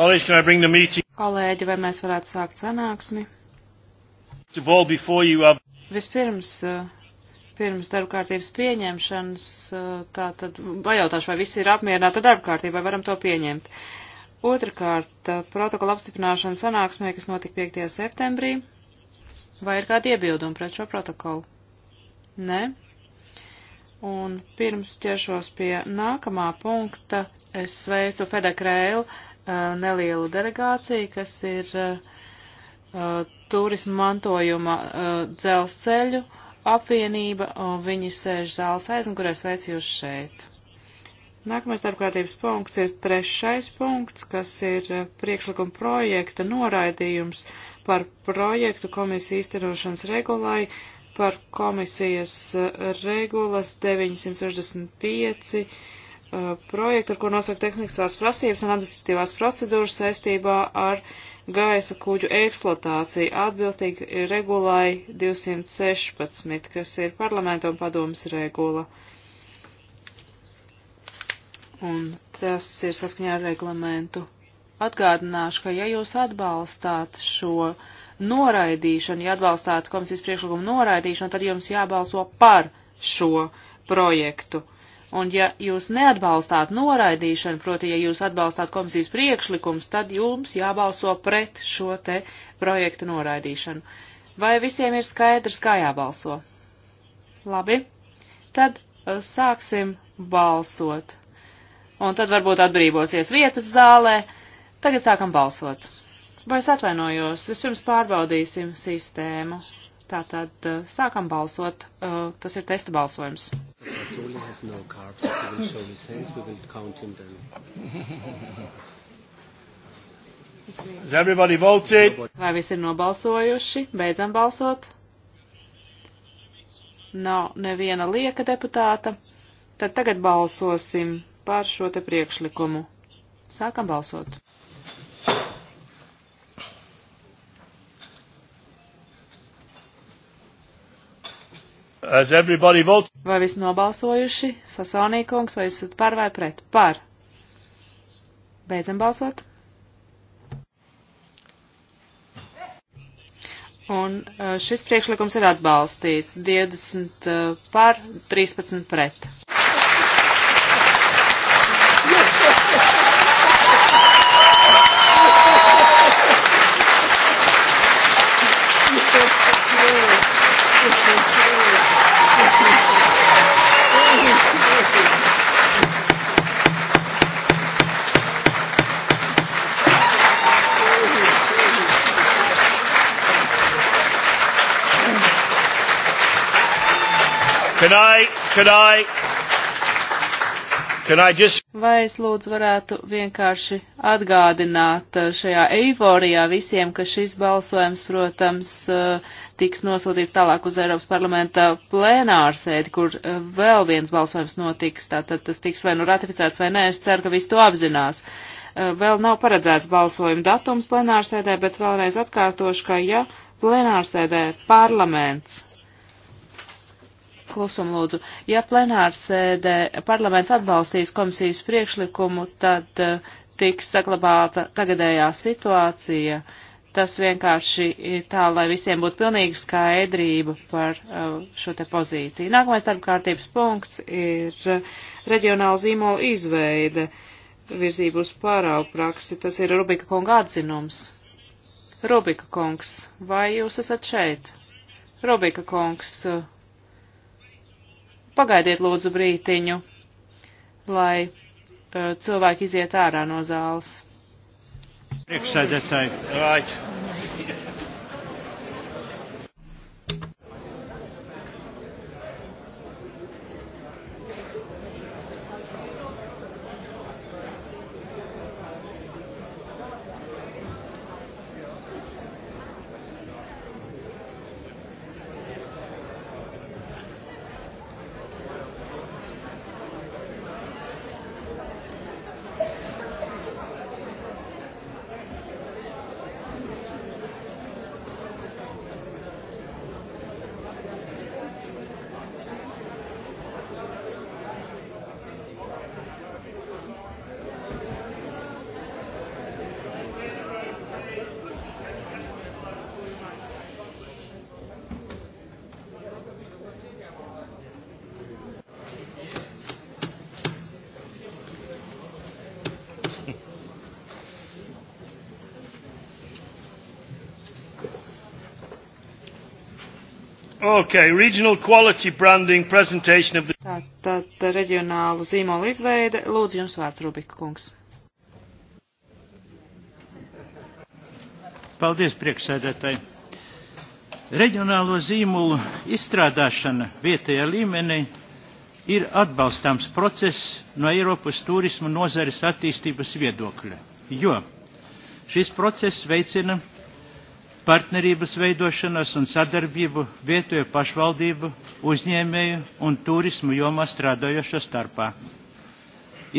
Kolēģi, vai mēs varētu sākt sanāksmi? Vispirms, eh, pirms darbkārtības pieņemšanas, eh, tā tad pajautāšu, vai visi ir apmierināti ar darbkārtību, vai varam to pieņemt. Otrakārt, eh, protokola apstiprināšana sanāksmē, kas notika 5. septembrī, vai ir kādi iebildumi pret šo protokolu? Nē. Un pirms ķeršos pie nākamā punkta, es sveicu Fedekrēlu Uh, nelielu delegāciju, kas ir uh, uh, turismu mantojuma dzelzceļu apvienība, un viņi sēž zāles aizmugurē, sveic jūs šeit. Nākamais darbkārtības punkts ir trešais punkts, kas ir priekšlikuma projekta noraidījums par projektu komisijas izterošanas regulai par komisijas regulas 965 Uh, projektu, ar ko nosaka tehniskās prasības un administratīvās procedūras saistībā ar gaisa kuģu eksploatāciju atbilstīgi regulai 216, kas ir parlamenta un padomas regula. Un tas ir saskaņā ar reglamentu. Atgādināšu, ka ja jūs atbalstāt šo noraidīšanu, ja atbalstāt komisijas priekšlikumu noraidīšanu, tad jums jābalso par šo projektu. Uh, Un ja jūs neatbalstāt noraidīšanu, proti, ja jūs atbalstāt komisijas priekšlikums, tad jums jābalso pret šo te projektu noraidīšanu. Vai visiem ir skaidrs, kā jābalso? Labi, tad uh, sāksim balsot. Un tad varbūt atbrīvosies vietas zālē. Tagad sākam balsot. Vai es atvainojos? Vispirms pārbaudīsim sistēmu. Tātad uh, sākam balsot. Uh, tas ir testa balsojums. Sassoli has no card. He will show his hands. We will count him then. Has everybody voted? Vai visi ir nobalsojuši? Beidzam balsot. Nav neviena lieka deputāta. Tad tagad balsosim par šo te priekšlikumu. Sākam balsot. Vai visi nobalsojuši? Sasonī kungs, vai esat par vai pret? Par. Beidzam balsot. Un eh, šis priekšlikums ir atbalstīts 20 eh, par 13 pret. Could I, could I, could I just... Vai es lūdzu varētu vienkārši atgādināt eh, šajā eiforijā visiem, ka šis balsojums, protams, eh, tiks nosūtīts tālāk uz Eiropas parlamenta plēnārsēdi, kur eh, vēl viens balsojums notiks, tātad tas tiks vai nu ratificēts vai nē, es ceru, ka visi to apzinās. Vēl nav paredzēts balsojuma datums plenārsēdē, bet vēlreiz atkārtošu, ka ja plenārsēdē parlaments klusumu lūdzu. Ja plenārsēdē parlaments atbalstīs komisijas priekšlikumu, tad eh, tiks saglabāta tagadējā situācija. Tas vienkārši ir tā, lai visiem būtu pilnīga skaidrība par eh, šo te pozīciju. Nākamais darbkārtības punkts ir eh, reģionāla zīmola izveide virzību uz pārāvu praksi. Tas ir Rubika kunga atzinums. Rubika kungs, vai jūs esat šeit? Rubika kungs, Pagaidiet lūdzu brītiņu, lai eh, cilvēki iziet ārā no zāles. Priekšsēdētāji, right. Okay, regional quality branding presentation of the... Tātad tā, tā, reģionālu zīmolu izveide. Lūdzu, jums vārds, Rubika kungs. Paldies, priekšsēdētāji. Reģionālo zīmolu izstrādāšana vietējā līmenī ir atbalstāms process no Eiropas turismu nozares attīstības viedokļa, jo šis process veicina partnerības veidošanas un sadarbību vietējo pašvaldību, uzņēmēju un turismu jomā strādājošo starpā.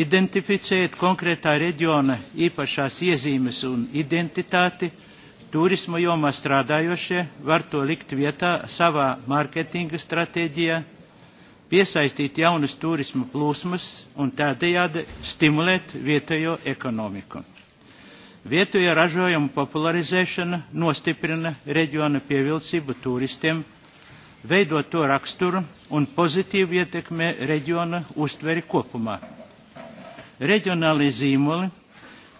Identificēt konkrētā reģiona īpašās iezīmes un identitāti, turismu jomā strādājošie var to likt vietā savā mārketinga stratēģijā, piesaistīt jaunas turismu plūsmas un tādējādi stimulēt vietējo ekonomiku. Vietējo ražojumu popularizēšana nostiprina reģiona pievilcību turistiem, veidot to raksturu un pozitīvu ietekmē reģiona uztveri kopumā. Reģionālie zīmoli,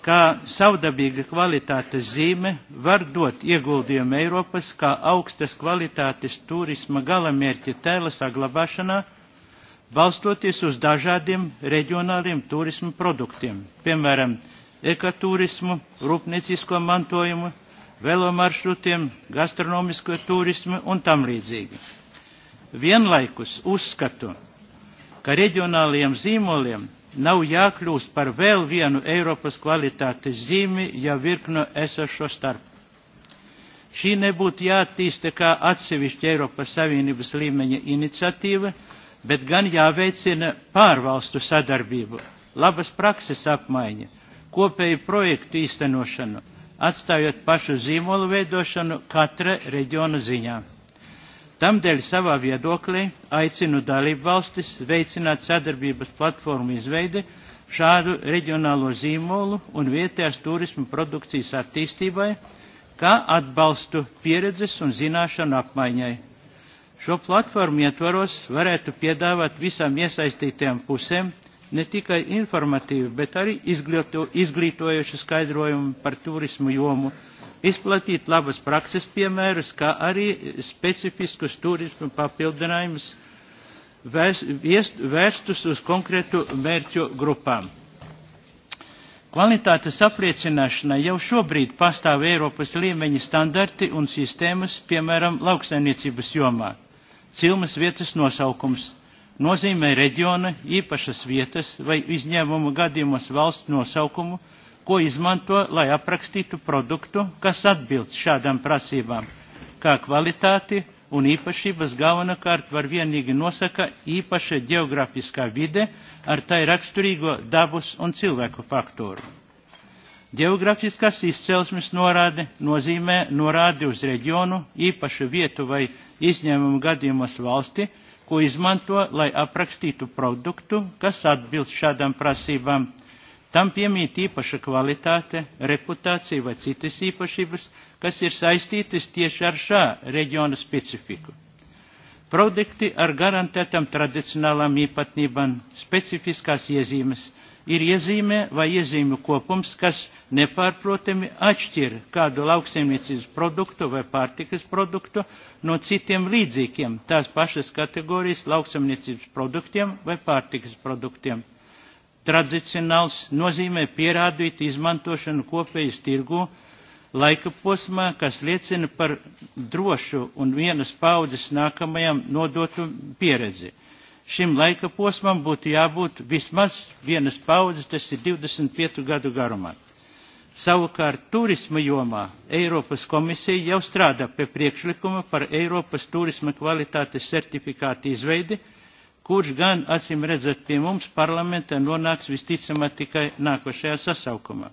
kā savdabīga kvalitātes zīme, var dot ieguldījumu Eiropas kā augstas kvalitātes turisma galamērķa tēla saglabāšanā, balstoties uz dažādiem reģionāliem turisma produktiem, piemēram, ekoturismu, rūpniecisko mantojumu, velomaršrutiem, gastronomisko turismu un tam līdzīgi. Vienlaikus uzskatu, ka reģionāliem zīmoliem nav jākļūst par vēl vienu Eiropas kvalitātes zīmi, ja virkno esošo starp. Šī nebūtu jāattīsta kā atsevišķa Eiropas Savienības līmeņa iniciatīva, bet gan jāveicina pārvalstu sadarbību, labas prakses apmaiņa kopēju projektu īstenošanu, atstājot pašu zīmolu veidošanu katra reģiona ziņā. Tamdēļ savā viedoklī aicinu dalību valstis veicināt sadarbības platformu izveidi šādu reģionālo zīmolu un vietējās turismu produkcijas attīstībai, kā atbalstu pieredzes un zināšanu apmaiņai. Šo platformu ietvaros varētu piedāvāt visām iesaistītajām pusēm ne tikai informatīvi, bet arī izglīto, izglītojuši skaidrojumi par turismu jomu, izplatīt labas prakses piemērus, kā arī specifiskus turismu papildinājumus vērstus uz konkrētu mērķu grupām. Kvalitātes apliecināšanai jau šobrīd pastāv Eiropas līmeņa standarti un sistēmas, piemēram, lauksainiecības jomā. Cilmes vietas nosaukums, nozīmē reģiona īpašas vietas vai izņēmuma gadījumos valsts nosaukumu, ko izmanto, lai aprakstītu produktu, kas atbilst šādām prasībām, kā kvalitāti un īpašības galvenokārt var vienīgi nosaka īpaša geogrāfiskā vide ar tai raksturīgo dabas un cilvēku faktoru. Geogrāfiskās izcelsmes norāde nozīmē norādi uz reģionu, īpašu vietu vai izņēmumu gadījumos valsti, ko izmanto, lai aprakstītu produktu, kas atbilst šādām prasībām. Tam piemīt īpaša kvalitāte, reputācija vai citas īpašības, kas ir saistītas tieši ar šā reģiona specifiku. Produkti ar garantētām tradicionālām īpatnībām, specifiskās iezīmes – ir iezīme vai iezīmju kopums, kas nepārprotami atšķir kādu lauksaimniecības produktu vai pārtikas produktu no citiem līdzīgiem tās pašas kategorijas lauksaimniecības produktiem vai pārtikas produktiem. Tradicionāls nozīmē pierādīt izmantošanu kopējas tirgu laika posmā, kas liecina par drošu un vienas paudzes nākamajam nodotu pieredzi šim laika posmam būtu jābūt vismaz vienas paudzes, tas ir 25 gadu garumā. Savukārt turisma jomā Eiropas komisija jau strādā pie priekšlikuma par Eiropas turisma kvalitātes certifikātu izveidi, kurš gan, acīm redzot, pie mums parlamentā nonāks visticamāk tikai nākošajā sasaukumā.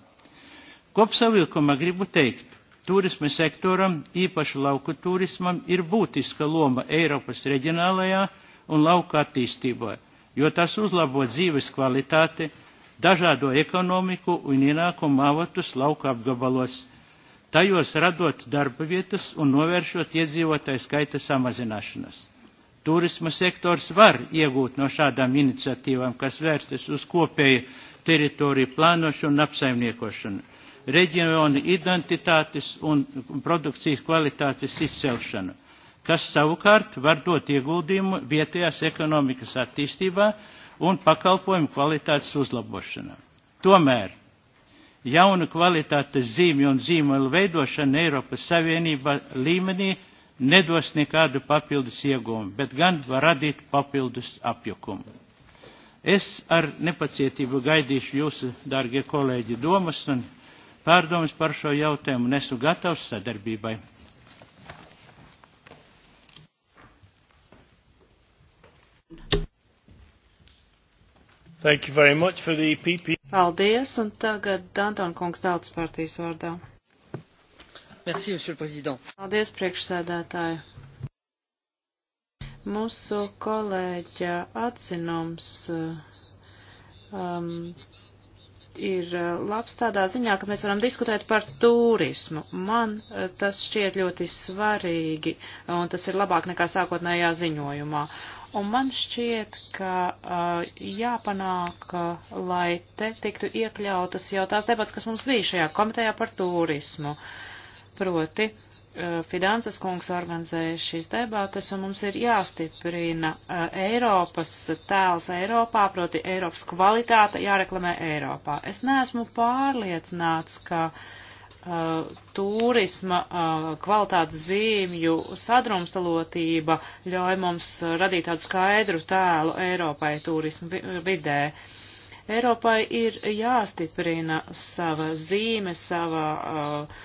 Kopsavilkumā gribu teikt, turisma sektoram, īpaši lauku turismam, ir būtiska loma Eiropas reģionālajā un lauka attīstībai, jo tas uzlabo dzīves kvalitāti, dažādo ekonomiku un ienākumu avotus lauka apgabalos, tajos radot darba vietas un novēršot iedzīvotāju skaita samazināšanos. Turisma sektors var iegūt no šādām iniciatīvām, kas vērstas uz kopēju teritoriju plānošanu un apsaimniekošanu, reģionu identitātes un produkcijas kvalitātes izcelšanu kas savukārt var dot ieguldījumu vietējās ekonomikas attīstībā un pakalpojumu kvalitātes uzlabošanā. Tomēr jaunu kvalitātes zīmju un zīmolu veidošana Eiropas Savienībā līmenī nedos nekādu papildus iegūmu, bet gan var radīt papildus apjukumu. Es ar nepacietību gaidīšu jūsu, dārgie kolēģi, domas un pārdomas par šo jautājumu un esmu gatavs sadarbībai. Thank you very much for the PP. E Paldies, un tagad Danton kungs tautas partijas vārdā. Merci, monsieur le président. Paldies, priekšsēdētāji. Mūsu kolēģa atzinums um, ir uh, labs tādā ziņā, ka mēs varam diskutēt par turismu. Man uh, tas šķiet ļoti svarīgi, un tas ir labāk nekā sākotnējā ziņojumā. Un man šķiet, ka uh, jāpanāk, uh, lai te tiktu iekļautas jau tās debats, kas mums bija šajā komitejā par turismu. Proti, uh, Fidanses kungs organizēja šīs debates, un mums ir jāstiprina uh, Eiropas tēls Eiropā, proti Eiropas kvalitāte jāreklamē Eiropā. Es neesmu pārliecināts, ka. Uh, Uh, turisma uh, kvalitātes zīmju sadrumstalotība ļauj mums radīt tādu skaidru tēlu Eiropai turismu vidē. Eiropai ir jāstiprina sava zīme, sava uh,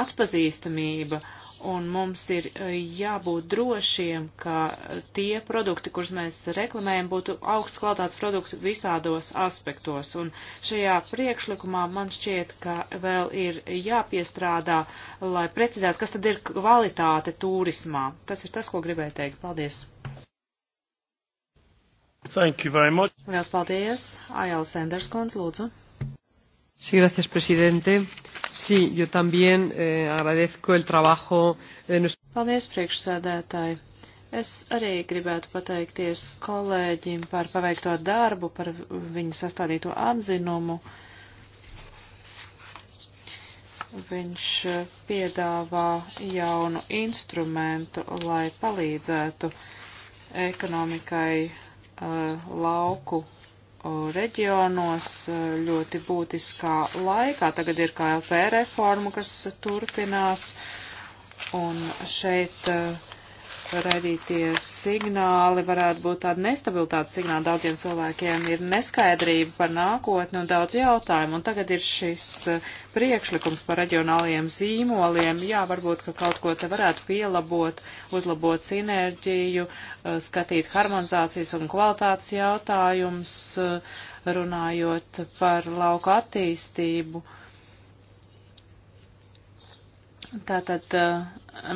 atpazīstamība, un mums ir e, jābūt drošiem, ka tie produkti, kurus mēs reklamējam, būtu augsts kvalitātes produkti visādos aspektos. Un šajā priekšlikumā man šķiet, ka vēl ir jāpiestrādā, lai precizētu, kas tad ir kvalitāte turismā. Tas ir tas, ko gribēju teikt. Paldies! Thank you very much. Liels paldies. Ajāls Sanders, kundze, lūdzu señor sí, presidente sí, yo también eh, agradezco el trabajo de nuestro. Paldies, priekšsēdētāji. Es arī gribētu pateikties kolēģim par paveikto darbu, par viņa sastādīto atzinumu. Viņš eh, piedāvā jaunu instrumentu, lai palīdzētu ekonomikai uh, lauku reģionos eh, ļoti būtiskā laikā. Tagad ir KLP reforma, kas turpinās, un šeit uh, radītie signāli varētu būt tāda nestabilitātes signāli daudziem cilvēkiem, ir neskaidrība par nākotni un daudz jautājumu. Un tagad ir šis eh, priekšlikums par reģionālajiem zīmoliem. Jā, varbūt, ka kaut ko te varētu pielabot, uzlabot sinerģiju, eh, skatīt harmonizācijas un kvalitātes jautājumus, eh, runājot par lauku attīstību. Uh, Tātad eh,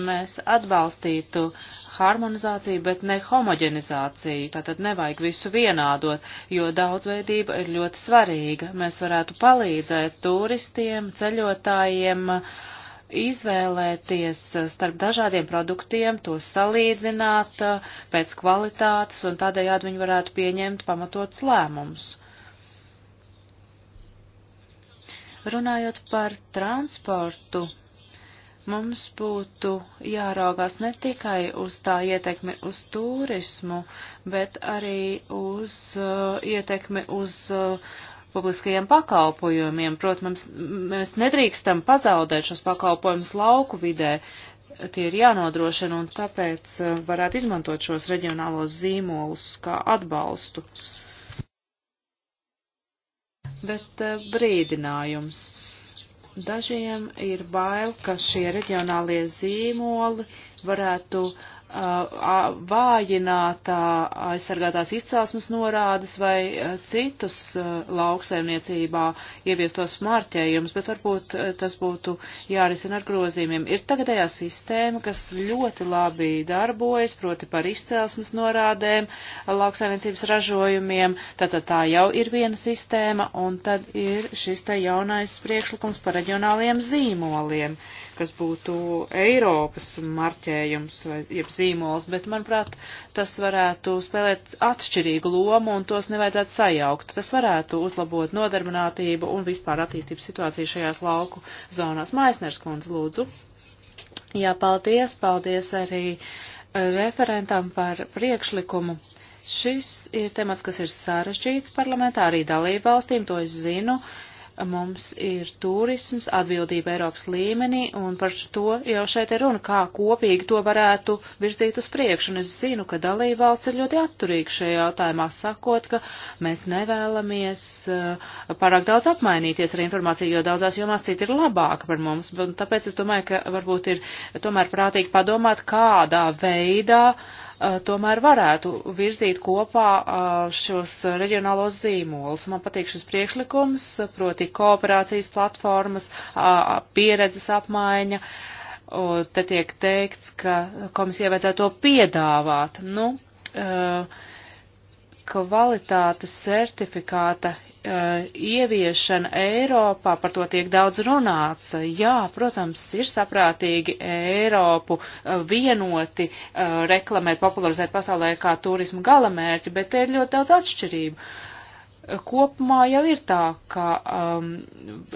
mēs atbalstītu harmonizāciju, bet ne homogenizāciju. Tātad nevajag visu vienādot, jo daudzveidība ir ļoti svarīga. Mēs varētu palīdzēt turistiem, ceļotājiem izvēlēties eh, starp dažādiem produktiem, tos salīdzināt eh, pēc kvalitātes un tādējādi viņi varētu pieņemt pamatots lēmumus. Runājot par transportu Mums būtu jāraugās ne tikai uz tā ietekmi uz turismu, bet arī uz uh, ietekmi uz uh, publiskajiem pakalpojumiem. Protams, mēs nedrīkstam pazaudēt šos pakalpojumus lauku vidē. Tie ir jānodrošina, un tāpēc uh, varētu izmantot šos reģionālos zīmolus kā atbalstu. Bet uh, brīdinājums. Dažiem ir bail, ka šie reģionālie zīmoli varētu uh, Uh, vājinātā aizsargātās izcelsmes norādes vai uh, citus uh, lauksaimniecībā ieviestos marķējumus, bet varbūt tas būtu jārisina ar grozījumiem. Ir tagadējā sistēma, kas ļoti labi darbojas, proti par izcelsmes norādēm, lauksaimniecības ražojumiem, tātad tā jau ir viena sistēma, un tad ir šis te jaunais priekšlikums par reģionāliem zīmoliem kas būtu Eiropas marķējums vai jeb zīmols, bet, manuprāt, tas varētu spēlēt atšķirīgu lomu un tos nevajadzētu sajaukt. Tas varētu uzlabot nodarbinātību un vispār attīstības situāciju šajās lauku zonās. Maisners kundze, lūdzu. Jā, paldies, paldies arī eh, referentam par priekšlikumu. Šis ir temats, kas ir sarežģīts parlamentā, arī dalību valstīm, to es zinu. Uh, mums ir turisms, atbildība Eiropas līmenī, un par to jau šeit ir runa, kā kopīgi to varētu virzīt uz priekšu. Un es zinu, ka dalībvalsts ir ļoti atturīgi šajā jautājumā, sakot, ka mēs nevēlamies uh, pārāk daudz apmainīties ar informāciju, jo daudzās jomās citi ir labāki par mums. Un tāpēc es domāju, ka varbūt ir tomēr prātīgi padomāt, kādā veidā uh, Uh, tomēr varētu virzīt kopā uh, šos reģionālos zīmolus. Man patīk šis priekšlikums, proti kooperācijas platformas, uh, pieredzes apmaiņa. Te tiek teikts, ka komisija vajadzētu to piedāvāt. Nu, kvalitātes certifikāta Eh, ieviešana Eiropā, par to tiek daudz runāts. Jā, protams, ir saprātīgi Eiropu eh, vienoti eh, reklamēt, popularizēt pasaulē kā turismu galamērķi, bet te ir ļoti daudz atšķirību kopumā jau ir tā, ka um,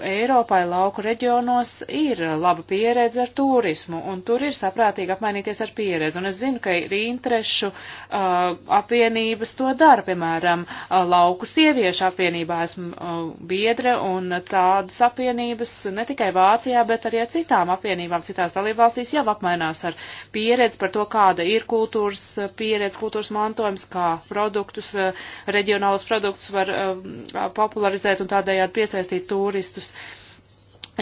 Eiropai lauku reģionos ir laba pieredze ar turismu, un tur ir saprātīgi apmainīties ar pieredzi. Un es zinu, ka ir interešu uh, apvienības to dara, piemēram, uh, lauku sieviešu apvienībā esmu uh, biedre, un tādas apvienības ne tikai Vācijā, bet arī ar citām apvienībām citās dalībvalstīs jau apmainās ar pieredzi par to, kāda ir kultūras uh, pieredze, kultūras mantojums, kā produktus, uh, reģionālus produktus var uh, Um, popularizēt un tādējādi piesaistīt turistus.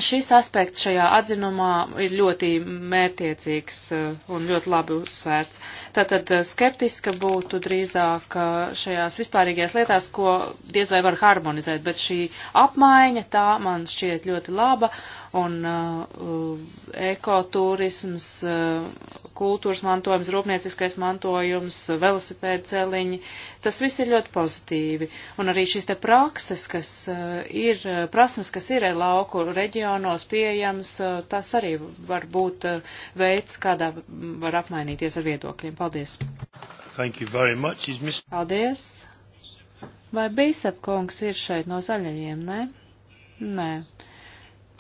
Šis aspekts šajā atzinumā ir ļoti mērtiecīgs uh, un ļoti labi uzsvērts. Tātad uh, skeptiska būtu drīzāk uh, šajās vispārīgajās lietās, ko diez vai var harmonizēt, bet šī apmaiņa tā man šķiet ļoti laba un uh, ekoturisms, uh, kultūras mantojums, rūpnieciskais mantojums, velosipēdu celiņi, tas viss ir ļoti pozitīvi. Un arī šīs te prakses, kas uh, ir, uh, prasmes, kas ir lauku reģionos pieejams, uh, tas arī var būt uh, veids, kādā var apmainīties ar viedokļiem. Paldies! Thank you very much. Is Miss... Paldies! Vai Bīsap kungs ir šeit no zaļajiem, ne? Nē.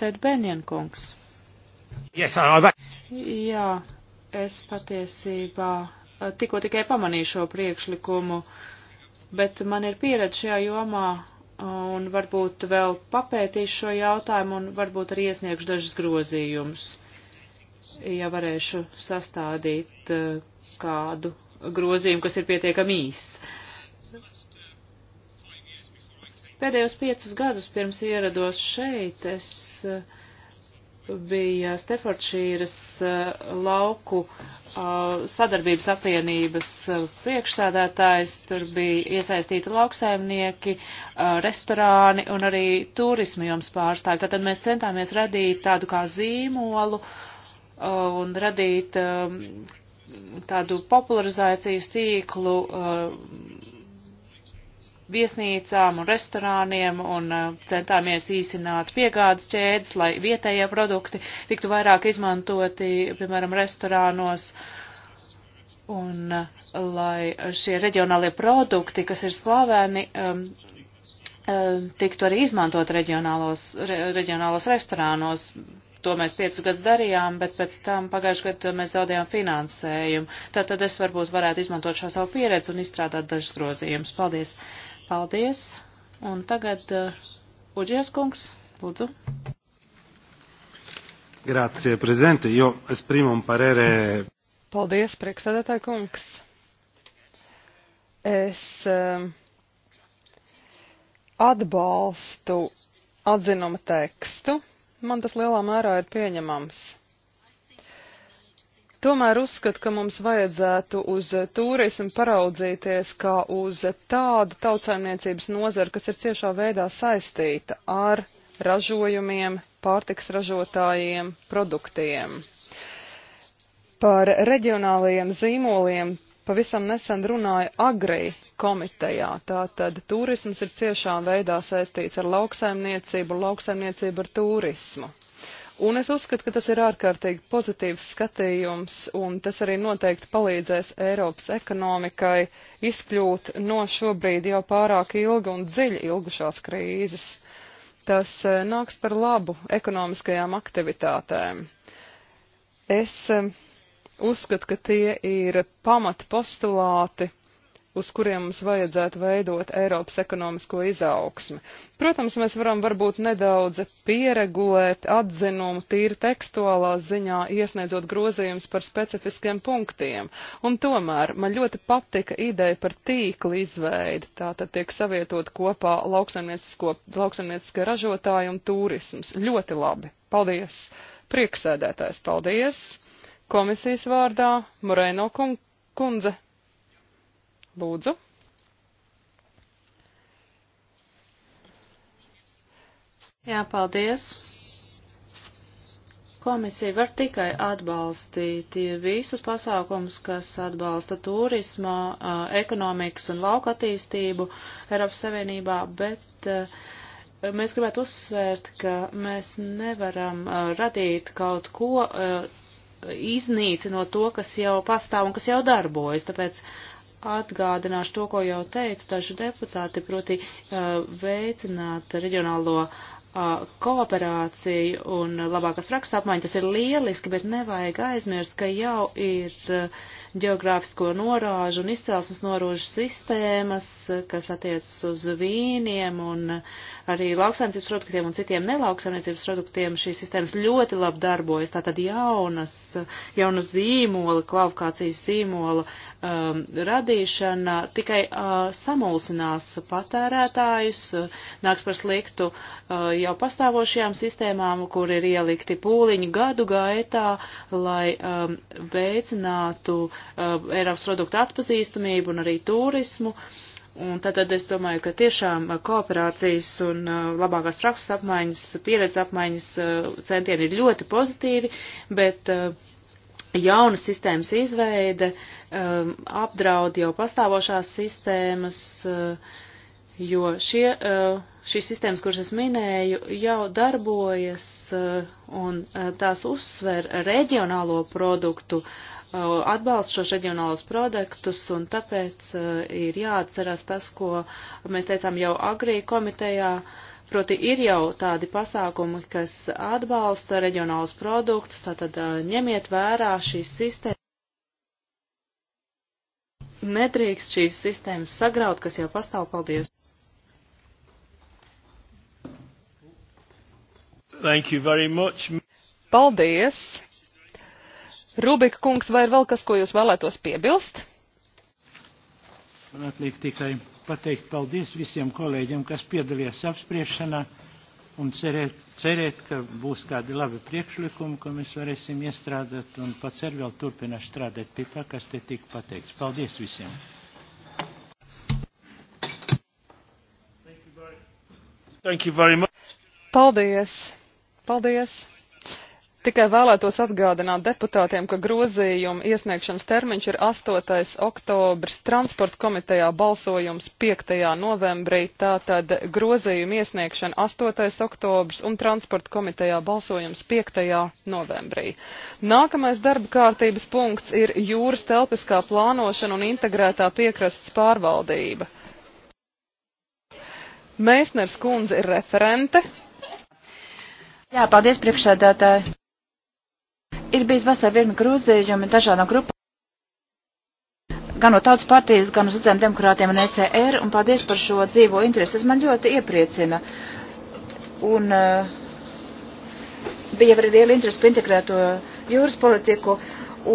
Tēt Benjankungs. Yes, Jā, es patiesībā eh, tikko tikai pamanīju šo priekšlikumu, bet man ir pieredze šajā jomā eh, un varbūt vēl papētīšu šo jautājumu un varbūt arī iesniegšu dažus grozījumus, ja varēšu sastādīt eh, kādu grozījumu, kas ir pietiekami īsts. Pēdējos piecus gadus pirms ierados šeit es eh, biju Stefordšīras eh, lauku eh, sadarbības apvienības priekšsādātājs. Tur bija iesaistīti lauksaimnieki, restorāni un arī turismu jums pārstāvi. Tātad mēs centāmies radīt tādu kā zīmolu un radīt tādu popularizācijas tīklu viesnīcām un restorāniem un uh, centāmies īsināt piegādes ķēdes, lai vietējie produkti tiktu vairāk izmantoti, piemēram, restorānos. Un uh, lai šie reģionālie produkti, kas ir slaveni, um, uh, tiktu arī izmantot reģionālos, re, reģionālos restorānos. To mēs piecus gadus darījām, bet pēc tam pagājušajā gadā mēs zaudējām finansējumu. Tātad es varbūt varētu izmantot šo savu pieredzi un izstrādāt dažas grozījumus. Paldies! Paldies. Un tagad eh, Uģies kungs, lūdzu. Grazie, prezidente. Jo esprimo un parere. Paldies, priekšsēdētāji kungs. Es eh, atbalstu atzinuma tekstu. Man tas lielā mērā ir pieņemams. Tomēr uzskatu, ka mums vajadzētu uz turismu paraudzīties kā uz tādu tautsājumniecības nozaru, kas ir ciešā veidā saistīta ar ražojumiem, pārtiks ražotājiem, produktiem. Par reģionālajiem zīmoliem pavisam nesen runāja Agri komitejā. Tātad turisms ir ciešā veidā saistīts ar lauksaimniecību, lauksaimniecību ar turismu. Un es uzskatu, ka tas ir ārkārtīgi pozitīvs skatījums, un tas arī noteikti palīdzēs Eiropas ekonomikai izkļūt no šobrīd jau pārāk ilga un dziļi ilgušās krīzes. Tas eh, nāks par labu ekonomiskajām aktivitātēm. Es eh, uzskatu, ka tie ir pamatpostulāti uz kuriem mums vajadzētu veidot Eiropas ekonomisko izaugsmi. Protams, mēs varam varbūt nedaudz pieregulēt atzinumu tīri tekstuālā ziņā, iesniedzot grozījumus par specifiskiem punktiem. Un tomēr man ļoti patika ideja par tīklu izveidi. Tā tad tiek savietot kopā lauksaimnieciskie ražotāji un turisms. Ļoti labi. Paldies. Prieksēdētājs, paldies. Komisijas vārdā Moreno kundze. Lūdzu. Jā, paldies. Komisija var tikai atbalstīt visus pasākumus, kas atbalsta turisma, ekonomikas un lauka attīstību Eiropas Savienībā, bet mēs gribētu uzsvērt, ka mēs nevaram radīt kaut ko iznīcinot to, kas jau pastāv un kas jau darbojas. Tāpēc atgādināšu to, ko jau teica daži deputāti, proti uh, veicināt reģionālo uh, kooperāciju un labākas prakses apmaiņu. Tas ir lieliski, bet nevajag aizmirst, ka jau ir uh, geogrāfisko norāžu un izcelsmes norāžu sistēmas, uh, kas attiecas uz vīniem un uh, arī lauksaimniecības produktiem un citiem nelauksaimniecības produktiem šīs sistēmas ļoti labi darbojas. Tātad jaunas, jaunas zīmola, kvalifikācijas zīmola um, radīšana tikai uh, samulsinās patērētājus, uh, nāks par sliktu uh, jau pastāvošajām sistēmām, kur ir ielikti pūliņi gadu gaitā, lai um, veicinātu uh, Eiropas produktu atpazīstamību un arī turismu. Uh, Un tad, tad es domāju, ka tiešām uh, kooperācijas un uh, labākās prakses apmaiņas, pieredzes apmaiņas uh, centieni ir ļoti pozitīvi, bet jauna sistēmas izveide um, apdraud jau pastāvošās sistēmas, jo šie, šīs sistēmas, kuras es minēju, jau darbojas un tās uzsver reģionālo produktu Uh, atbalsta šos reģionālos produktus, un tāpēc uh, ir jāatcerās tas, ko mēs teicām jau agrī komitejā, proti ir jau tādi pasākumi, kas atbalsta reģionālus produktus, tātad uh, ņemiet vērā šīs sistēmas. Nedrīkst šīs sistēmas sagraut, kas jau pastāv. Paldies! Thank you very much. Paldies! Rubika kungs, vai ir vēl kas, ko jūs vēlētos piebilst? Man atliek tikai pateikt paldies visiem kolēģiem, kas piedalījās apspriešanā un cerēt, cerēt, ka būs kādi labi priekšlikumi, ko mēs varēsim iestrādāt un pats arī vēl turpināšu strādāt pie tā, kas te tika pateikts. Paldies visiem! Thank you very much. Paldies! Paldies! Tikai vēlētos atgādināt deputātiem, ka grozījuma iesniegšanas termiņš ir 8. oktobris, transporta komitejā balsojums 5. novembrī, tātad grozījuma iesniegšana 8. oktobris un transporta komitejā balsojums 5. novembrī. Nākamais darba kārtības punkts ir jūras telpiskā plānošana un integrētā piekrastes pārvaldība. Mēsners kundze ir referente. Jā, paldies priekšsēdētāji. Ir bijis vesela virkne grozījumi dažādām grupām, gan no tautas partijas, gan no sociāliem demokrātiem un ECR, un paldies par šo dzīvo interesi. Tas man ļoti iepriecina. Un uh, bija arī liela interesi par integrēto jūras politiku.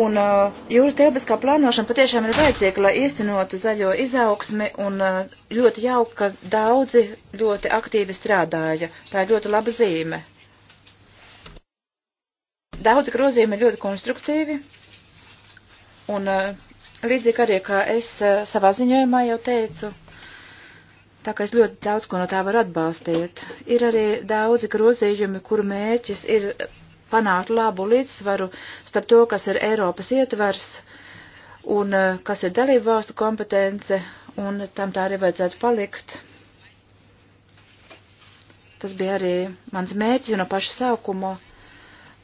Un uh, jūras telpiskā plānošana patiešām ir vajadzīga, lai īstenotu zaļo izaugsmi, un uh, ļoti jauka, ka daudzi ļoti aktīvi strādāja. Tā ir ļoti laba zīme. Daudz grozījumi ir ļoti konstruktīvi, un uh, līdzīgi arī, kā es uh, savā ziņojumā jau teicu, tā kā es ļoti daudz ko no tā varu atbalstīt. Ir arī daudzi grozījumi, kuru mērķis ir panākt labu līdzsvaru starp to, kas ir Eiropas ietvers un uh, kas ir dalību valstu kompetence, un tam tā arī vajadzētu palikt. Tas bija arī mans mērķis no paša sākuma.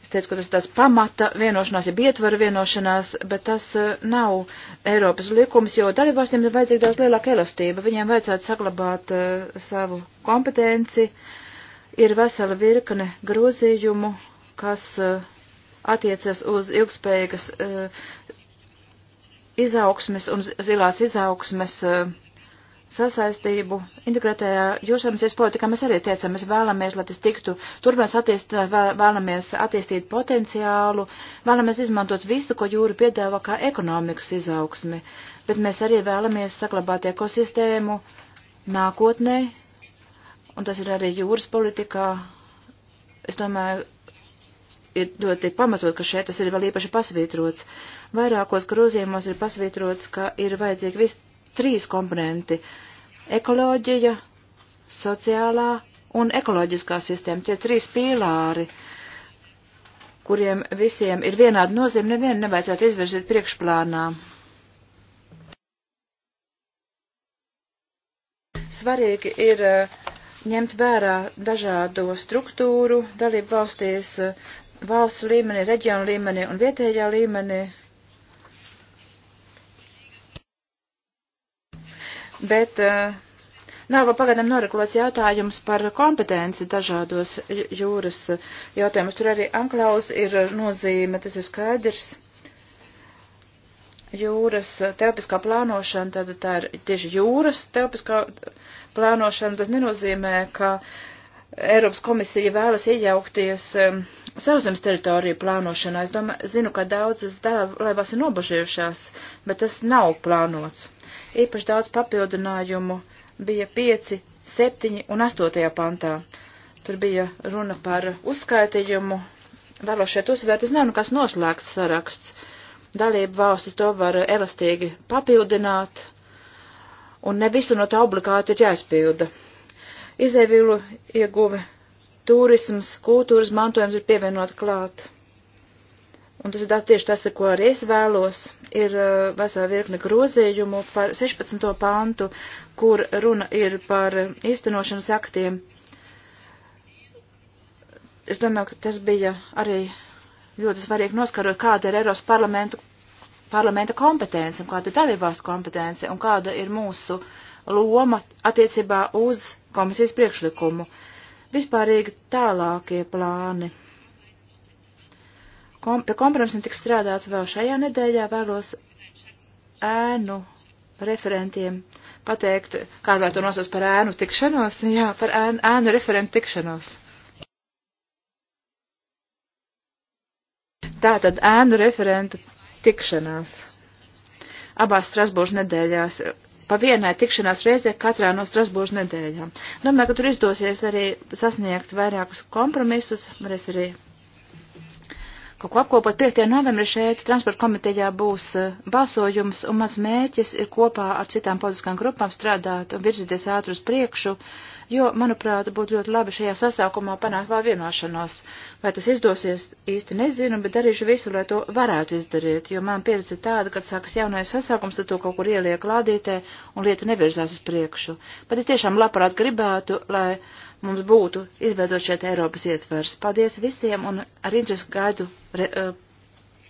Es teicu, ka tas tāds pamata vienošanās, ja ietvara vienošanās, bet tas eh, nav Eiropas likums, jo dalībvalstīm ir vajadzīga daudz lielāka elastība. Viņiem vajadzētu saglabāt uh, savu kompetenci. Ir vesela virkne grozījumu, kas uh, attiecas uz ilgspējīgas uh, izaugsmes un zilās izaugsmes uh, sasaistību integrētajā jūrasēmniecības politikā mēs arī teicām, mēs vēlamies, lai tas tiktu turpinās attīstīt, vēlamies attīstīt potenciālu, vēlamies izmantot visu, ko jūra piedāvā kā ekonomikas izaugsmi, bet mēs arī vēlamies saglabāt ekosistēmu nākotnē, un tas ir arī jūras politikā. Es domāju, ir ļoti pamatot, ka šeit tas ir vēl īpaši pasvītrots. Vairākos grozījumos ir pasvītrots, ka ir vajadzīgi viss trīs komponenti - ekoloģija, sociālā un ekoloģiskā sistēma. Tie trīs pīlāri, kuriem visiem ir vienāda nozīme, nevienu nevajadzētu izvirzīt priekšplānā. Svarīgi ir eh, ņemt vērā dažādo struktūru dalību valstīs, eh, valsts līmenī, reģionu līmenī un vietējā līmenī, bet eh, nav vēl pagaidām noregulēts jautājums par kompetenci dažādos jūras jautājumus. Tur arī anklaus ir nozīme, tas ir skaidrs. Jūras telpiskā plānošana, tad tā ir tieši jūras telpiskā plānošana, tas nenozīmē, ka Eiropas komisija vēlas iejaukties um, sauszemes teritoriju plānošanā. Es domāju, zinu, ka daudzas dalībās ir nobažījušās, bet tas nav plānots īpaši daudz papildinājumu bija 5, 7 un 8 pantā. Tur bija runa par uzskaitījumu. Vēlos šeit uzsvērt, es nezinu, kas noslēgts saraksts. Dalību valstis to var elastīgi papildināt, un ne visu no tā obligāti ir jāizpilda. Izēvīlu ieguve, turisms, kultūras mantojums ir pievienot klāt. Un tas ir tieši tas, ko arī es vēlos, ir uh, vesela virkne grozījumu par 16. pantu, kur runa ir par uh, īstenošanas aktiem. Es domāju, ka tas bija arī ļoti svarīgi noskarot, kāda ir Eiros parlamentu, parlamenta kompetence un kāda ir dalībvalstu kompetence un kāda ir mūsu loma attiecībā uz komisijas priekšlikumu. Vispārīgi tālākie plāni Kom, pie kompromisiem tiks strādāts vēl šajā nedēļā, vēlos ēnu referentiem pateikt, kādā to nosauc par ēnu tikšanos, jā, par ēnu, ēnu referentu tikšanos. Tātad ēnu referentu tikšanās. Abās Strasbūras nedēļās, pa vienai tikšanās reizē katrā no Strasbūras nedēļām. Domāju, ka tur izdosies arī sasniegt vairākus kompromisus, varēs arī kaut ko apkopot 5. novembri šeit transporta komitejā būs eh, balsojums, un mans mērķis ir kopā ar citām politiskām grupām strādāt un virzīties ātri uz priekšu, jo, manuprāt, būtu ļoti labi šajā sasaukumā panākt vēl vienošanos. Vai tas izdosies, īsti nezinu, bet darīšu visu, lai to varētu izdarīt, jo man pieredze tāda, kad sākas jaunais sasaukums, tad to kaut kur ieliek lādītē un lieta nevirzās uz priekšu. Bet es tiešām labprāt gribētu, lai mums būtu izveidot šeit Eiropas ietvers. Paldies visiem un ar interesi gaidu re, eh,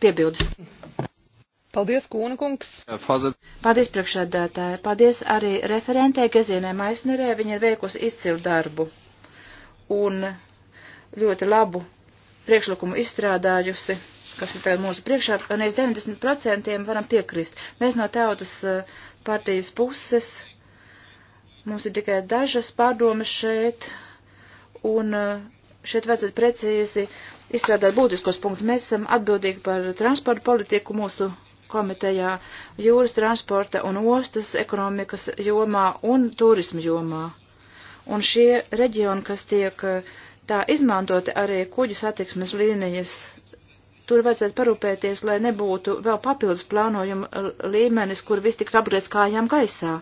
piebildes. Paldies, Kūna kungs. Paldies, priekšsēdētāji. Paldies arī referentē Gezīnē Maisnerē. Viņa ir veikusi izcilu darbu un ļoti labu priekšlikumu izstrādājusi, kas ir tagad mūsu priekšā, un es 90% varam piekrist. Mēs no tautas eh, partijas puses Mums ir tikai dažas pārdomas šeit, un eh, šeit vajadzētu precīzi izstrādāt būtiskos punktus. Mēs esam atbildīgi par transportu politiku mūsu komitejā, jūras transporta un ostas ekonomikas jomā un turismu jomā. Un šie reģioni, kas tiek eh, tā izmantoti arī kuģu satiksmes līnijas, tur vajadzētu parūpēties, lai nebūtu vēl papildus plānojuma līmenis, kur viss tik apgriezt kājām gaisā.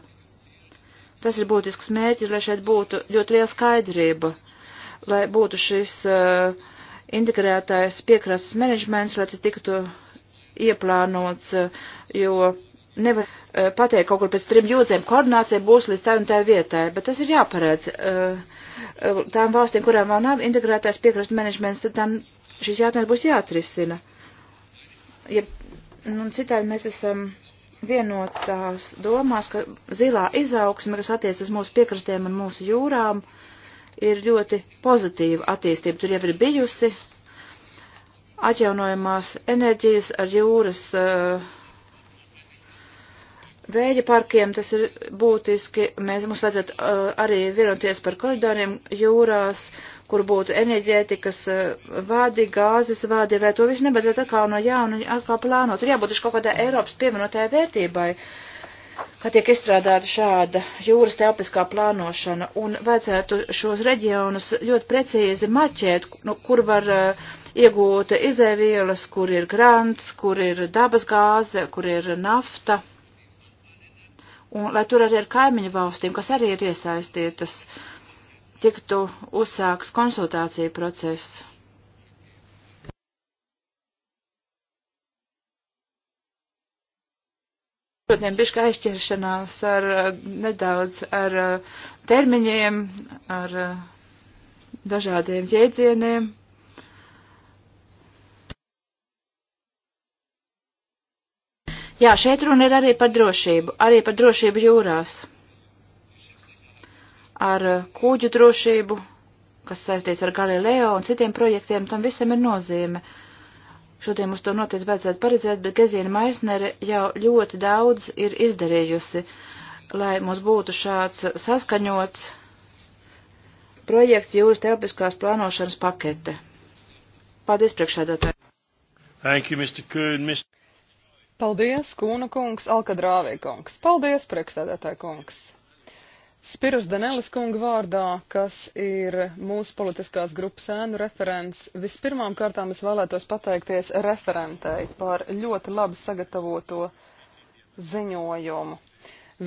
Tas ir būtisks mērķis, lai šeit būtu ļoti liela skaidrība, lai būtu šis uh, integrētais piekrastes menedžments, lai tas tiktu ieplānots, uh, jo nevar uh, pateikt kaut kur pēc trim jūdzēm, koordinācija būs līdz tā un tā vietai, bet tas ir jāparedz. Uh, uh, tām valstīm, kurām vēl nav integrētais piekrastes menedžments, tad tam šis jautājums būs jāatrisina. Ja, nu, citādi mēs esam. Um, vienotās domās, ka zilā izaugsme, kas attiecas mūsu piekrastiem un mūsu jūrām, ir ļoti pozitīva attīstība. Tur jau ir bijusi atjaunojamās enerģijas ar jūras uh, vēja parkiem, tas ir būtiski. Mēs, mums vajadzētu uh, arī vienoties par koridoriem jūrās, kur būtu enerģētikas eh, vādi, gāzes vādi, lai to visu nebadzētu atkal no jauna atkal plānot. Tur jābūt kaut kādā Eiropas pievienotāja vērtībai, ka tiek izstrādāta šāda jūras telpiskā plānošana un vajadzētu šos reģionus ļoti precīzi maķēt, nu, kur var uh, iegūt izēvielas, kur ir grants, kur ir dabas gāze, kur ir nafta. Un lai tur arī ar kaimiņu valstīm, kas arī ir iesaistītas, uh, tiktu uzsāks konsultāciju process. Protams, bišķi aizķeršanās ar eh, nedaudz ar eh, termiņiem, ar eh, dažādiem jēdzieniem. Jā, šeit runa ir arī par drošību, arī par drošību jūrās ar eh, kūģu drošību, kas saistīts ar Galileo un citiem projektiem, tam visam ir nozīme. Šodien mums to noteikti vajadzētu paredzēt, bet Gezīna Maisnere jau ļoti daudz ir izdarījusi, lai mums būtu šāds saskaņots projekts jūras telpiskās plānošanas pakete. Paldies, priekšsēdētāji! Thank you, Mr. Kuhn, Mr. Paldies, Kūna kungs, Alkadrāvī kungs. Paldies, priekšsēdētāji kungs. Spiros Danelis kunga vārdā, kas ir mūsu politiskās grupas ēnu referents, vispirmām kārtām es vēlētos pateikties referentei par ļoti labi sagatavoto ziņojumu.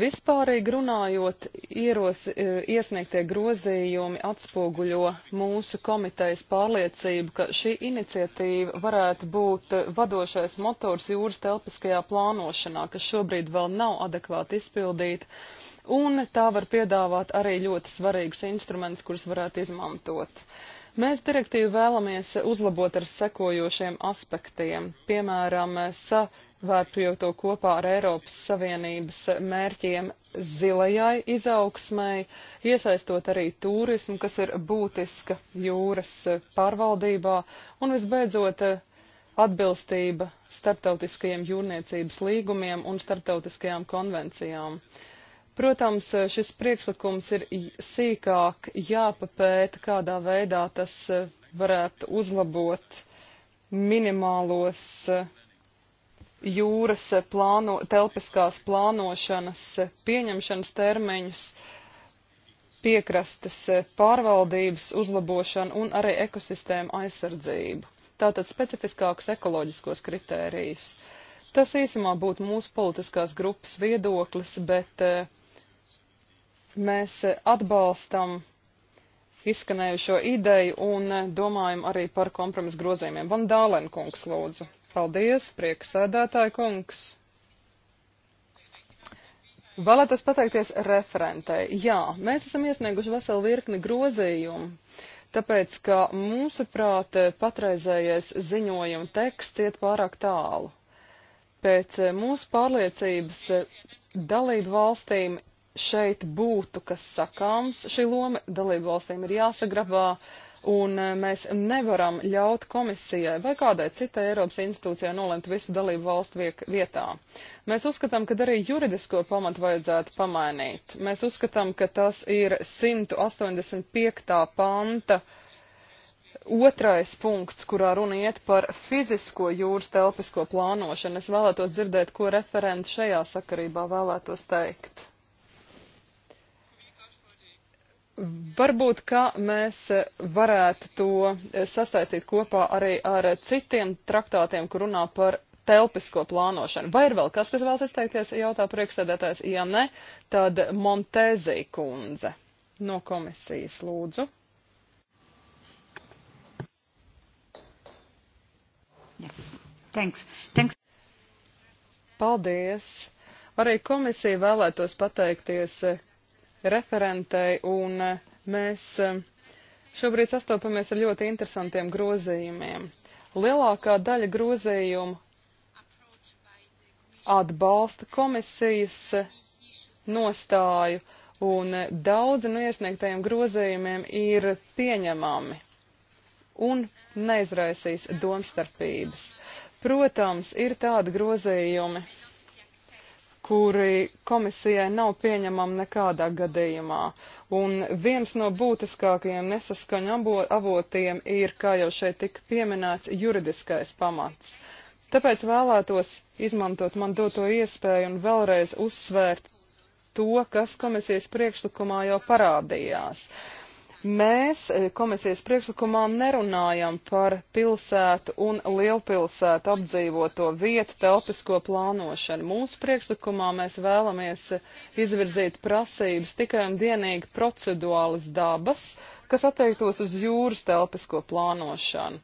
Vispārīgi runājot, ieros, e, iesniegtie grozījumi atspoguļo mūsu komitejas pārliecību, ka šī iniciatīva varētu būt vadošais motors jūras telpiskajā plānošanā, kas šobrīd vēl nav adekvāti izpildīta, un tā var piedāvāt arī ļoti svarīgus instrumentus, kurus varētu izmantot. Mēs direktīvu vēlamies uzlabot ar sekojošiem aspektiem, piemēram, savērtujot to kopā ar Eiropas Savienības mērķiem zilajai izaugsmai, iesaistot arī turismu, kas ir būtiska jūras pārvaldībā, un visbeidzot atbilstība starptautiskajiem jūrniecības līgumiem un starptautiskajām konvencijām. Uh, Protams, eh, šis priekšlikums ir sīkāk jāpapēta, kādā veidā tas eh, varētu uzlabot minimālos eh, jūras plāno, telpiskās plānošanas pieņemšanas termiņus, piekrastes pārvaldības uzlabošanu un arī ekosistēmu aizsardzību. Tātad specifiskākus ekoloģiskos kritērijus. Tas īsumā būtu mūsu politiskās grupas viedoklis, bet eh, Mēs eh, atbalstam izskanējušo ideju un eh, domājam arī par kompromisu grozījumiem. Van Dālen kungs lūdzu. Paldies, prieksēdētāji kungs. Vēlētos pateikties referentei. Jā, mēs esam iesnieguši veselu virkni grozījumu, tāpēc, ka mūsuprāt eh, patreizējais ziņojuma teksts iet pārāk tālu. Pēc mūsu pārliecības dalību valstīm šeit būtu kas sakāms. Šī loma dalību valstīm ir jāsagrabā, un e, mēs nevaram ļaut komisijai vai kādai citai Eiropas institūcijai nolemt visu dalību valstu vietā. Mēs uzskatām, ka arī juridisko pamatu vajadzētu pamainīt. Mēs uzskatām, ka tas ir 185. panta otrais punkts, kurā runa iet par fizisko jūras telpisko plānošanu. Es vēlētos dzirdēt, ko referenti šajā sakarībā vēlētos teikt. Varbūt, ka mēs varētu to sastaistīt kopā arī ar citiem traktātiem, kur runā par telpisko plānošanu. Vai ir vēl kas, kas vēlas izteikties, jautā priekšsēdētājs, ja ne, tad Montezī kundze no komisijas lūdzu. Yes. Thanks. Thanks. Paldies. Arī komisija vēlētos pateikties referentei, un eh, mēs eh, šobrīd sastopamies ar ļoti interesantiem grozījumiem. Lielākā daļa grozījumu atbalsta komisijas eh, nostāju, un daudzi no iesniegtajiem grozījumiem ir pieņemami un neizraisīs domstarpības. Protams, ir tādi grozījumi, kuri komisijai nav pieņemami nekādā gadījumā. Un viens no būtiskākajiem nesaskaņu avotiem ir, kā jau šeit tika pieminēts, juridiskais pamats. Tāpēc vēlētos izmantot man doto iespēju un vēlreiz uzsvērt to, kas komisijas priekšlikumā jau parādījās. Uh, Mēs e, komisijas priekšlikumā nerunājam par pilsētu un lielpilsētu apdzīvoto vietu telpisko plānošanu. Mūsu priekšlikumā mēs vēlamies izvirzīt prasības tikai un vienīgi procedūras dabas, kas attiektos uz jūras telpisko plānošanu.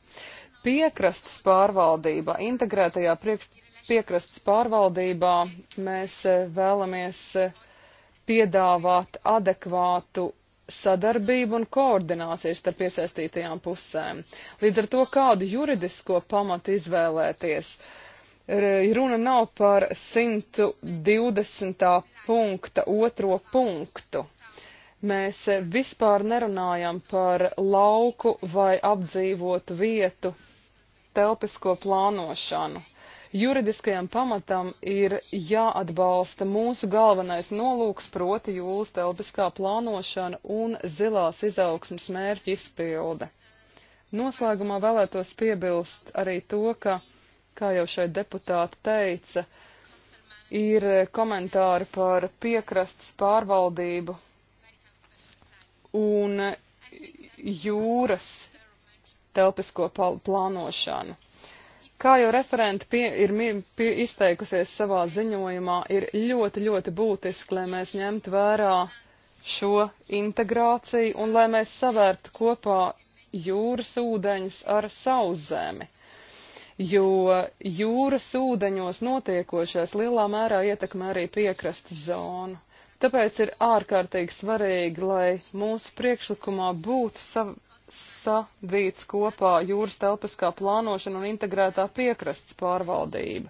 Piekrastes pārvaldībā, integrētajā priekš, piekrastes pārvaldībā mēs e, vēlamies e, piedāvāt adekvātu sadarbību un koordināciju starp iesaistītajām pusēm. Līdz ar to, kādu juridisko pamatu izvēlēties, runa nav par 120. punkta otro punktu. Mēs vispār nerunājam par lauku vai apdzīvotu vietu telpisko plānošanu juridiskajam pamatam ir jāatbalsta mūsu galvenais nolūks, proti jūlas telpiskā plānošana un zilās izaugsmas mērķi izpilde. Noslēgumā vēlētos piebilst arī to, ka, kā jau šeit deputāti teica, ir komentāri par piekrastes pārvaldību un jūras telpisko plānošanu. Kā jau referenti pie, ir pie, izteikusies savā ziņojumā, ir ļoti, ļoti būtiski, lai mēs ņemtu vērā šo integrāciju un lai mēs savērtu kopā jūras ūdeņus ar sauszemi. Jo jūras ūdeņos notiekošais lielā mērā ietekmē arī piekrastes zonu. Tāpēc ir ārkārtīgi svarīgi, lai mūsu priekšlikumā būtu sav savīts kopā jūras telpiskā plānošana un integrētā piekrasts pārvaldība.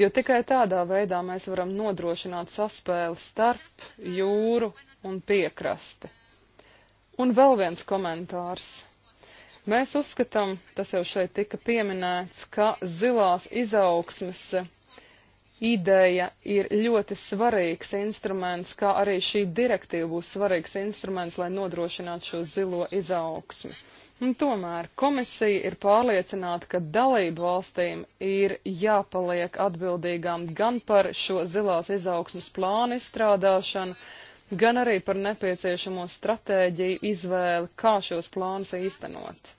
Jo tikai tādā veidā mēs varam nodrošināt saspēli starp jūru un piekrasti. Un vēl viens komentārs. Mēs uzskatām, tas jau šeit tika pieminēts, ka zilās izaugsmes ideja ir ļoti svarīgs instruments, kā arī šī direktīva būs svarīgs instruments, lai nodrošinātu šo zilo izaugsmi. Un tomēr komisija ir pārliecināta, ka dalību valstīm ir jāpaliek atbildīgām gan par šo zilās izaugsmas plānu izstrādāšanu, gan arī par nepieciešamo stratēģiju izvēli, kā šos plānus īstenot.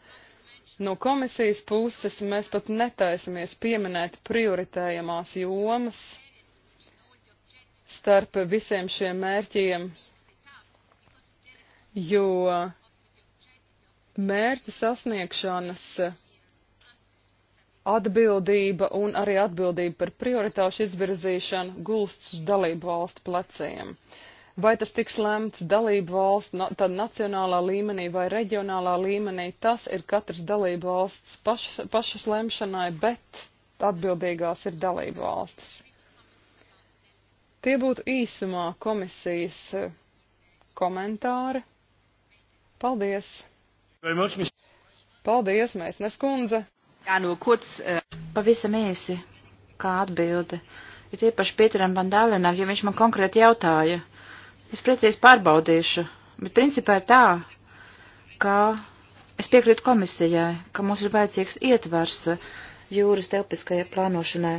No komisijas puses mēs pat netaisamies pieminēt prioritējamās jomas starp visiem šiem mērķiem, jo mērķa sasniegšanas atbildība un arī atbildība par prioritāšu izvirzīšanu gulsts uz dalību valstu pleciem. Uh, Vai tas tiks lemts dalību valsts, na, tad nacionālā līmenī vai reģionālā līmenī, tas ir katras dalību valsts pašas, pašas lemšanai, bet atbildīgās ir dalību valstis. Tie būtu īsumā komisijas eh, komentāri. Paldies! Paldies, mēs neskundze! Jā, no kods eh, pavisam īsi, kā atbilde. Ir ja īpaši Pīteram Bandālinam, jo viņš man konkrēti jautāja Es precīzi pārbaudīšu, bet principā ir tā, ka es piekrītu komisijai, ka mums ir vajadzīgs ietvars jūras telpiskajai plānošanai,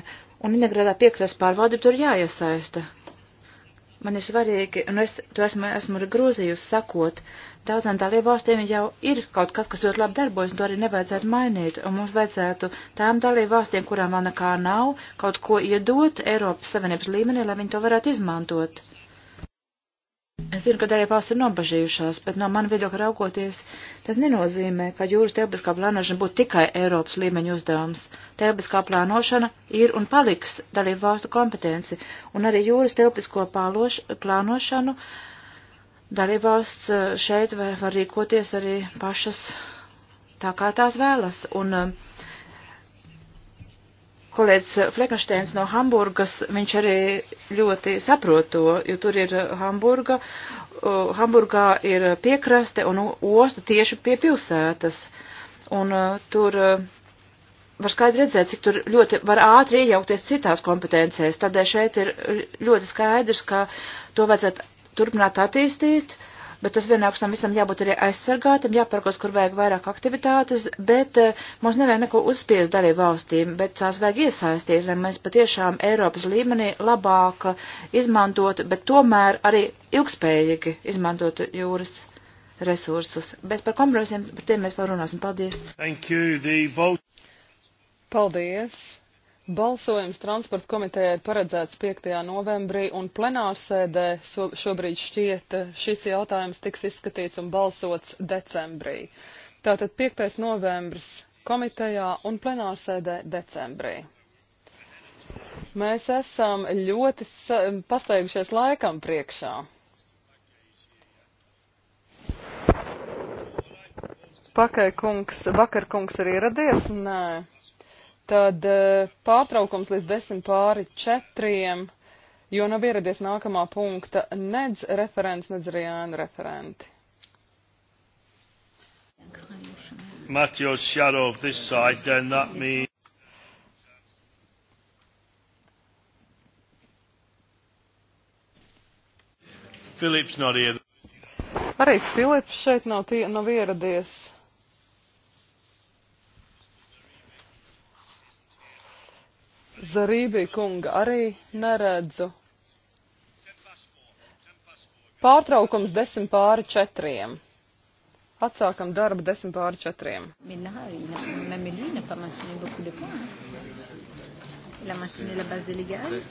un integrētā piekrastes pārvalde tur jāiesaista. Man ir svarīgi, un es to esmu, esmu grozījusi sakot, daudzām dalībvalstīm jau ir kaut kas, kas ļoti labi darbojas, un to arī nevajadzētu mainīt, un mums vajadzētu tām dalībvalstīm, kurām vēl nekā nav, kaut ko iedot Eiropas Savienības līmenī, lai viņi to varētu izmantot. Es zinu, ka darībās ir nobažījušās, bet no mana viedokļa raugoties, tas nenozīmē, ka jūras telpiskā plānošana būtu tikai Eiropas līmeņa uzdevums. Telpiskā plānošana ir un paliks dalību valstu kompetenci, un arī jūras telpisko pāloš, plānošanu dalību valsts eh, šeit var, var rīkoties arī pašas tā, kā tās vēlas. Un, uh, kolēģis Flekensteins no Hamburgas, viņš arī ļoti saprot to, jo tur ir Hamburga, uh, Hamburgā ir piekraste un osta tieši pie pilsētas. Un uh, tur uh, var skaidri redzēt, cik tur ļoti var ātri iejaukties citās kompetencēs. Tādēļ šeit ir ļoti skaidrs, ka to vajadzētu turpināt attīstīt. Uh, bet tas vienāks tam visam jābūt arī aizsargātam, jāparkos, kur vajag vairāk aktivitātes, bet eh, mums nevajag neko uzspies darīt valstīm, bet tās vajag iesaistīt, lai mēs patiešām Eiropas līmenī labāk izmantotu, bet tomēr arī ilgspējīgi izmantotu jūras resursus. Bet par kompromisiem, par tiem mēs vēl runāsim. Paldies! Thank you, the vote. Paldies! Balsojums transporta komitejai ir paredzēts 5. novembrī, un plenārsēdē šobrīd šķiet eh, šis jautājums tiks izskatīts un balsots decembrī. Tātad 5. novembris komitejā un plenārsēdē decembrī. Mēs esam ļoti pasteigušies laikam priekšā. Pakai kungs, vakar kungs ir ieradies? Nē. Tad eh, pārtraukums līdz desmit pāri četriem, jo nav ieradies nākamā punkta nedz referents, nedz arī ēnu referenti. Matthew Shadow this side, then that means. Philip's not here. Arī Filips šeit nav, tie, nav ieradies. Zarībī kunga arī neredzu. Pārtraukums desmit pāri četriem. Atsākam darbu desmit pāri četriem. La matinée, la base légale.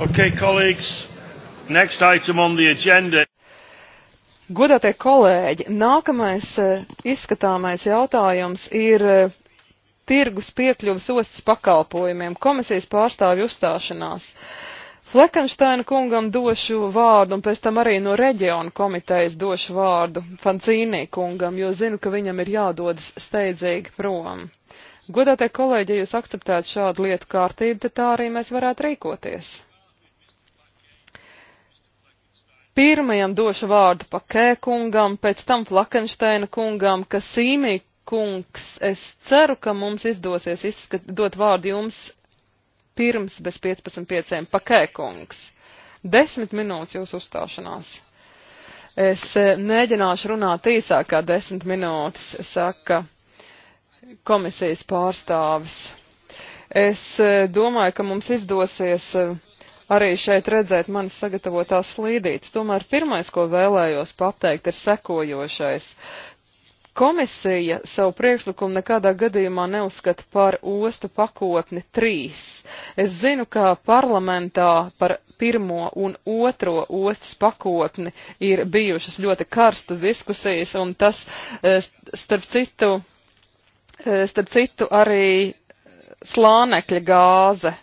Okay, colleagues, next item on the agenda. Godātie kolēģi, nākamais e, izskatāmais jautājums ir e, tirgus piekļuvas ostas pakalpojumiem, komisijas pārstāvju uzstāšanās. Flekensteina kungam došu vārdu un pēc tam arī no reģiona komitejas došu vārdu Fancīnī kungam, jo zinu, ka viņam ir jādodas steidzīgi prom. Godātie kolēģi, ja jūs akceptētu šādu lietu kārtību, tad tā arī mēs varētu rīkoties. Pirmajam došu vārdu Pakē kungam, pēc tam Flakensteina kungam, kas Sīmī kungs, es ceru, ka mums izdosies izskat, dot vārdu jums pirms bez 15.5. Pakē kungs. Desmit minūtes jūsu uzstāšanās. Es e, mēģināšu runāt īsāk kā desmit minūtes, saka komisijas pārstāvis. Es e, domāju, ka mums izdosies uh, arī šeit redzēt manis sagatavotās slīdītes. Tomēr pirmais, ko vēlējos pateikt, ir sekojošais. Komisija savu priekšlikumu nekādā gadījumā neuzskata par ostu pakotni trīs. Es zinu, ka parlamentā par pirmo un otro ostas pakotni ir bijušas ļoti karstas diskusijas, un tas, eh, starp citu, eh, starp citu arī slānekļa gāze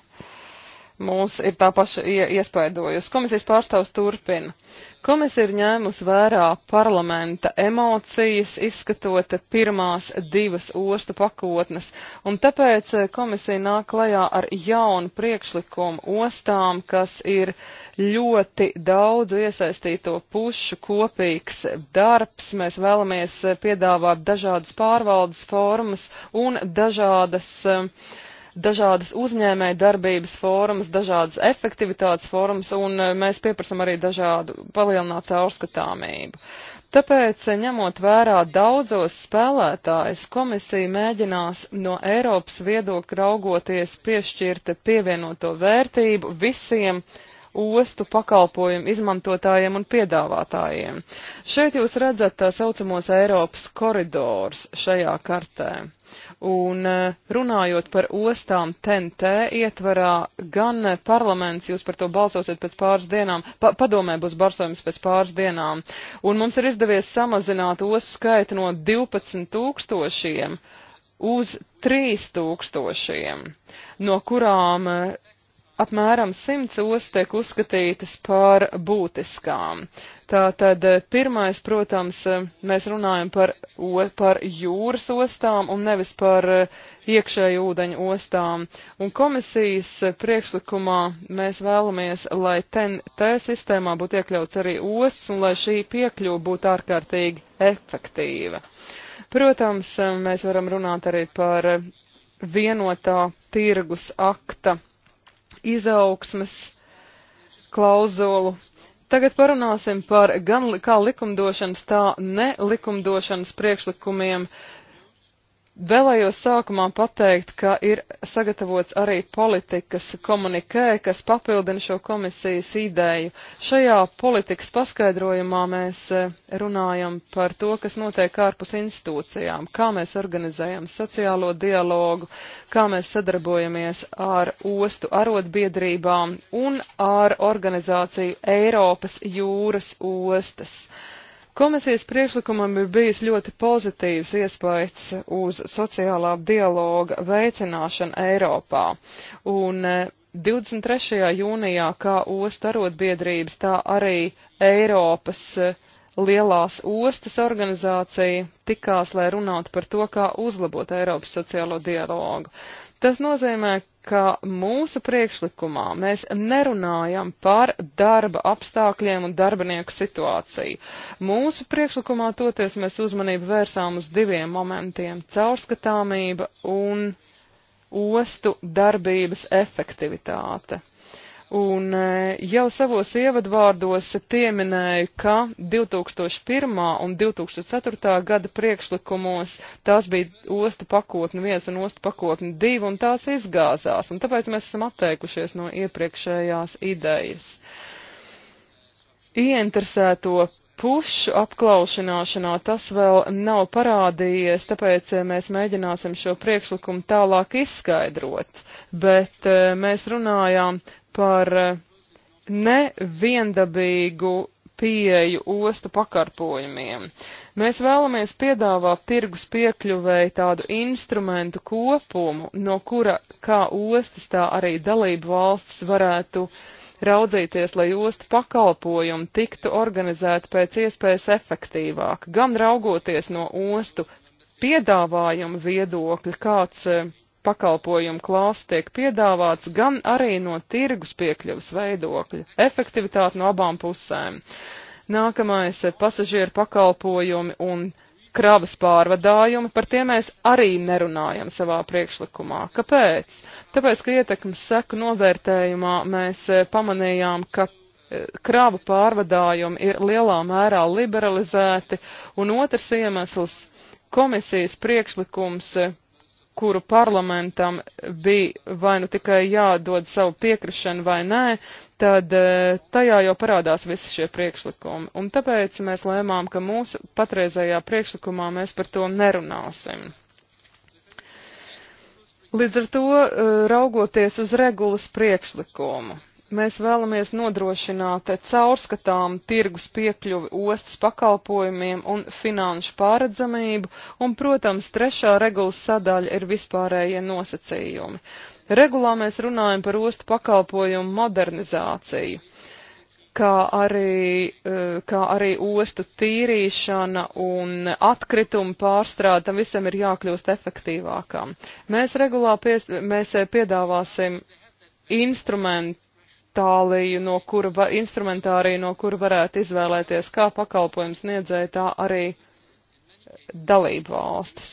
mūs ir tā paša iespaidojusi. Komisijas pārstāvs turpina. Komisija ir ņēmusi vērā parlamenta emocijas, izskatot pirmās divas ostu pakotnes, un tāpēc eh, komisija nāk klajā ar jaunu priekšlikumu ostām, kas ir ļoti daudzu iesaistīto pušu kopīgs darbs. Mēs vēlamies eh, piedāvāt dažādas pārvaldes formas un dažādas uh, dažādas uzņēmē darbības formas, dažādas efektivitātes formas, un e, mēs pieprasam arī dažādu palielināt caurskatāmību. Tāpēc, e, ņemot vērā daudzos spēlētājus, komisija mēģinās no Eiropas viedokļa raugoties piešķirt pievienoto vērtību visiem ostu pakalpojumu izmantotājiem un piedāvātājiem. Šeit jūs redzat tā saucamos Eiropas koridors šajā kartē. Un eh, runājot par ostām TNT ietvarā, gan parlaments, jūs par to balsosiet pēc pāris dienām, pa padomē būs balsojums pēc pāris dienām, un mums ir izdevies samazināt ostu skaitu no 12 tūkstošiem uz 3 tūkstošiem, no kurām eh, apmēram simts ostas tiek uzskatītas par būtiskām. Tātad eh, pirmais, protams, eh, mēs runājam par, o, par jūras ostām un nevis par eh, iekšēju ūdeņu ostām. Un komisijas priekšlikumā mēs vēlamies, lai TNT sistēmā būtu iekļauts arī ostas un lai šī piekļuva būtu ārkārtīgi efektīva. Protams, mēs varam runāt arī par vienotā tirgus akta izaugsmes klauzulu. Tagad parunāsim par gan kā likumdošanas, tā nelikumdošanas priekšlikumiem. Uh, Vēlējos sākumā pateikt, ka ir sagatavots arī politikas komunikē, kas papildina šo komisijas ideju. Šajā politikas paskaidrojumā mēs e, runājam par to, kas notiek ārpus institūcijām, kā mēs organizējam sociālo dialogu, kā mēs sadarbojamies ar ostu arotbiedrībām un ar organizāciju Eiropas jūras ostas. Uh, Komisijas priekšlikumam ir bijis ļoti pozitīvs iespējas uz sociālā dialoga veicināšanu Eiropā. Un 23. Eh, jūnijā kā ostu arotbiedrības, tā arī Eiropas eh, lielās ostas organizācija tikās, lai runātu par to, kā uzlabot Eiropas sociālo dialogu. Tas nozīmē, ka mūsu priekšlikumā mēs nerunājam par darba apstākļiem un darbinieku situāciju. Mūsu priekšlikumā toties mēs uzmanību vērsām uz diviem momentiem - caurskatāmība un ostu darbības efektivitāte. Un e, jau savos ievadvārdos pieminēju, ka 2001. un 2004. gada priekšlikumos tās bija ostu pakotne 1 un ostu pakotne 2, un tās izgāzās, un tāpēc mēs esam atteikušies no iepriekšējās idejas. Ieinteresēto pušu apklaušanāšanā tas vēl nav parādījies, tāpēc e, mēs mēģināsim šo priekšlikumu tālāk izskaidrot. Bet e, mēs runājām par eh, neviendabīgu pieeju ostu pakarpojumiem. Mēs vēlamies piedāvāt tirgus piekļuvēju tādu instrumentu kopumu, no kura kā ostas, tā arī dalību valstis varētu raudzīties, lai ostu pakalpojumi tiktu organizēti pēc iespējas efektīvāk, gan raugoties no ostu piedāvājuma viedokļa, kāds eh, pakalpojumu klāsts tiek piedāvāts, gan arī no tirgus piekļuvas veidokļa. Efektivitāte no abām pusēm. Nākamais eh, - pasažieru pakalpojumi un kravas pārvadājumi, par tiem mēs arī nerunājam savā priekšlikumā. Kāpēc? Tāpēc, ka ietekmes seku novērtējumā mēs eh, pamanījām, ka eh, kravu pārvadājumi ir lielā mērā liberalizēti, un otrs iemesls - komisijas priekšlikums kuru parlamentam bija vai nu tikai jādod savu piekrišanu vai nē, tad eh, tajā jau parādās visi šie priekšlikumi. Un tāpēc mēs lēmām, ka mūsu patreizējā priekšlikumā mēs par to nerunāsim. Līdz ar to eh, raugoties uz regulas priekšlikumu, Mēs vēlamies nodrošināt caurskatām tirgus piekļuvi ostas pakalpojumiem un finanšu pāredzamību, un, protams, trešā regulas sadaļa ir vispārējie nosacījumi. Regulā mēs runājam par ostu pakalpojumu modernizāciju, kā arī, e, kā arī ostu tīrīšana un atkritumu pārstrāde, tam visam ir jākļūst efektīvākam. Mēs regulā pies, mēs e, piedāvāsim instrumentu instrumentāriju, no kura, va, instrumentāriju, no kura varētu izvēlēties kā pakalpojums niedzēja, tā arī dalību valstis.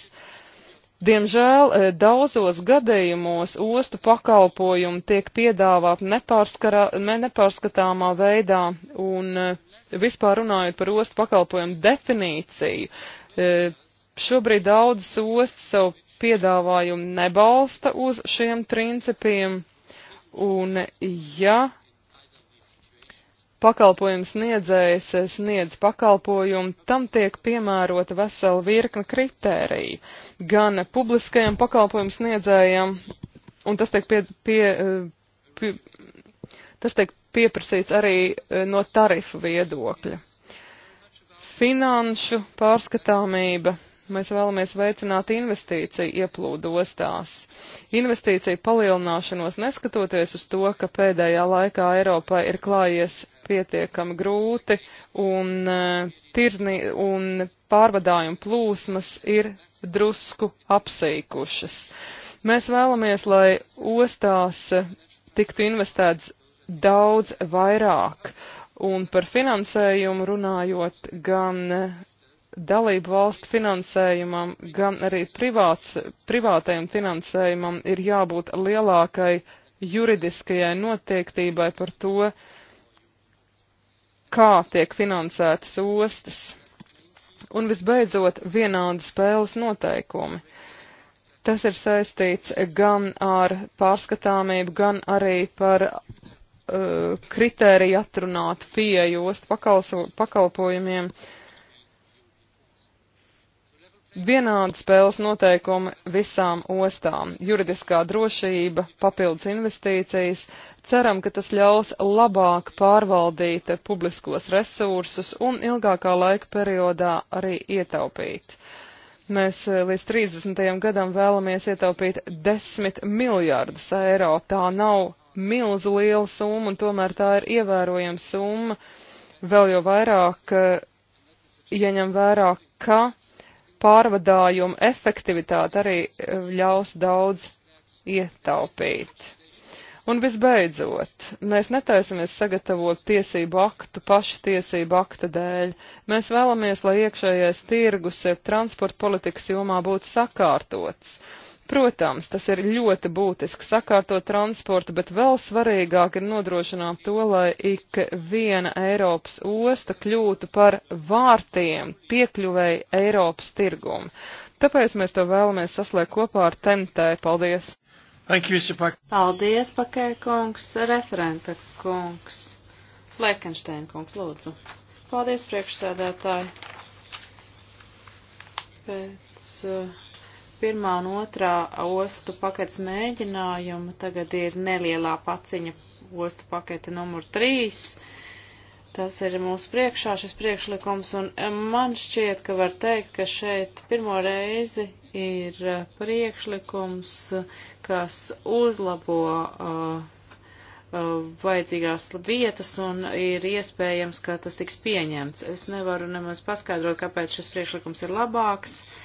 Diemžēl eh, daudzos gadījumos ostu pakalpojumi tiek piedāvāti ne nepārskatāmā veidā un eh, vispār runājot par ostu pakalpojumu definīciju. Eh, šobrīd daudzas ostas savu piedāvājumu nebalsta uz šiem principiem Un ja pakalpojums sniedzējs sniedz pakalpojumu, tam tiek piemērota vesela virkna kritērija. Gan publiskajam pakalpojumu sniedzējam, un tas tiek, pie, pie, pie, tas tiek pieprasīts arī eh, no tarifu viedokļa. Finanšu pārskatāmība Mēs vēlamies veicināt investīciju ieplūdu ostās. Investīciju palielināšanos neskatoties uz to, ka pēdējā laikā Eiropai ir klājies pietiekami grūti un, eh, tirznie, un pārvadājumu plūsmas ir drusku apsīkušas. Mēs vēlamies, lai ostās tiktu investēts daudz vairāk. Un par finansējumu runājot, gan dalību valstu finansējumam, gan arī privāts, privātajam finansējumam ir jābūt lielākai juridiskajai noteiktībai par to, kā tiek finansētas ostas. Un visbeidzot, vienādi spēles noteikumi. Tas ir saistīts gan ar pārskatāmību, gan arī par uh, kritēriju atrunātu pieeju ostu pakalpojumiem. Uh, Vienādi spēles noteikumi visām ostām, juridiskā drošība, papildus investīcijas. Ceram, ka tas ļaus labāk pārvaldīt publiskos resursus un ilgākā laika periodā arī ietaupīt. Mēs eh, līdz 30. gadam vēlamies ietaupīt 10 miljārdus eiro. Tā nav milzu liela summa, un tomēr tā ir ievērojama summa. Vēl jau vairāk, ja eh, ņem vērā, ka pārvadājumu efektivitāte arī e, ļaus daudz ietaupīt. Un visbeidzot, mēs netaisamies sagatavot tiesību aktu pašu tiesību akta dēļ. Mēs vēlamies, lai iekšējais tirgus, jeb transporta politikas jomā būtu sakārtots. Uh, Protams, tas ir ļoti būtiski sakārtot transportu, bet vēl svarīgāk ir nodrošināt to, lai ik viena Eiropas osta kļūtu par vārtiem piekļuvēji Eiropas tirgumu. Tāpēc mēs to vēlamies saslēgt kopā ar TMT. Paldies! You, Paldies, Pakē kungs, referenta kungs, Lekenšteina kungs, lūdzu. Paldies, priekšsēdētāji. Pēc uh, pirmā un otrā ostu paketes mēģinājuma, tagad ir nelielā paciņa ostu pakete numur 3. Tas ir mūsu priekšā šis priekšlikums, un man šķiet, ka var teikt, ka šeit pirmo reizi ir uh, priekšlikums, kas uzlabo uh, uh, vajadzīgās vietas, un ir iespējams, ka tas tiks pieņemts. Es nevaru nemaz paskaidrot, kāpēc šis priekšlikums ir labāks. Uh,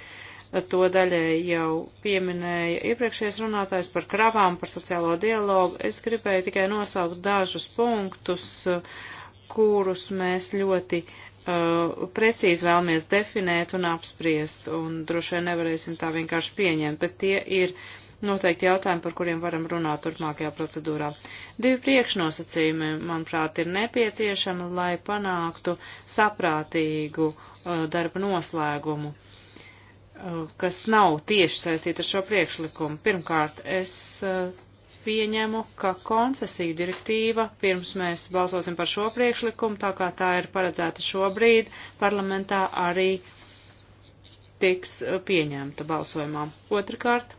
to daļai jau pieminēja iepriekšējais runātājs par kravām, par sociālo dialogu. Es gribēju tikai nosaukt dažus punktus, kurus mēs ļoti uh, precīzi vēlamies definēt un apspriest, un droši vien nevarēsim tā vienkārši pieņemt, bet tie ir noteikti jautājumi, par kuriem varam runāt turpmākajā procedūrā. Divi priekšnosacījumi, manuprāt, ir nepieciešami, lai panāktu saprātīgu uh, darba noslēgumu. Uh, kas nav tieši saistīta ar šo priekšlikumu. Pirmkārt, es eh, pieņemu, ka koncesiju direktīva, pirms mēs balsosim par šo priekšlikumu, tā kā tā ir paredzēta šobrīd, parlamentā arī tiks eh, pieņemta balsojumā. Otrakārt,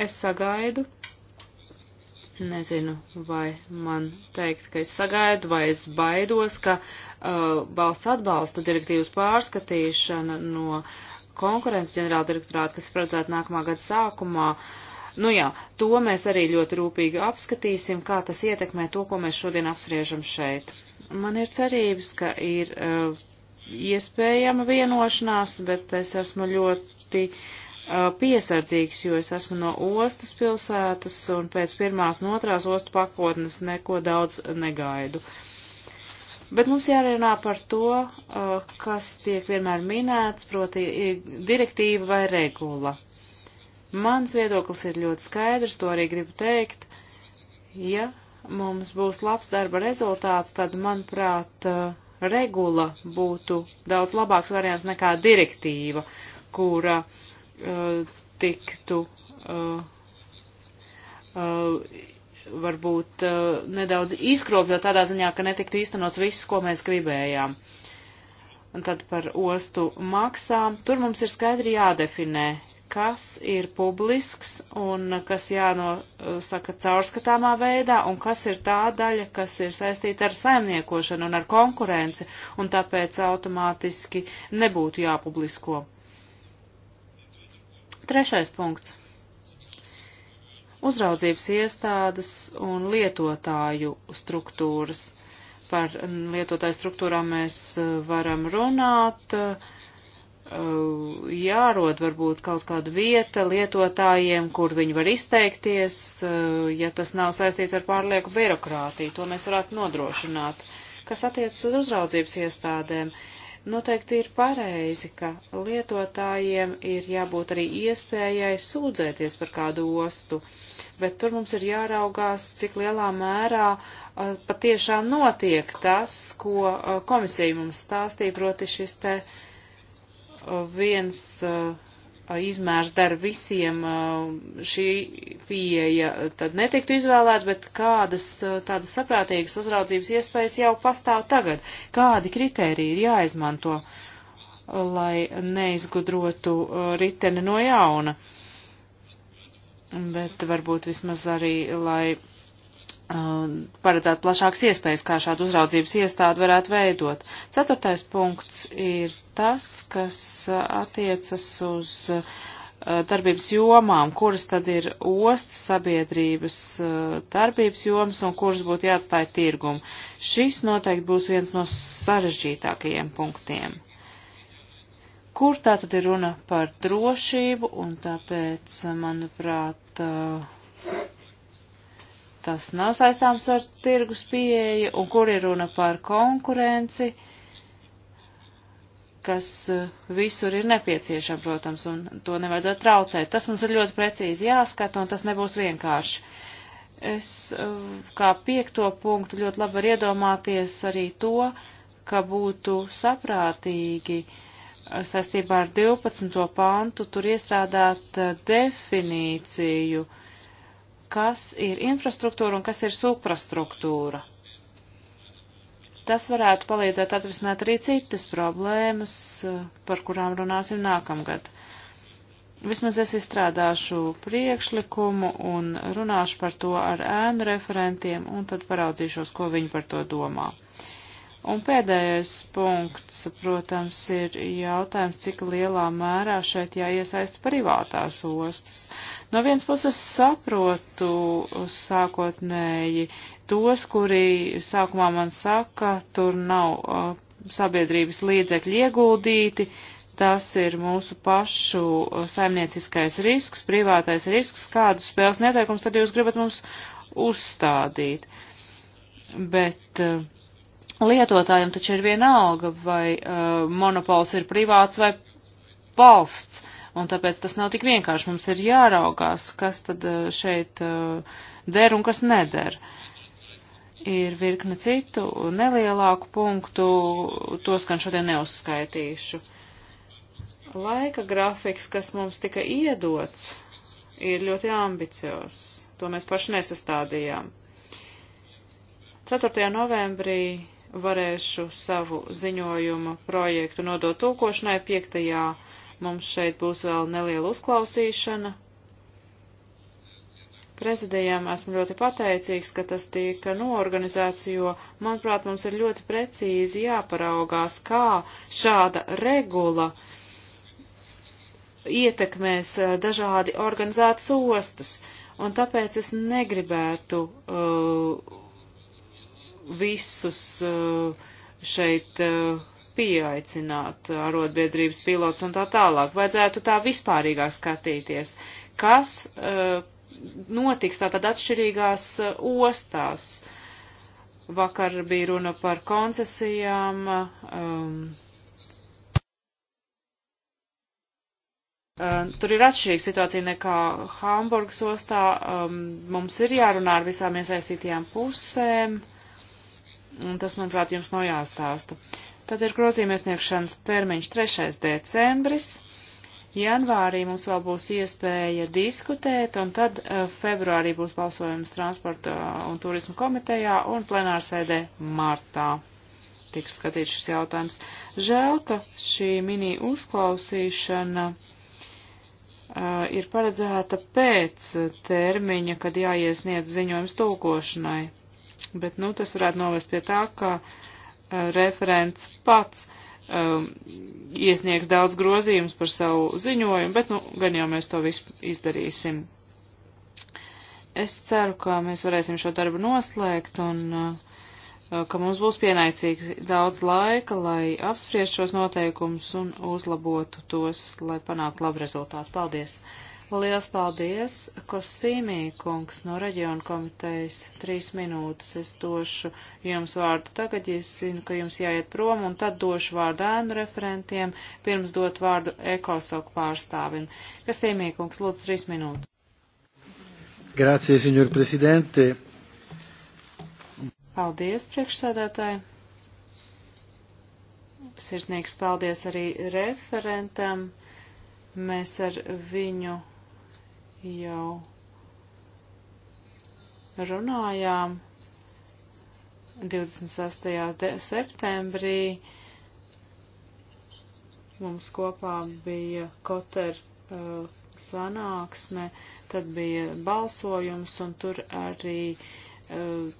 es sagaidu, Nezinu, vai man teikt, ka es sagaidu, vai es baidos, ka uh, valsts atbalsta direktīvas pārskatīšana no konkurences ģenerāldirektorāta, kas paredzēta nākamā gada sākumā, nu jā, to mēs arī ļoti rūpīgi apskatīsim, kā tas ietekmē to, ko mēs šodien apspriežam šeit. Man ir cerības, ka ir uh, iespējama vienošanās, bet es esmu ļoti Uh, piesardzīgs, jo es esmu no ostas pilsētas un pēc pirmās un otrās ostu pakotnes neko daudz negaidu. Bet mums jārunā par to, uh, kas tiek vienmēr minēts, proti direktīva vai regula. Mans viedoklis ir ļoti skaidrs, to arī gribu teikt. Ja mums būs labs darba rezultāts, tad, manuprāt, uh, regula būtu daudz labāks variants nekā direktīva, kura uh, tiktu eh, eh, varbūt eh, nedaudz izkropļot tādā ziņā, ka netiktu īstenots viss, ko mēs gribējām. Un tad par ostu maksām. Tur mums ir skaidri jādefinē, kas ir publisks un kas jānosaka caurskatāmā veidā un kas ir tā daļa, kas ir saistīta ar saimniekošanu un ar konkurenci un tāpēc automātiski nebūtu jāpublisko. Trešais punkts. Uzraudzības iestādes un lietotāju struktūras. Par lietotāju struktūrām mēs eh, varam runāt, eh, jārod varbūt kaut kāda vieta lietotājiem, kur viņi var izteikties, eh, ja tas nav saistīts ar pārlieku birokrātiju. To mēs varētu nodrošināt. Kas attiecas uz uzraudzības iestādēm? Uh, Noteikti ir pareizi, ka lietotājiem ir jābūt arī iespējai sūdzēties par kādu ostu, bet tur mums ir jāraugās, cik lielā mērā patiešām notiek tas, ko komisija mums stāstīja, proti šis te viens uh, izmērs dara visiem uh, šī pieeja, tad netiktu izvēlēta, bet kādas uh, tādas saprātīgas uzraudzības iespējas jau pastāv tagad? Kādi kriteriji ir jāizmanto, lai neizgudrotu uh, riteni no jauna? Bet varbūt vismaz arī, lai Um, paredzēt plašākas iespējas, kā šādu uzraudzības iestādi varētu veidot. Ceturtais punkts ir tas, kas uh, attiecas uz uh, darbības jomām, kuras tad ir ostas sabiedrības uh, darbības jomas un kuras būtu jāatstāja tirgumu. Šis noteikti būs viens no sarežģītākajiem punktiem. Kur tā tad ir runa par drošību un tāpēc, manuprāt, tas nav saistāms ar tirgus pieeja, un kur ir runa par konkurenci, kas eh, visur ir nepieciešama, protams, un to nevajadzētu traucēt. Tas mums ir ļoti precīzi jāskata, un tas nebūs vienkārši. Es eh, kā piekto punktu ļoti labi var iedomāties arī to, ka būtu saprātīgi eh, saistībā ar 12. pantu tur iestrādāt definīciju uh, kas ir infrastruktūra un kas ir suprastruktūra. Tas varētu palīdzēt atrisināt arī citas problēmas, par kurām runāsim nākamgad. Vismaz es izstrādāšu priekšlikumu un runāšu par to ar ēnu referentiem un tad paraudzīšos, ko viņi par to domā. Un pēdējais punkts, protams, ir jautājums, cik lielā mērā šeit jāiesaista privātās ostas. No vienas puses saprotu sākotnēji tos, kuri sākumā man saka, tur nav uh, sabiedrības līdzekļi ieguldīti, tas ir mūsu pašu uh, saimnieciskais risks, privātais risks, kādus spēles neteikums tad jūs gribat mums uzstādīt. Bet uh, lietotājiem taču ir vienalga, vai uh, monopols ir privāts vai valsts, un tāpēc tas nav tik vienkārši. Mums ir jāraugās, kas tad uh, šeit uh, der un kas neder. Ir virkne citu nelielāku punktu, tos gan šodien neuzskaitīšu. Laika grafiks, kas mums tika iedots, ir ļoti ambiciozs. To mēs paši nesastādījām. 4. novembrī varēšu savu ziņojumu projektu nodot tūkošanai. Piektajā mums šeit būs vēl neliela uzklausīšana. Prezidijam esmu ļoti pateicīgs, ka tas tika noorganizēts, jo, manuprāt, mums ir ļoti precīzi jāparaugās, kā šāda regula ietekmēs eh, dažādi organizētas ostas, un tāpēc es negribētu uh, visus eh, šeit eh, pieaicināt, eh, arotbiedrības pilots un tā tālāk. Vajadzētu tā vispārīgāk skatīties, kas notiks tātad atšķirīgās ostās. Vakar bija runa par koncesijām. Um, Tur ir atšķirīga situācija nekā Hamburgas ostā. Um, mums ir jārunā ar visām iesaistītajām pusēm. Uh, Un tas, manuprāt, jums nav jāstāsta. Tad ir grozījumiesniegšanas termiņš 3. decembris. Janvārī mums vēl būs iespēja diskutēt, un tad eh, februārī būs balsojums transporta eh, un turismu komitejā un plenārsēdē martā. Tiks skatīts šis jautājums. Žēl, ka šī mini uzklausīšana uh, ir paredzēta pēc termiņa, kad jāiesniedz ziņojums tūkošanai. Bet, nu, tas varētu novest pie tā, ka e, referents pats um, iesniegs daudz grozījumus par savu ziņojumu, bet, nu, gan jau mēs to visu izdarīsim. Es ceru, ka mēs varēsim šo darbu noslēgt un uh, ka mums būs pienaicīgs daudz laika, lai apspriest šos noteikumus un uzlabotu tos, lai panāktu labu rezultātu. Paldies! Liels paldies, Kosīmī kungs no reģiona komitejas. Trīs minūtes es došu jums vārdu tagad, ja es zinu, ka jums jāiet prom, un tad došu vārdu ēnu referentiem, pirms dot vārdu ekosoku pārstāvim. Kosīmī kungs, lūdzu, trīs minūtes. Grācie, senjor prezidente. Paldies, priekšsēdētāji. Sirsnīgs paldies arī referentam. Mēs ar viņu jau runājām 26. septembrī. Mums kopā bija Koter uh, sanāksme, tad bija balsojums un tur arī uh,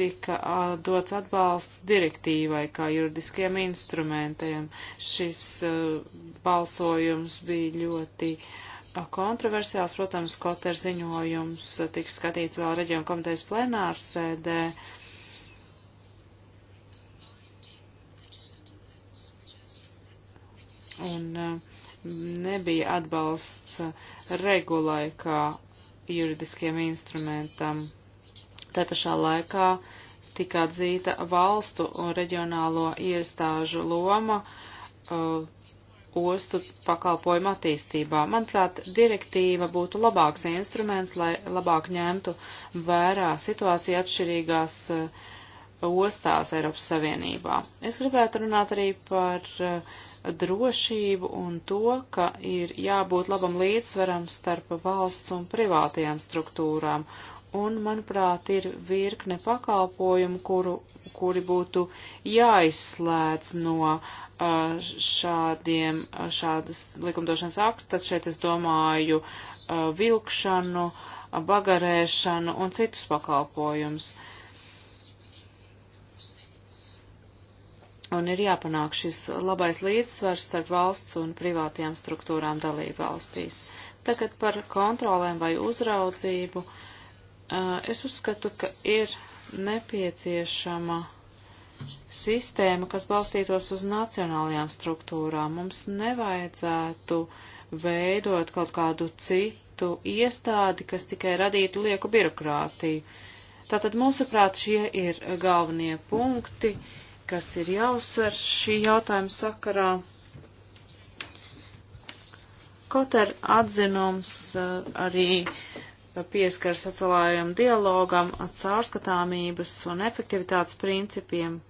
tika uh, dots atbalsts direktīvai kā juridiskiem instrumentiem. Šis uh, balsojums bija ļoti uh, kontroversiāls, protams, Koter ziņojums eh, tiks skatīts vēl reģionu komitejas plenārsēdē. Un eh, nebija atbalsts regulai kā juridiskiem instrumentam. Tā pašā laikā tika atzīta valstu un reģionālo iestāžu loma uh, ostu pakalpojumu attīstībā. Manuprāt, direktīva būtu labāks instruments, lai labāk ņemtu vērā situāciju atšķirīgās uh, ostās Eiropas Savienībā. Es gribētu runāt arī par uh, drošību un to, ka ir jābūt labam līdzsvaram starp valsts un privātajām struktūrām un, manuprāt, ir virkne pakalpojumu, kuru, kuri būtu jāizslēdz no šādiem, šādas likumdošanas akts, tad šeit es domāju vilkšanu, bagarēšanu un citus pakalpojumus. Un ir jāpanāk šis labais līdzsvars starp valsts un privātajām struktūrām dalību valstīs. Tagad par kontrolēm vai uzraudzību. Uh, Es uzskatu, ka ir nepieciešama sistēma, kas balstītos uz nacionālajām struktūrām. Mums nevajadzētu veidot kaut kādu citu iestādi, kas tikai radītu lieku birokrātiju. Tātad, mūsuprāt, šie ir galvenie punkti, kas ir jāuzsver šī jautājuma sakarā. Kaut ar atzinums arī uh, pieskaras atcelājam dialogam, caurskatāmības un efektivitātes principiem.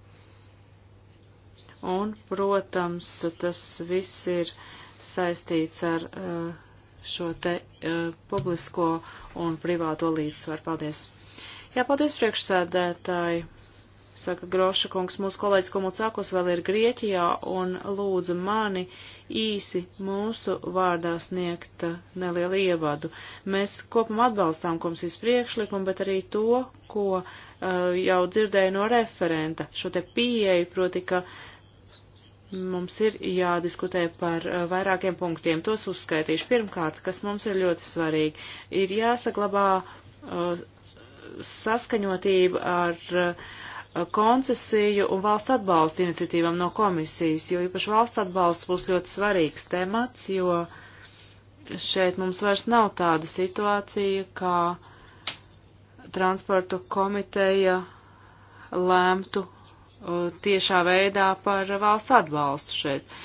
Un, protams, tas viss ir saistīts ar uh, šo te uh, publisko un privāto līdzsvaru. Paldies! Jā, paldies priekšsēdētāji! saka Groša kungs, mūsu kolēģis Komucakos vēl ir Grieķijā un lūdza mani īsi mūsu vārdā sniegt uh, nelielu ievadu. Mēs kopumā atbalstām komisijas priekšlikumu, bet arī to, ko uh, jau dzirdēju no referenta, šo te pieeju, proti, ka mums ir jādiskutē par uh, vairākiem punktiem. Tos uzskaitīšu. Pirmkārt, kas mums ir ļoti svarīgi, ir jāsaglabā uh, saskaņotība ar uh, koncesiju un valsts atbalsta iniciatīvām no komisijas, jo īpaši valsts atbalsts būs ļoti svarīgs temats, jo šeit mums vairs nav tāda situācija, kā transportu komiteja lēmtu uh, tiešā veidā par valsts atbalstu šeit.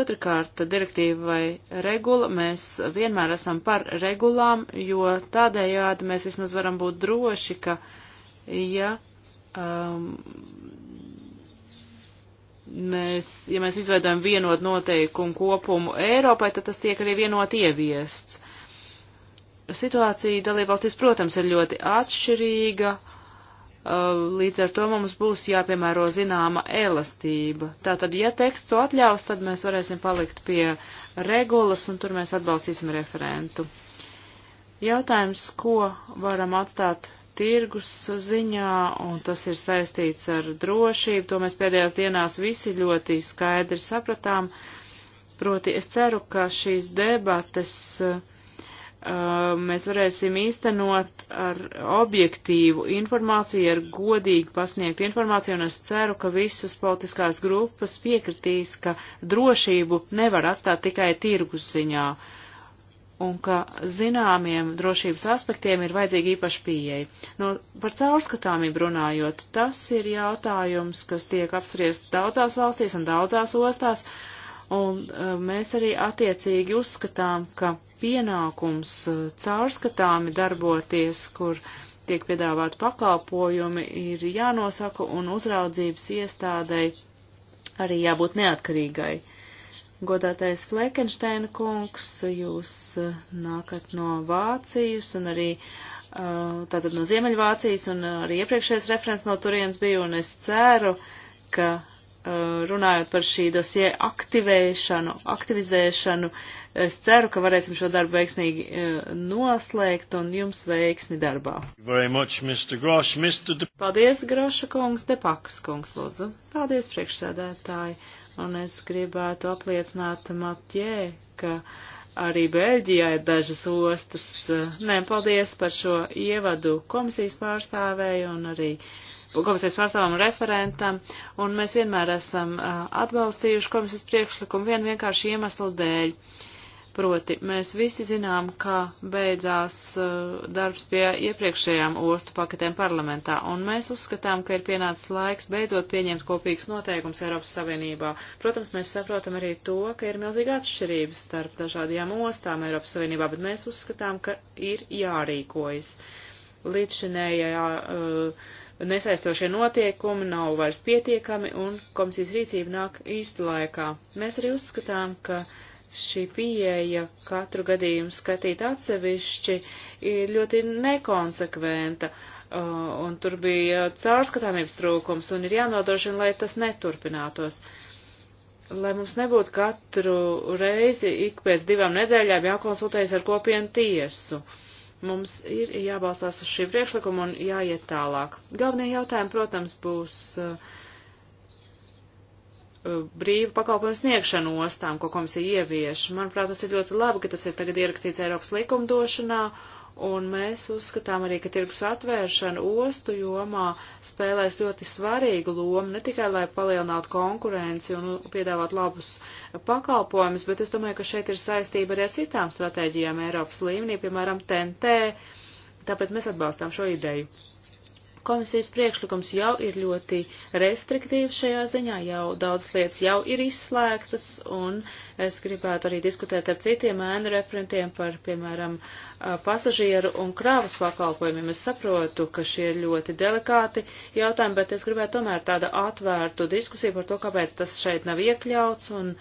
Otrakārt, direktīva vai regula, mēs vienmēr esam par regulām, jo tādējādi mēs vismaz varam būt droši, ka, ja um, mēs, ja mēs izveidojam vienotu noteikumu kopumu Eiropai, tad tas tiek arī vienot ieviests. Situācija dalībvalstīs, protams, ir ļoti atšķirīga, uh, līdz ar to mums būs jāpiemēro zināma elastība. Tātad, ja teksts to atļaus, tad mēs varēsim palikt pie regulas un tur mēs atbalstīsim referentu. Jautājums, ko varam atstāt tirgus ziņā, un tas ir saistīts ar drošību. To mēs pēdējās dienās visi ļoti skaidri sapratām. Proti, es ceru, ka šīs debates uh, mēs varēsim īstenot ar objektīvu informāciju, ar godīgi pasniegtu informāciju, un es ceru, ka visas politiskās grupas piekritīs, ka drošību nevar atstāt tikai tirgus ziņā. Uh, un ka zināmiem drošības aspektiem ir vajadzīga īpaša pieeja. No, nu, par caurskatāmību runājot, tas ir jautājums, kas tiek apspriests daudzās valstīs un daudzās ostās, un e, mēs arī attiecīgi uzskatām, ka pienākums e, caurskatāmi darboties, kur tiek piedāvāti pakalpojumi, ir jānosaka un uzraudzības iestādei arī jābūt neatkarīgai. Godātais Flekenšteina kungs, jūs eh, nākat no Vācijas un arī eh, tātad no Ziemeļvācijas un eh, arī iepriekšējais referents no turienes bija un es ceru, ka runājot par šī dosie aktivēšanu, aktivizēšanu, es ceru, ka varēsim šo darbu veiksmīgi noslēgt un jums veiksmi darbā. Much, Mr. Grosh, Mr. De... Paldies, Groša kungs, Depakas kungs, lūdzu. Paldies, priekšsēdētāji. Uh, Un es gribētu apliecināt Matjē, ka arī Beļģijā ir dažas ostas. Nē, paldies par šo ievadu komisijas pārstāvēju un arī komisijas pārstāvam un referentam. Un mēs vienmēr esam atbalstījuši komisijas priekšlikumu vienu vienkārši iemeslu dēļ. Uh, Proti, mēs visi zinām, ka beidzās uh, darbs pie iepriekšējām ostu paketēm parlamentā, un mēs uzskatām, ka ir pienācis laiks beidzot pieņemt kopīgus noteikums Eiropas Savienībā. Protams, mēs saprotam arī to, ka ir milzīga atšķirības starp dažādajām ostām Eiropas Savienībā, bet mēs uzskatām, ka ir jārīkojas. Līdzšinējā uh, eh, nesaistošie notiekumi nav vairs pietiekami, un komisijas rīcība nāk īsta laikā. Mēs arī uzskatām, ka uh, šī pieeja katru gadījumu skatīt atsevišķi ir ļoti nekonsekventa, uh, un tur bija caurskatāmības trūkums, un ir jānodrošina, lai tas neturpinātos. Lai mums nebūtu katru reizi ik pēc divām nedēļām jākonsultējas ar kopienu tiesu. Mums ir jābalstās uz šī priekšlikuma un jāiet tālāk. Galvenie jautājumi, protams, būs uh, Uh, brīvu pakalpojumu sniegšanu ostām, ko komisija ievieš. Manuprāt, tas ir ļoti labi, ka tas ir tagad ierakstīts Eiropas likumdošanā, un mēs uzskatām arī, ka tirgus atvēršana ostu jomā spēlēs ļoti svarīgu lomu, ne tikai lai palielinātu konkurenci un piedāvāt labus pakalpojumus, bet es domāju, ka šeit ir saistība arī ar citām stratēģijām Eiropas līmenī, piemēram, TNT, tāpēc mēs atbalstām šo ideju. Komisijas priekšlikums jau ir ļoti restriktīvs šajā ziņā, jau daudz lietas jau ir izslēgtas, un es gribētu arī diskutēt ar citiem ēnu referentiem par, piemēram, pasažieru un krāvas pakalpojumiem. Es saprotu, ka šie ir ļoti delikāti jautājumi, bet es gribētu tomēr tādu atvērtu diskusiju par to, kāpēc tas šeit nav iekļauts, un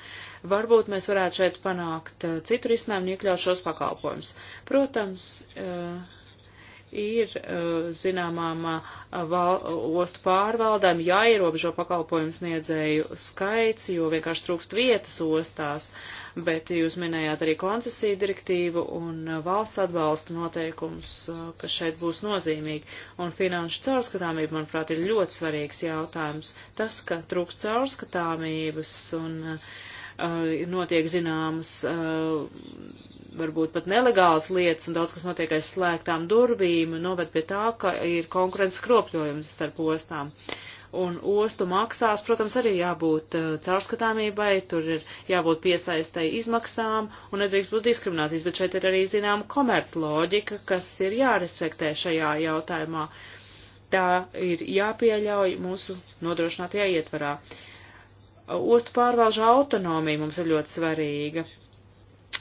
varbūt mēs varētu šeit panākt citu risinājumu un iekļaut šos pakalpojumus. Protams, uh, ir uh, zināmām uh, val, ostu pārvaldēm jāierobežo pakalpojumu sniedzēju skaits, jo vienkārši trūkst vietas ostās, bet jūs minējāt arī koncesiju direktīvu un uh, valsts atbalsta noteikumus, kas šeit būs nozīmīgi. Un finanšu caurskatāmība, manuprāt, ir ļoti svarīgs jautājums. Tas, ka trūkst caurskatāmības un uh, Eh, notiek zināmas, eh, varbūt pat nelegālas lietas, un daudz kas notiek aiz slēgtām durvīm, noved pie tā, ka ir konkurences kropļojums starp ostām. Un ostu maksās, protams, arī jābūt eh, caurskatāmībai, tur ir jābūt piesaistai izmaksām un nedrīkst būt diskriminācijas, bet šeit ir arī zinām komerc loģika, kas ir jārespektē šajā jautājumā. Tā ir jāpieļauj mūsu nodrošinātajā ietvarā. Uh, Ostu pārvalžu autonomija mums ir ļoti svarīga.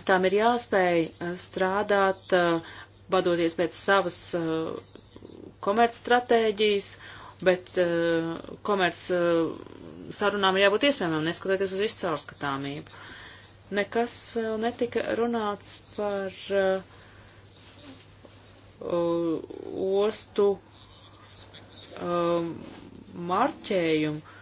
Tām ir jāspēj eh, strādāt, eh, vadoties pēc savas eh, komercstratēģijas, bet komerc sarunām ir jābūt iespējamām, neskatoties uz visu caurskatāmību. Nekas vēl netika runāts par ostu marķējumu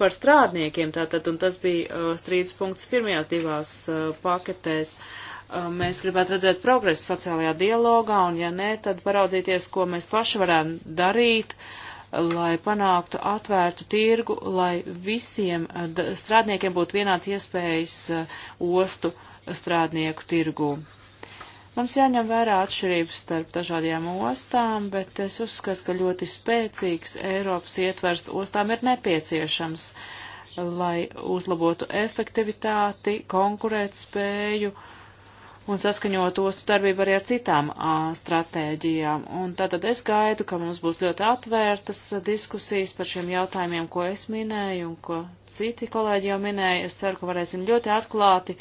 par strādniekiem, tātad, un tas bija uh, strīdus punkts pirmajās divās uh, paketēs. Uh, mēs gribētu redzēt progresu sociālajā dialogā, un ja nē, tad paraudzīties, ko mēs paši varam darīt, lai panāktu atvērtu tirgu, lai visiem strādniekiem būtu vienāds iespējas ostu strādnieku tirgū. Mums jāņem vērā atšķirības starp dažādajām ostām, bet es uzskatu, ka ļoti spēcīgs Eiropas ietvers ostām ir nepieciešams, lai uzlabotu efektivitāti, konkurēt spēju un saskaņot ostu darbību arī ar citām a, stratēģijām. Un tātad es gaidu, ka mums būs ļoti atvērtas diskusijas par šiem jautājumiem, ko es minēju un ko citi kolēģi jau minēja. Es ceru, ka varēsim ļoti atklāti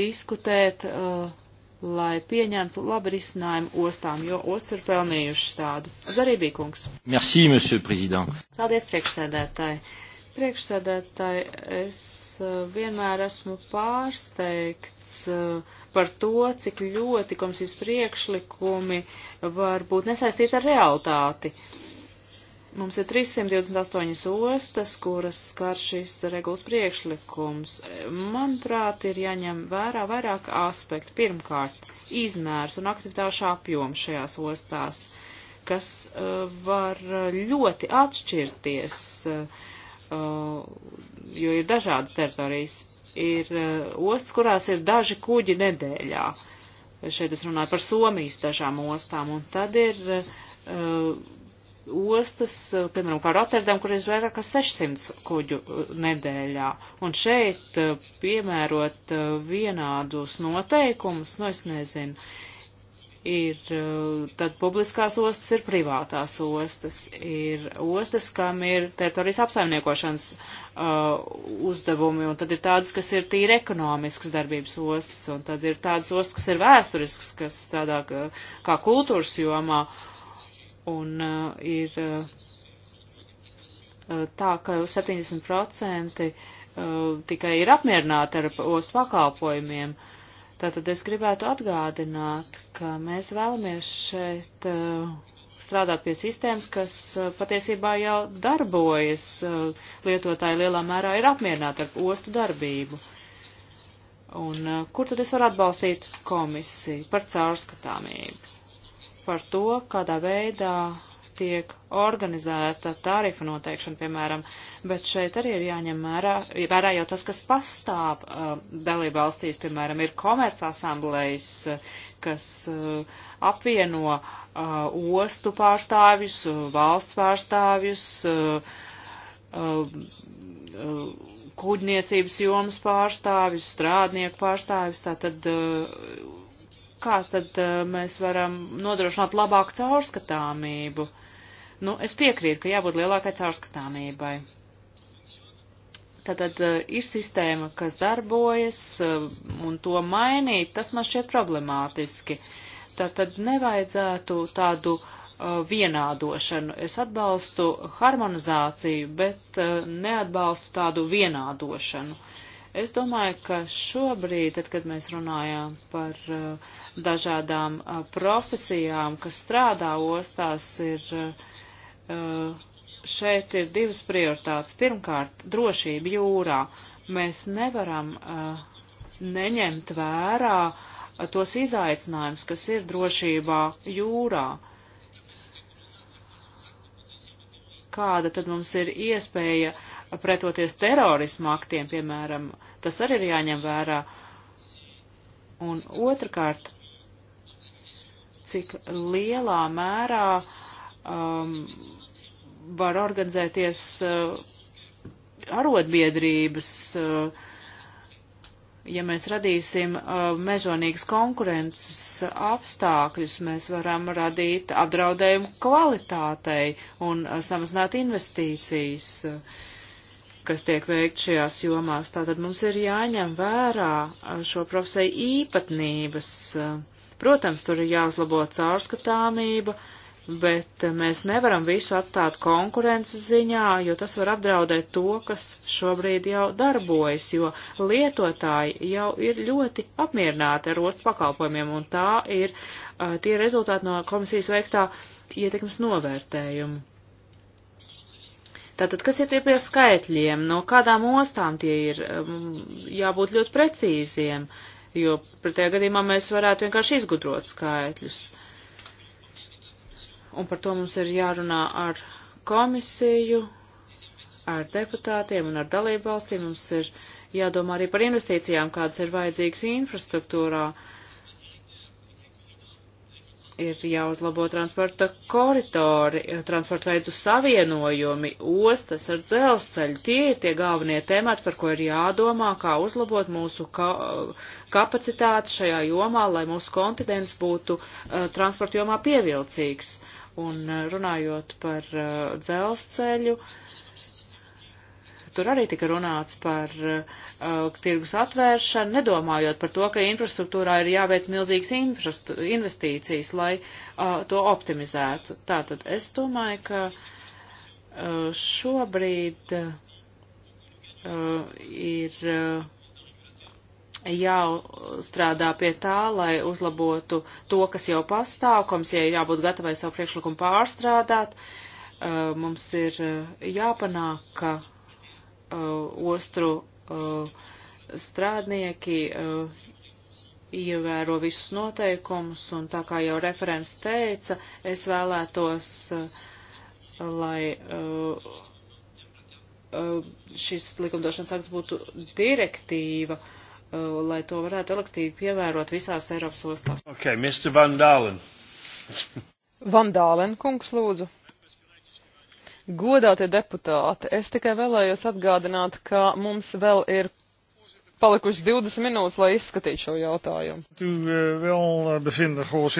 diskutēt. Uh, lai pieņemtu labu risinājumu ostām, jo ostas ir pelnījušas tādu. Zarībīkungs. Merci, monsieur président. Paldies, priekšsēdētāji. Priekšsēdētāji, es eh, vienmēr esmu pārsteigts eh, par to, cik ļoti komisijas priekšlikumi var būt nesaistīti ar realitāti. Uh, Mums ir 328 ostas, kuras skar šis regulas priekšlikums. Manuprāt, ir jāņem vērā vairāk aspektu. Pirmkārt, izmērs un aktivitāšu apjoms šajās ostās, kas uh, var ļoti atšķirties, uh, uh, jo ir dažādas teritorijas. Ir uh, ostas, kurās ir daži kuģi nedēļā. Šeit es runāju par Somijas dažām ostām, un tad ir. Uh, ostas, eh, piemēram, kā Rotterdam, kur ir vairāk kā 600 kuģu eh, nedēļā. Un šeit eh, piemērot vienādus noteikumus, nu es nezinu, ir tad publiskās ostas, ir privātās ostas, ir ostas, kam ir teritorijas apsaimniekošanas uh, uzdevumi, un tad ir tādas, kas ir tīri ekonomiskas darbības ostas, un tad ir tādas ostas, kas ir vēsturiskas, kas tādā kā kultūras jomā. Uh, un uh, ir uh, uh tā, ka 70% uh, tikai ir apmierināti ar ostu pakalpojumiem. Tātad es gribētu atgādināt, ka mēs vēlamies šeit uh, strādāt pie sistēmas, kas uh, patiesībā jau darbojas. Uh, lietotāji lielā mērā ir apmierināti ar ostu darbību. Un uh, kur tad es varu atbalstīt komisiju par caurskatāmību? par to, kādā veidā tiek organizēta tarifa noteikšana, piemēram, bet šeit arī ir jāņem mērā, vērā jau tas, kas pastāv uh, dalība valstīs, piemēram, ir komercasamblejas, uh, kas uh, apvieno uh, ostu pārstāvjus, uh, valsts pārstāvjus, uh, uh, uh, kuģniecības jomas pārstāvjus, strādnieku pārstāvjus, tātad uh, kā tad uh, mēs varam nodrošināt labāku caurskatāmību. Nu, es piekrītu, ka jābūt lielākai caurskatāmībai. Tātad uh, ir sistēma, kas darbojas, uh, un to mainīt, tas man šķiet problemātiski. Tātad nevajadzētu tādu vienādošanu. Es atbalstu harmonizāciju, bet neatbalstu tādu vienādošanu. Es domāju, ka šobrīd, tad, kad mēs runājām par uh, dažādām uh, profesijām, kas strādā ostās, ir uh, uh šeit ir divas prioritātes. Pirmkārt, drošība jūrā. Mēs nevaram uh, neņemt vērā tos izaicinājumus, kas ir drošībā jūrā. Kāda tad mums ir iespēja uh, pretoties terorismu aktiem, piemēram, tas arī ir jāņem vērā. Un otrkārt, cik lielā mērā um, var organizēties uh, arotbiedrības, uh, ja mēs radīsim uh, mežonīgas konkurences apstākļus, mēs varam radīt apdraudējumu kvalitātei un uh, samazināt investīcijas. Uh, kas tiek veikt šajās jomās. Tātad mums ir jāņem vērā šo profesiju īpatnības. Protams, tur ir jāuzlabo caurskatāmība, bet mēs nevaram visu atstāt konkurences ziņā, jo tas var apdraudēt to, kas šobrīd jau darbojas, jo lietotāji jau ir ļoti apmierināti ar ostu pakalpojumiem, un tā ir tie rezultāti no komisijas veiktā ietekmes novērtējuma. Tātad, kas ir tie pie skaitļiem, no kādām ostām tie ir, um, jābūt ļoti precīziem, jo pretējā gadījumā mēs varētu vienkārši izgudrot skaitļus. Un par to mums ir jārunā ar komisiju, ar deputātiem un ar dalību valstīm. Mums ir jādomā arī par investīcijām, kādas ir vajadzīgas infrastruktūrā. Uh, ir jāuzlabo transporta koridori, transporta veidu savienojumi, ostas ar dzelzceļu. Tie ir tie galvenie temati, par ko ir jādomā, kā uzlabot mūsu ka kapacitāti šajā jomā, lai mūsu kontinents būtu uh, transporta jomā pievilcīgs. Un uh, runājot par uh, dzelzceļu, uh, Tur arī tika runāts par uh, tirgus atvēršanu, nedomājot par to, ka infrastruktūrā ir jāveic milzīgas investīcijas, lai uh, to optimizētu. Tātad es domāju, ka uh, šobrīd uh, ir. Uh, jāstrādā pie tā, lai uzlabotu to, kas jau pastāv, komisijai jābūt gatavai savu priekšlikumu pārstrādāt. Uh, mums ir uh, jāpanāk, ka Uh, ostru uh, strādnieki uh, ievēro visus noteikumus, un tā kā jau referents teica, es vēlētos, lai šis likumdošanas akts būtu direktīva, lai to varētu elektīvi pievērot visās Eiropas ostās. Ok, Mr. Van Dālen. Van Dālen, kungs, lūdzu. Godātie deputāti, es tikai vēlējos atgādināt, ka mums vēl ir palikuši 20 minūtes, lai izskatītu šo jautājumu. Eh,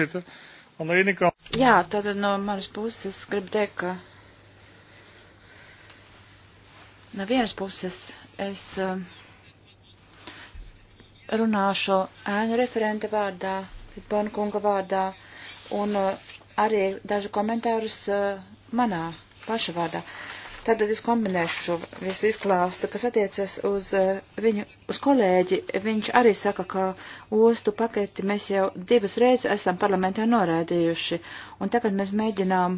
eh, Jā, tad no manas puses es gribu teikt, ka no vienas puses es eh, runāšu ēnu referente vārdā, Pipāna kunga vārdā, un arī dažu komentārus manā paša vārdā. Tad es kombinēšu šo visu izklāstu, kas attiecas uz eh, viņu, uz kolēģi. Viņš arī saka, ka ostu paketi mēs jau divas reizes esam parlamentā norādījuši. Un tagad mēs mēģinām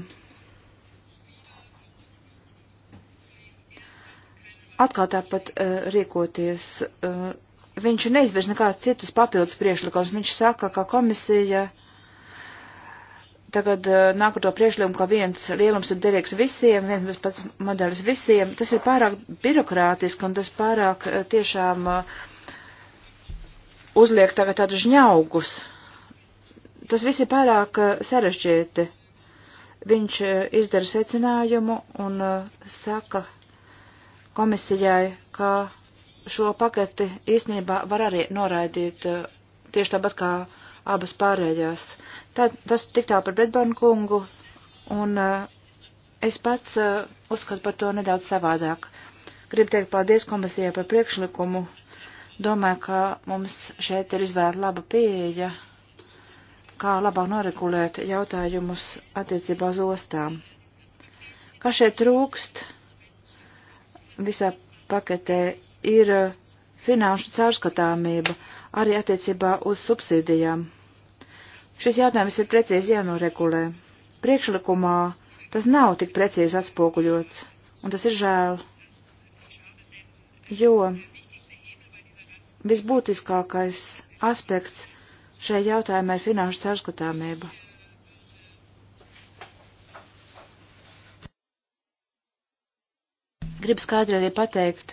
atkal tāpat uh, rīkoties. Uh, viņš neizvirz nekādus citus papildus priešlikumus. Viņš saka, ka komisija. Uh, tagad eh, nāk ar to priešlikumu, ka viens lielums ir derīgs visiem, viens tas pats modelis visiem. Tas ir pārāk birokrātiski un tas pārāk eh, tiešām eh, uzliek tagad tādu žņaugus. Tas viss ir pārāk sarežģīti. Viņš izdara secinājumu un saka komisijai, ka šo paketi īstenībā var arī noraidīt tieši tāpat kā abas pārējās. Tā, tas tik tā par Bredbornu kungu, un uh, es pats uh, uzskatu par to nedaudz savādāk. Gribu teikt paldies komisijai par priekšlikumu. Domāju, ka mums šeit ir izvērta laba pieeja, kā labāk noregulēt jautājumus attiecībā uz ostām. Kā šeit trūkst visā paketē ir eh, finanšu cārskatāmība arī attiecībā uz subsīdijām. Šis jautājums ir precīzi jānoregulē. Priekšlikumā tas nav tik precīzi atspoguļots, un tas ir žēl, jo visbūtiskākais aspekts šai jautājumā ir finanšu caurskatāmība. Gribu skaidri arī pateikt,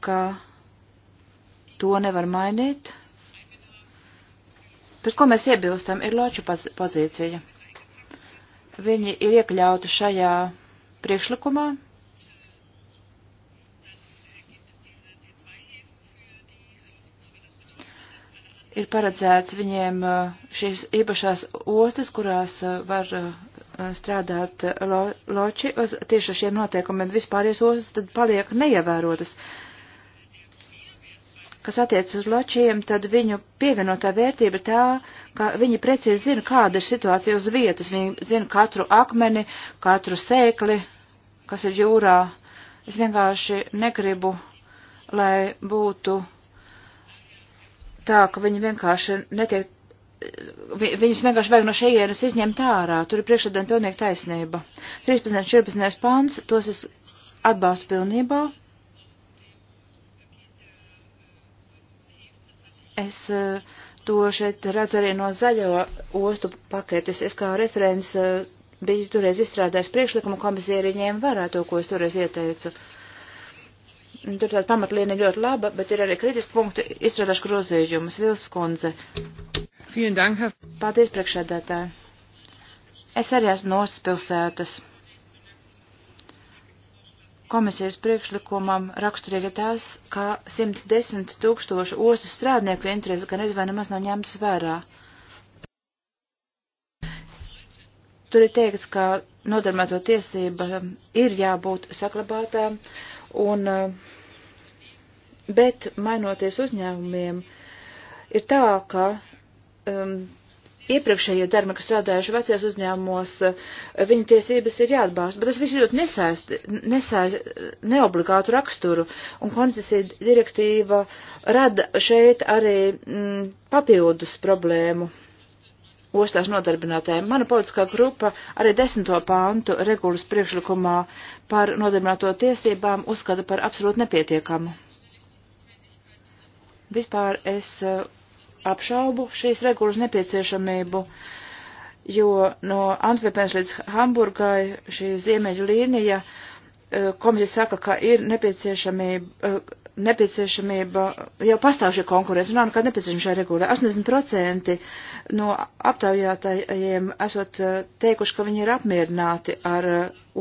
ka To nevar mainīt. Pēc ko mēs iebilstam, ir loču pozīcija. Viņi ir iekļauti šajā priekšlikumā. Ir paredzēts viņiem uh, šīs īpašās ostas, kurās uh, var uh, strādāt lo, loči uz tieši šiem noteikumiem vispārējais ostas, tad paliek neievērotas kas attiec uz ločiem, tad viņu pievienotā vērtība tā, ka viņi precīzi zina, kāda ir situācija uz vietas. Viņi zina katru akmeni, katru sēkli, kas ir jūrā. Es vienkārši negribu, lai būtu tā, ka viņi vienkārši netiek, vi, viņus vienkārši vajag no šeienas izņemt ārā. Tur ir priekšredien pilnīgi taisnība. 13. un 14. pāns, tos es atbalstu pilnībā. Es eh, to šeit redzu arī no zaļo ostu paketes. Es kā referents eh, biju toreiz izstrādājis priekšlikumu komisija arī ņēma vērā to, ko es toreiz ieteicu. Tur tāda pamatlīna ir ļoti laba, bet ir arī kritiski punkti izstrādāšu grozījumus. Vils Kunze. Paldies, priekšsēdētāji. Es arī esmu no pilsētas komisijas priekšlikumam raksturīga tas, ka 110 tūkstoši ostas strādnieku interesi gan izvēl nemaz nav ņemtas vērā. Tur ir teikts, ka nodarbināto tiesība ir jābūt saklabātām, un, eh, bet mainoties uzņēmumiem, ir tā, ka um, iepriekšējie darbi, kas strādājuši vecajos uzņēmumos, eh, viņa tiesības ir jāatbalsta, bet tas viss ir ļoti nesaisti, nesaisti, neobligātu raksturu, un koncesija direktīva rada šeit arī m, mm, papildus problēmu ostās nodarbinātēm. Mana politiskā grupa arī desmito pāntu regulas priekšlikumā par nodarbināto tiesībām uzskata par absolūti nepietiekamu. Vispār es eh, apšaubu šīs regulas nepieciešamību, jo no Antverpens līdz Hamburgai šī ziemeļu līnija e, komisija saka, ka ir nepieciešamība, e, nepieciešamība jau pastāv šī konkurence, nav nekāda nepieciešama šai regulē. 80% no aptaujātajiem esot e, teikuši, ka viņi ir apmierināti ar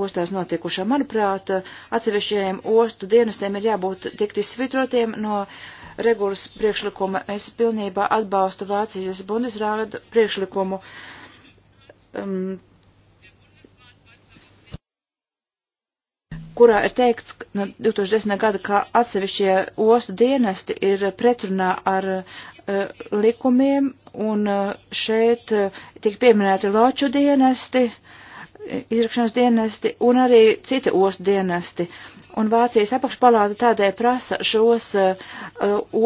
ostās notikušo. Manuprāt, atsevišķajiem ostu dienestiem ir jābūt tikt izsvitrotiem no uh, regulas priekšlikuma. Es pilnībā atbalstu Vācijas Bundesrādu priekšlikumu. Um, kurā ir teikts no 2010. gada, ka atsevišķie ostu dienesti ir pretrunā ar uh, likumiem, un uh, šeit uh, tiek pieminēti loču dienesti, uh, izrakšanas dienesti un arī citi ostu dienesti. Un Vācijas apakšpalāta tādēļ prasa šos uh,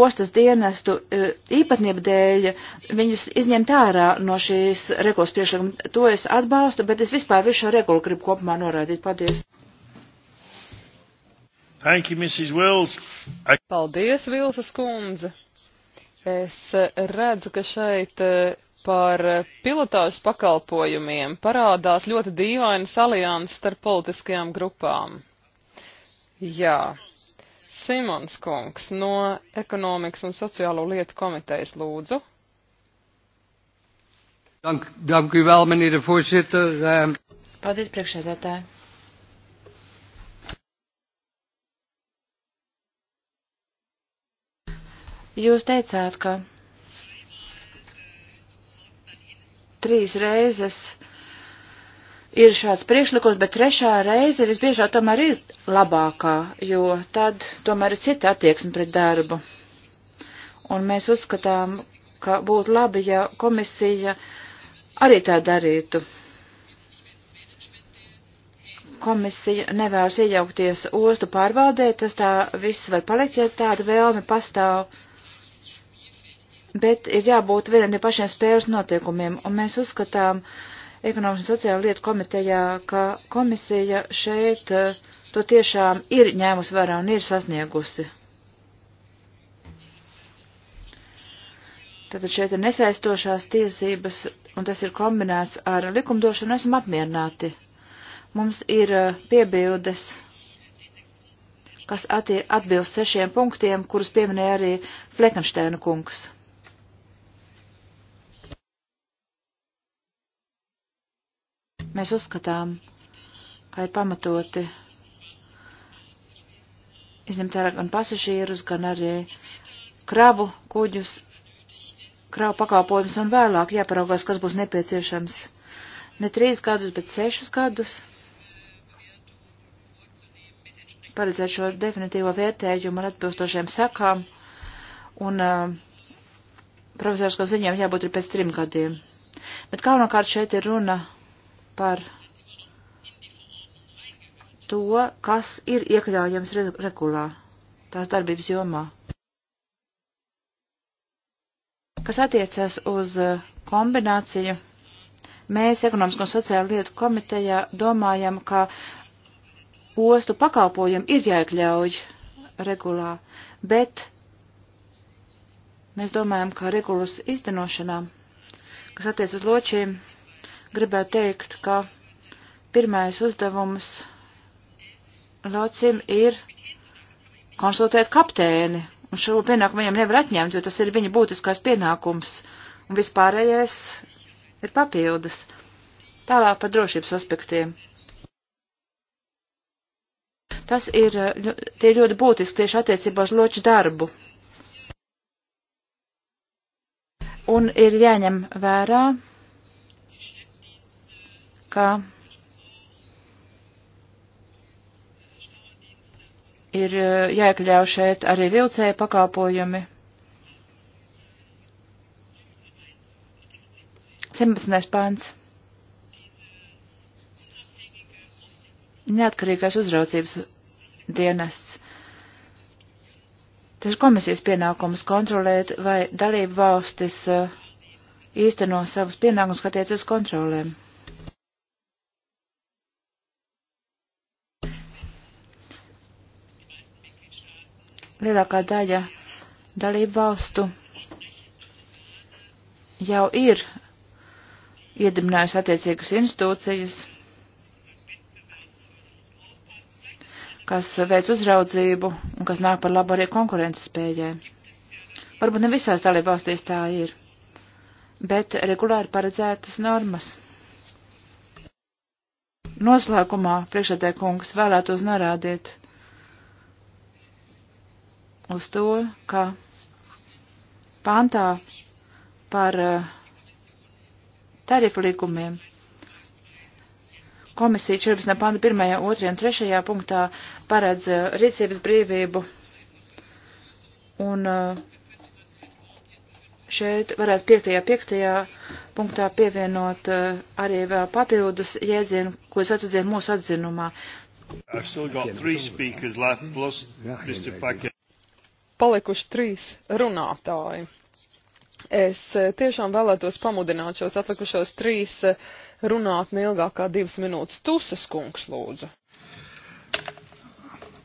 ostas dienestu uh, īpatnību dēļ viņus izņemt ārā no šīs regulas priekšlikuma. To es atbalstu, bet es vispār visu šo regulu gribu kopumā norādīt. Paldies! Thank you, Mrs. Wills. I... Paldies, Vilsas kundze! Es eh, redzu, ka šeit uh, par eh, pilotāžu pakalpojumiem parādās ļoti dīvainas alianses starp politiskajām grupām. Jā, Simons Kungs no Ekonomikas un sociālo lietu komitejas lūdzu. Dank, dank u wel, meneer de voorzitter. Ehm, Paldies, priekšsēdētāji. Jūs teicāt, ka trīs reizes ir šāds priekšlikums, bet trešā reize visbiežāk tomēr ir labākā, jo tad tomēr ir cita attieksme pret darbu. Un mēs uzskatām, ka būtu labi, ja komisija arī tā darītu. Komisija nevēlas iejaukties ostu pārvaldē, tas tā viss var palikt, ja tāda vēlme pastāv bet ir jābūt vieniem ja pašiem spēles notiekumiem, un mēs uzskatām ekonomikas un sociāla lietu komitejā, ka komisija šeit eh, to tiešām ir ņēmusi vērā un ir sasniegusi. Tātad šeit ir nesaistošās tiesības, un tas ir kombinēts ar likumdošanu, esam apmierināti. Mums ir eh, piebildes, kas atbilst sešiem punktiem, kurus pieminēja arī Flekensteina kungs. Mēs uzskatām, ka ir pamatoti izņemt ārā gan pasažierus, gan arī krabu kuģus, kravu pakalpojumus un vēlāk jāparaugās, kas būs nepieciešams ne trīs gadus, bet sešus gadus. Paredzēt šo definitīvo vērtējumu ar atbilstošiem sakām un uh, eh, profesorisko ziņām jābūt arī pēc trim gadiem. Bet galvenokārt šeit ir runa par to, kas ir iekļaujams regulā, tās darbības jomā. Kas attiecas uz uh, kombināciju, mēs ekonomisko un sociālo lietu komitejā domājam, ka ostu pakalpojumi ir jāiekļauj regulā, bet mēs domājam, ka regulas izdenošanā, kas attiecas uz ločiem, gribētu teikt, ka pirmais uzdevums locim ir konsultēt kapteini, un šo pienākumu viņam nevar atņemt, jo tas ir viņa būtiskais pienākums, un vispārējais ir papildus. Tālāk par drošības aspektiem. Tas ir, tie ir ļoti būtiski tieši attiecībā uz loču darbu. Un ir jāņem vērā, ka ir e, jāiekļauj šeit arī vilcēja pakāpojumi. 17. pāns. Neatkarīgais uzraudzības dienests. Tas komisijas pienākums kontrolēt, vai dalību valstis e, īsteno savus pienākumus, kā tiec uz kontrolēm. lielākā daļa dalību valstu jau ir iedibinājusi attiecīgas institūcijas, kas veic uzraudzību un kas nāk par labu arī konkurences spējai. Varbūt ne visās dalībvalstīs tā ir, bet regulāri paredzētas normas. Noslēgumā priekšādē kungs vēlētos norādīt, uz to, ka pāntā par eh, tarifu likumiem komisija 14. pānta 1., 2. un 3. punktā paredz eh, rīcības brīvību un eh, šeit varētu 5. 5. punktā pievienot arī vēl papildus jēdzienu, ko es atradzēju mūsu atzinumā. I've still got three speakers left, plus Mr. Packer palikuši trīs runātāji. Es eh, tiešām vēlētos pamudināt šos atlikušos trīs eh, runāt neilgākā divas minūtes. Tusas kungs, lūdzu.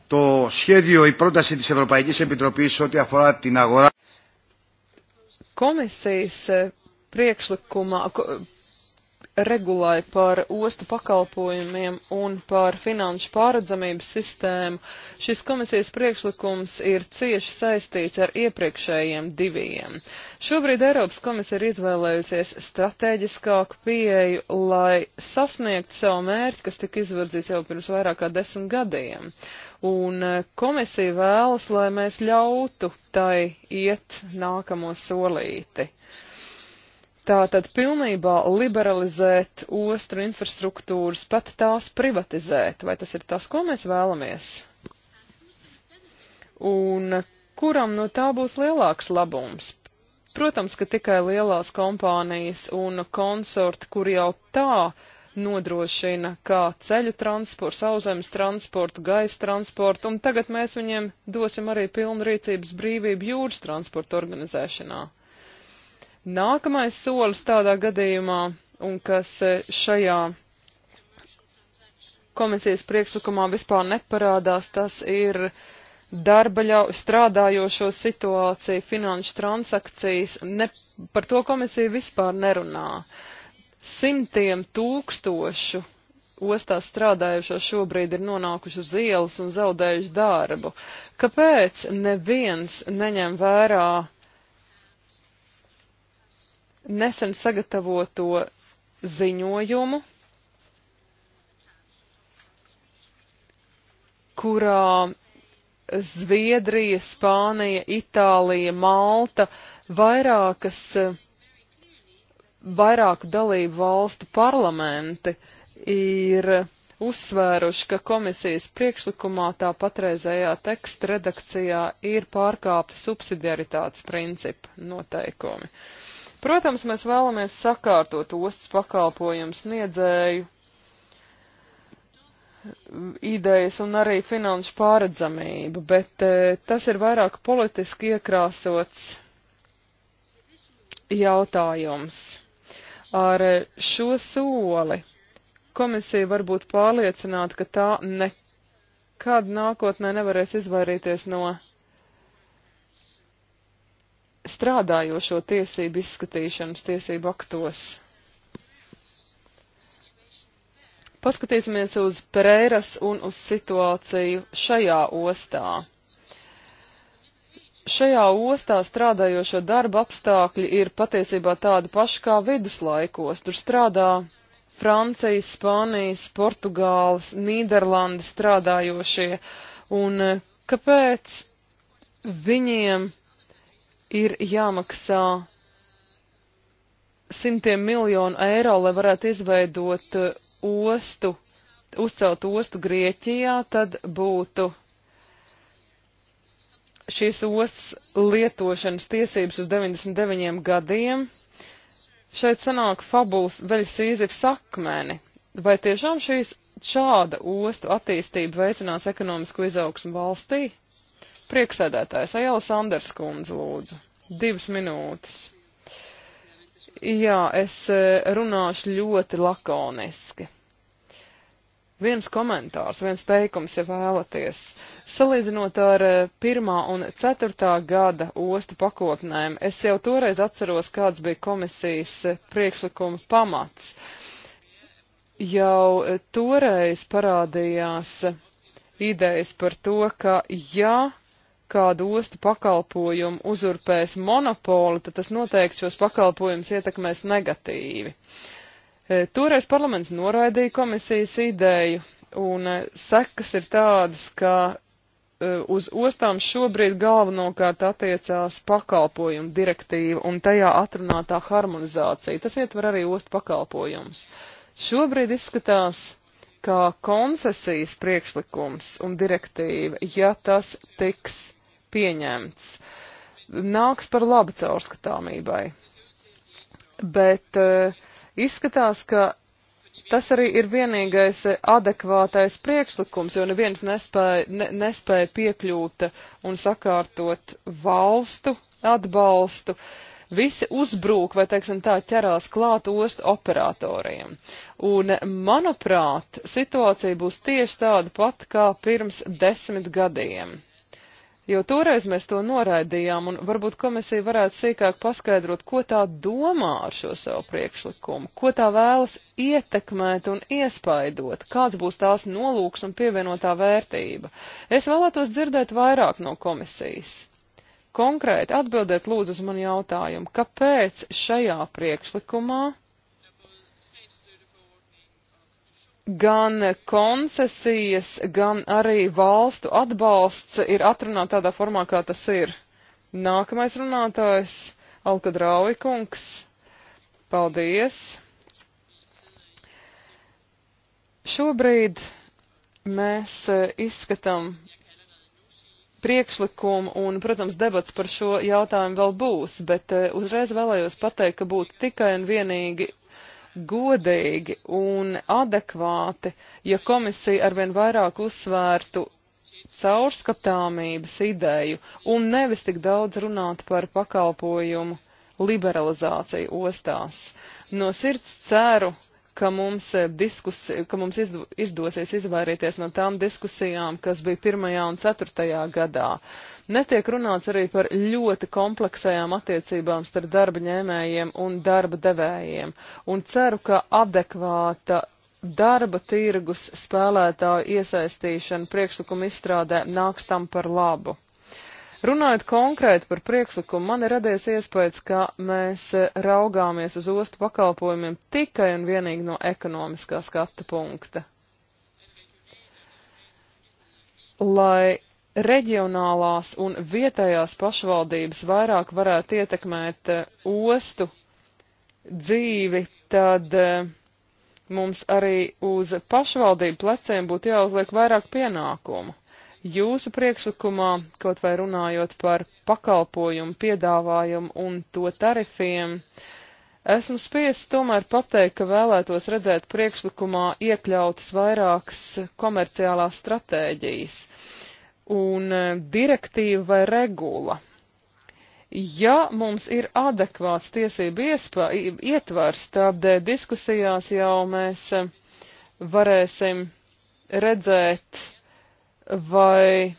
Το σχέδιο, η πρόταση της Ευρωπαϊκής Επιτροπής ό,τι αφορά την αγορά. Komisijas eh, priekšlikumā, regulai par ostu pakalpojumiem un par finanšu pārredzamības sistēmu, šis komisijas priekšlikums ir cieši saistīts ar iepriekšējiem diviem. Šobrīd Eiropas komisija ir izvēlējusies strateģiskāku pieeju, lai sasniegtu savu mērķi, kas tika izvirzīts jau pirms vairāk kā desmit gadiem. Un eh, komisija vēlas, lai mēs ļautu tai iet nākamo solīti. Tātad pilnībā liberalizēt ostru infrastruktūras, pat tās privatizēt, vai tas ir tas, ko mēs vēlamies? Un kuram no tā būs lielāks labums? Protams, ka tikai lielās kompānijas un konsorti, kur jau tā nodrošina kā ceļu transportu, sauszemes transportu, gaisa transportu, un tagad mēs viņiem dosim arī pilnu rīcības brīvību jūras transporta organizēšanā. Nākamais solis tādā gadījumā, un kas e, šajā komisijas priekšlikumā vispār neparādās, tas ir darba jau strādājošo situāciju, finanšu transakcijas, ne, par to komisija vispār nerunā. Simtiem tūkstošu ostās strādājušo šobrīd ir nonākuši uz ielas un zaudējuši darbu. Kāpēc neviens neņem vērā nesen sagatavoto ziņojumu, kurā Zviedrija, Spānija, Itālija, Malta, vairākas, vairāku dalību valstu parlamenti ir uzsvēruši, ka komisijas priekšlikumā tā patreizējā teksta redakcijā ir pārkāpta subsidiaritātes principa noteikumi. Uh, Protams, mēs vēlamies sakārtot ostas pakalpojumu sniedzēju idejas un arī finanšu pāredzamību, bet eh, tas ir vairāk politiski iekrāsots jautājums. Ar šo soli komisija var būt pārliecināta, ka tā nekad nākotnē nevarēs izvairīties no strādājošo tiesību izskatīšanas tiesību aktos. Paskatīsimies uz Pereiras un uz situāciju šajā ostā. Šajā ostā strādājošo darba apstākļi ir patiesībā tādi paši kā viduslaikos. Tur strādā Francijas, Spānijas, Portugāles, Nīderlandes strādājošie. Un eh, kāpēc viņiem ir jāmaksā simtiem miljonu eiro, lai varētu izveidot uh, ostu, uzcelt ostu Grieķijā, tad būtu šīs ostas lietošanas tiesības uz 99 gadiem. Šeit sanāk fabulas veļas īzips akmeni. Vai tiešām šīs šāda ostu attīstība veicinās ekonomisko izaugsmu valstī? Priekšsēdētājs Ajala Sanders kundze lūdzu. Divas minūtes. Jā, es e, runāšu ļoti lakoniski. Viens komentārs, viens teikums, ja vēlaties. Salīdzinot ar e, pirmā un ceturtā gada ostu pakotnēm, es jau toreiz atceros, kāds bija komisijas e, priekšlikuma pamats. Jau toreiz parādījās idejas par to, ka ja kādu ostu pakalpojumu uzurpēs monopoli, tad tas noteikti šos pakalpojumus ietekmēs negatīvi. E, toreiz parlaments noraidīja komisijas ideju, un e, sekas ir tādas, ka e, uz ostām šobrīd galvenokārt attiecās pakalpojumu direktīva un tajā atrunātā harmonizācija. Tas ietver arī ostu pakalpojumus. Šobrīd izskatās, kā koncesijas priekšlikums un direktīva, ja tas tiks pieņemts, nāks par labu caurskatāmībai. Bet uh, izskatās, ka tas arī ir vienīgais eh, adekvātais priekšlikums, jo neviens nespēja, ne, nespēja piekļūt un sakārtot valstu atbalstu. Visi uzbrūk vai, teiksim tā, ķerās klāt ostu operatoriem. Un, manuprāt, situācija būs tieši tāda pat kā pirms desmit gadiem jo toreiz mēs to noraidījām, un varbūt komisija varētu sīkāk paskaidrot, ko tā domā ar šo savu priekšlikumu, ko tā vēlas ietekmēt un iespaidot, kāds būs tās nolūks un pievienotā vērtība. Es vēlētos dzirdēt vairāk no komisijas. Konkrēti atbildēt lūdzu uz manu jautājumu, kāpēc šajā priekšlikumā gan koncesijas, gan arī valstu atbalsts ir atrunāts tādā formā, kā tas ir. Nākamais runātājs - Alkadrauji kungs. Paldies! Šobrīd mēs eh, izskatām priekšlikumu un, protams, debats par šo jautājumu vēl būs, bet eh, uzreiz vēlējos pateikt, ka būtu tikai un vienīgi godīgi un adekvāti, ja komisija arvien vairāk uzsvērtu caurskatāmības ideju un nevis tik daudz runāt par pakalpojumu liberalizāciju ostās. No sirds ceru, ka mums, eh, diskus, ka mums izd izdosies izvairīties no tām diskusijām, kas bija 1. un 4. gadā. Netiek runāts arī par ļoti kompleksajām attiecībām starp darba ņēmējiem un darba devējiem, un ceru, ka adekvāta darba tirgus spēlētāju iesaistīšana priekšlikuma izstrādē nāks tam par labu. Runājot konkrēti par priekšlikumu, man ir radies iespējas, ka mēs raugāmies uz ostu pakalpojumiem tikai un vienīgi no ekonomiskā skata punkta. Lai reģionālās un vietējās pašvaldības vairāk varētu ietekmēt eh, ostu dzīvi, tad eh, mums arī uz pašvaldību pleciem būtu jāuzliek vairāk pienākumu jūsu priekšlikumā, kaut vai runājot par pakalpojumu piedāvājumu un to tarifiem, esmu spiests tomēr pateikt, ka vēlētos redzēt priekšlikumā iekļautas vairākas komerciālās stratēģijas un e, direktīva vai regula. Ja mums ir adekvāts tiesību iespā, ietvars, tad e, diskusijās jau mēs e, varēsim redzēt, vai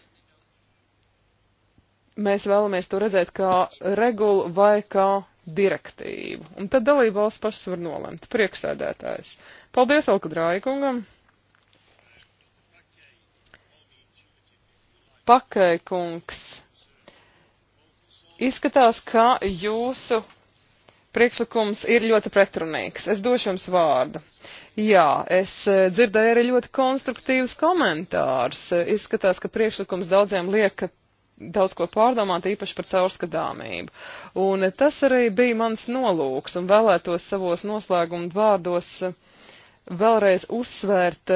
mēs vēlamies to redzēt kā regulu vai kā direktīvu. Un tad dalība valsts pašas var nolemt. Prieksēdētājs. Paldies Alka Drājkungam. Pakeikungs. Izskatās, ka jūsu priekšlikums ir ļoti pretrunīgs. Es došu jums vārdu. Jā, es e, dzirdēju arī ļoti konstruktīvus komentārus. E, izskatās, ka priekšlikums daudziem liek daudz ko pārdomāt, īpaši par caurskatāmību. Un e, tas arī bija mans nolūks un vēlētos savos noslēguma vārdos vēlreiz uzsvērt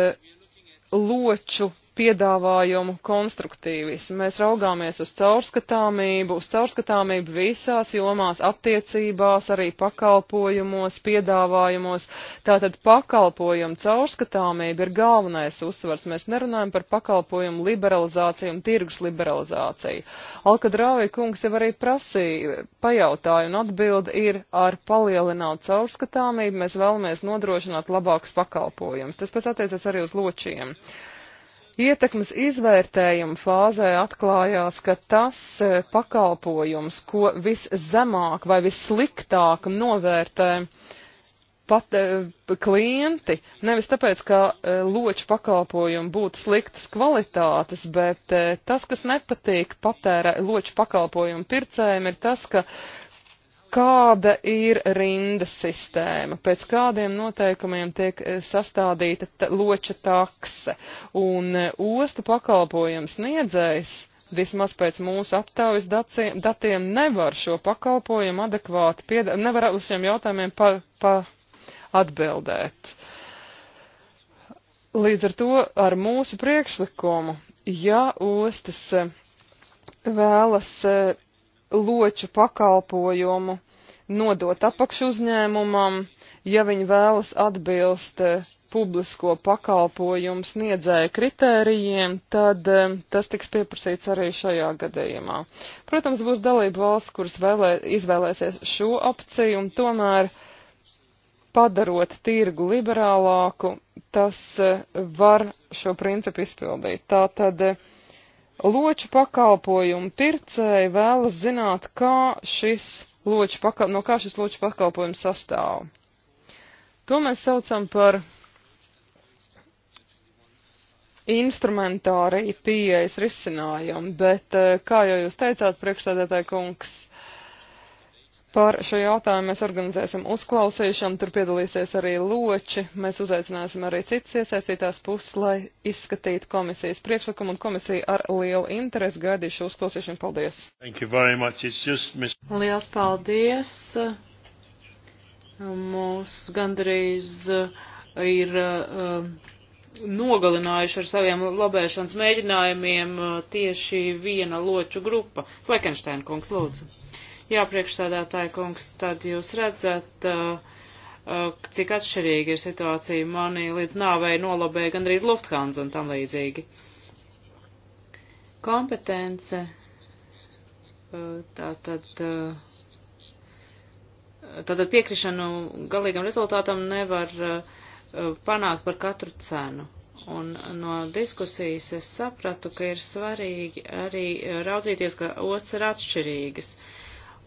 loču piedāvājumu konstruktīvismu. Mēs raugāmies uz caurskatāmību, uz caurskatāmību visās jomās, attiecībās, arī pakalpojumos, piedāvājumos. Tātad pakalpojumu caurskatāmība ir galvenais uzsvars. Mēs nerunājam par pakalpojumu liberalizāciju un tirgus liberalizāciju. Alkadrāvi kungs jau arī prasīja, pajautāja un atbildi ir ar palielināt caurskatāmību. Mēs vēlamies nodrošināt labākus pakalpojumus. Tas pats attiecas arī uz ločiem. Yeah. Ietekmes izvērtējuma fāzē atklājās, ka tas e, pakalpojums, ko viszemāk vai vissliktāk novērtē pat e, klienti, nevis tāpēc, ka e, loču pakalpojumi būtu sliktas kvalitātes, bet tas, kas nepatīk patērē loču pakalpojumu pircējiem, ir tas, ka uh, kāda ir rinda sistēma, pēc kādiem noteikumiem tiek eh, sastādīta loča takse, un eh, ostu pakalpojums niedzējs vismaz pēc mūsu aptaujas datiem nevar šo pakalpojumu adekvāti, pieda, nevar uz šiem jautājumiem pa, pa atbildēt. Līdz ar to ar mūsu priekšlikumu, ja ostas eh, vēlas loču pakalpojumu nodot apakšu uzņēmumam, ja viņi vēlas atbilst eh, publisko pakalpojumu sniedzēja kritērijiem, tad eh, tas tiks pieprasīts arī šajā gadījumā. Protams, būs dalība valsts, kuras vēlē, izvēlēsies šo opciju, un tomēr padarot tirgu liberālāku, tas eh, var šo principu izpildīt. Tā tad Loču pakalpojumu pircēji vēlas zināt, kā šis loču pakal, no kā šis loču pakalpojums sastāv. To mēs saucam par instrumentāriju pieejas risinājumu, bet, eh, kā jau jūs teicāt, priekšstādētāji kungs, Par šo jautājumu mēs organizēsim uzklausīšanu, tur piedalīsies arī loči. Mēs uzaicināsim arī citas iesaistītās puses, lai izskatītu komisijas priekšlikumu, un komisija ar lielu interesi gaidīšu uzklausīšanu. Paldies! Just... Liels paldies! Mūs gandrīz uh, ir uh, nogalinājuši ar saviem lobēšanas mēģinājumiem uh, tieši viena loču grupa. Flekenšteina kungs, lūdzu! Jā, priekšsādātāja kungs, tad jūs redzat, cik atšķirīga ir situācija. Mani līdz nāvēja nolabēja gandrīz Lufthansa un tam līdzīgi. Kompetence. Tātad. Tātad piekrišanu galīgam rezultātam nevar panākt par katru cenu. Un no diskusijas es sapratu, ka ir svarīgi arī raudzīties, ka otrs ir atšķirīgas. Uh,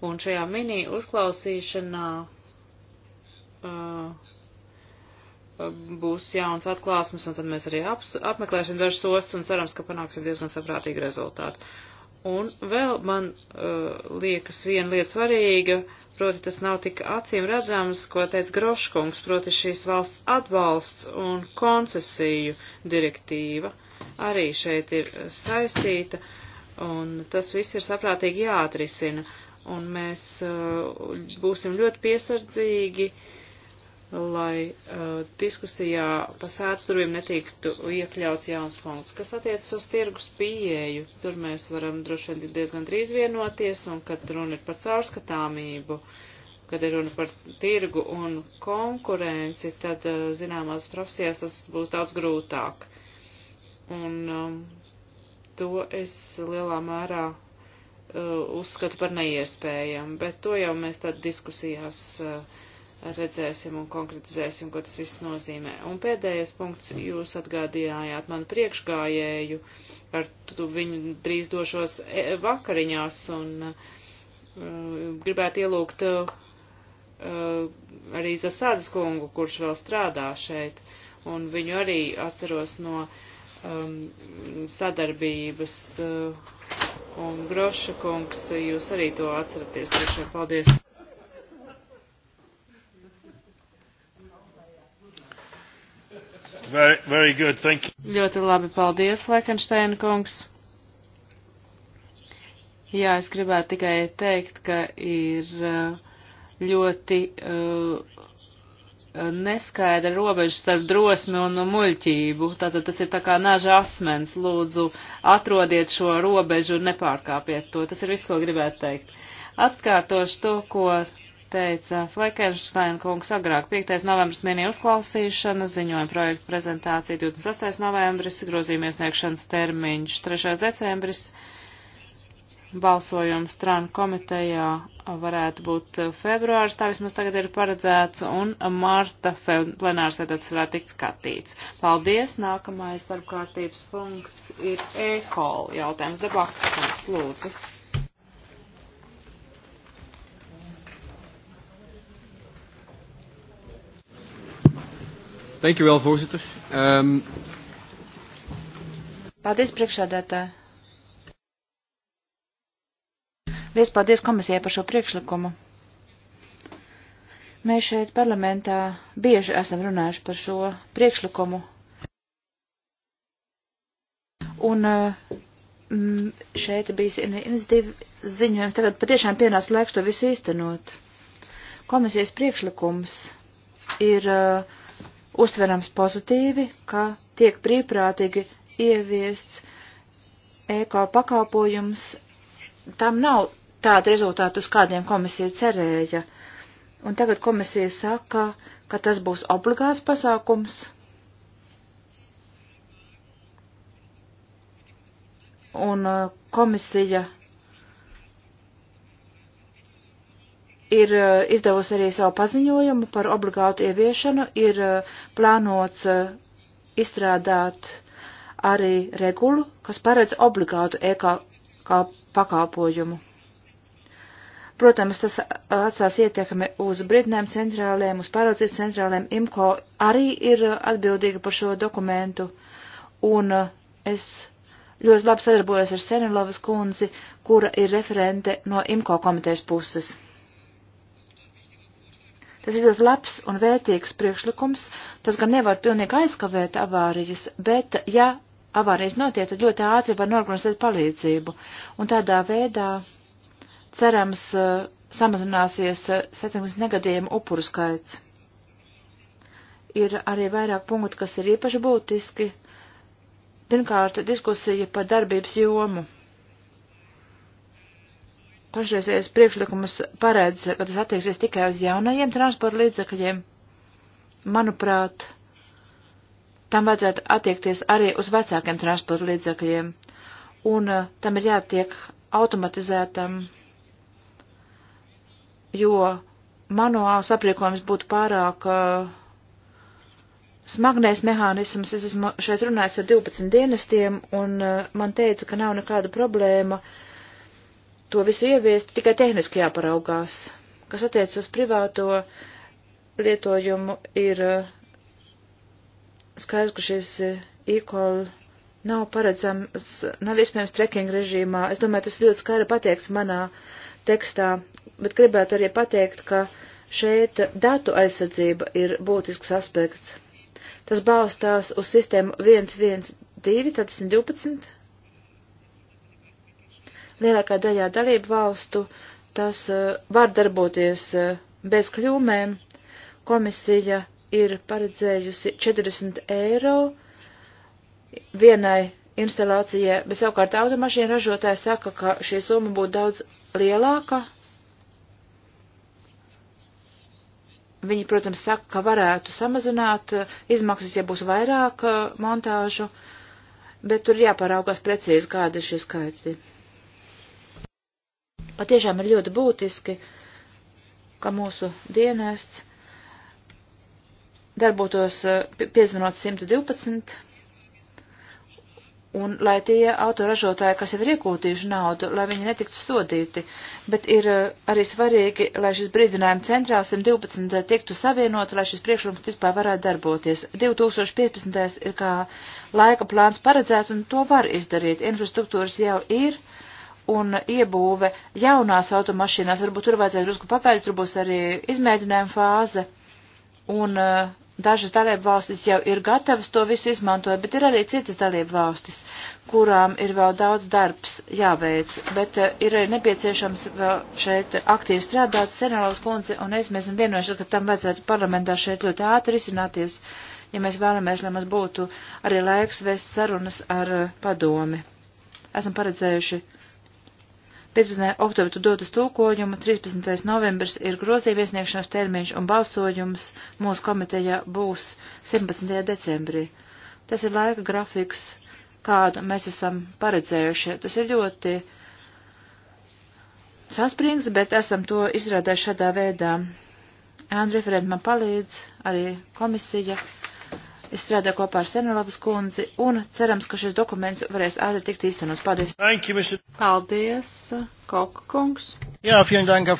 Un šajā mini uzklausīšanā uh, uh, būs jauns atklāsmes, un tad mēs arī ap, apmeklēsim dažus ostus un cerams, ka panāksim diezgan saprātīgu rezultātu. Un vēl man uh, liekas viena lieta svarīga, proti tas nav tik acīm redzams, ko teica Groškungs, proti šīs valsts atbalsts un koncesiju direktīva arī šeit ir saistīta, un tas viss ir saprātīgi jāatrisina. Uh, un mēs uh, būsim ļoti piesardzīgi, lai uh, diskusijā pa sēdsturbiem netiktu iekļauts jauns punkts. Kas attiecas uz tirgus pieeju, tur mēs varam droši vien diezgan drīz vienoties, un kad runa ir par caurskatāmību, kad ir runa par tirgu un konkurenci, tad uh, zināmās profesijās tas būs daudz grūtāk. Un um, to es lielā mērā Uh, uzskatu par neiespējamu, bet to jau mēs tad diskusijās uh, redzēsim un konkretizēsim, ko tas viss nozīmē. Un pēdējais punkts, jūs atgādījāt manu priekšgājēju, ar viņu drīz došos e, vakariņās un uh, gribētu ielūgt arī Zasādas kungu, kurš vēl strādā šeit, un viņu arī atceros no um, sadarbības uh, Un Groša kungs, jūs arī to atceraties. Tiešām paldies. Very, very good, thank you. Ļoti labi, paldies, Lekensteina kungs. Jā, es gribētu tikai teikt, ka ir eh, ļoti uh, neskaidra robeža starp drosmi un muļķību. Tātad tas ir tā kā naža asmens. Lūdzu, atrodiet šo robežu un nepārkāpiet to. Tas ir viss, ko gribētu teikt. Atkārtošu to, ko teica Flekenšteina kungs agrāk. 5. novembris minēja uzklausīšana, ziņojuma projekta prezentācija 26. novembris, grozījuma iesniegšanas termiņš 3. decembris balsojums Trānu komitejā varētu būt eh, februārs, tā vismaz tagad ir paredzēts, un marta plenārs tas varētu tikt skatīts. Paldies! Nākamais darbkārtības punkts ir e-call jautājums. Debakas, lūdzu! Dank u wel, voorzitter. Um... Paldies, priekšsēdētāji. Lies paldies komisijai par šo priekšlikumu. Mēs šeit parlamentā bieži esam runājuši par šo priekšlikumu. Un eh, šeit bija iniciatīva ziņojums. Tagad patiešām pienāca laiks to visu īstenot. Komisijas priekšlikums ir uh, uztverams pozitīvi, ka tiek brīvprātīgi ieviests eko pakalpojums. Tam nav tādu rezultātu, uz kādiem komisija cerēja. Un tagad komisija saka, ka tas būs obligāts pasākums. Un uh, komisija ir uh, izdevusi arī savu paziņojumu par obligātu ieviešanu, ir uh, plānots izstrādāt arī regulu, kas paredz obligātu EK pakāpojumu. Protams, tas atstās ietekmi uz Britnēm centrālēm, uz pāraudzības centrālēm. IMCO arī ir atbildīga par šo dokumentu, un uh, es ļoti labi sadarbojos ar Senilovas kundzi, kura ir referente no IMCO komitejas puses. Tas ir ļoti labs un vērtīgs priekšlikums, tas gan nevar pilnīgi aizkavēt avārijas, bet ja avārijas notiek, tad ļoti ātri var norganizēt palīdzību, un tādā veidā cerams eh, samazināsies eh, satiksmes negadījumu upuru skaits. Ir arī vairāk punktu, kas ir īpaši būtiski. Pirmkārt, diskusija par darbības jomu. Pašreizies priekšlikums paredz, ka tas attieksies tikai uz jaunajiem transporta līdzakļiem. Manuprāt, tam vajadzētu attiekties arī uz vecākiem transporta līdzakļiem, un eh, tam ir jātiek automatizētam jo manuāls apriekojums būtu pārāk uh, smagnējs mehānisms. Es esmu šeit runājis ar 12 dienestiem, un uh, man teica, ka nav nekāda problēma to visu ieviest, tikai tehniski jāparaugās. Kas attiecas uz privāto lietojumu, ir uh, skaidrs, ka šis uh, e-call nav paredzams, nav iespējams trekking režīmā. Es domāju, tas ļoti skaidri pateiks manā uh, tekstā, bet gribētu arī pateikt, ka šeit datu aizsardzība ir būtisks aspekts. Tas balstās uz sistēmu 112, tad 112. Lielākā daļā dalību valstu tas uh, var darboties uh, bez kļūmēm. Komisija ir paredzējusi 40 eiro vienai instalācijai, bet savukārt automašīnu ražotāji saka, ka šī summa būtu daudz lielāka. Viņi, protams, saka, ka varētu samazināt izmaksas, ja būs vairāk uh, montāžu, bet tur jāparaugās precīzi, kāda ir šie skaitļi. Patiešām ir ļoti būtiski, ka mūsu dienests darbotos uh, piezinot 112 un lai tie autoražotāji, kas jau ir iekūtījuši naudu, lai viņi netiktu sodīti, bet ir eh, arī svarīgi, lai šis brīdinājuma centrāls 112 eh, tiktu savienot, lai šis priekšlikums vispār varētu darboties. 2015. ir kā laika plāns paredzēts, un to var izdarīt. Infrastruktūras jau ir. Un iebūve jaunās automašīnās, varbūt tur vajadzēja drusku pagaidīt, tur būs arī izmēģinājuma fāze. Un uh, Dažas dalību valstis jau ir gatavas to visu izmantot, bet ir arī citas dalību valstis, kurām ir vēl daudz darbs jāveic, bet eh, ir arī nepieciešams vēl šeit aktīvi strādāt. Senālas kundze un es mēs esam vienojušies, ka tam vajadzētu parlamentā šeit ļoti ātri izcināties, ja mēs vēlamies, lai mums būtu arī laiks vēst sarunas ar eh, padomi. Esam paredzējuši 15. oktobra tu dod uz tūkojumu, 13. novembris ir grozījuma iesniegšanas termiņš un balsojums mūsu komiteja būs 17. decembrī. Tas ir laika grafiks, kādu mēs esam paredzējuši. Tas ir ļoti saspringts, bet esam to izrādējuši šādā veidā. Ēnu referenti man palīdz, arī komisija Es strādāju kopā ar Senelabas kundzi un cerams, ka šis dokuments varēs ātri tikt īstenos. Paldies. Thank you, Mr. Paldies, Kauka kungs. Jā, vielen dank.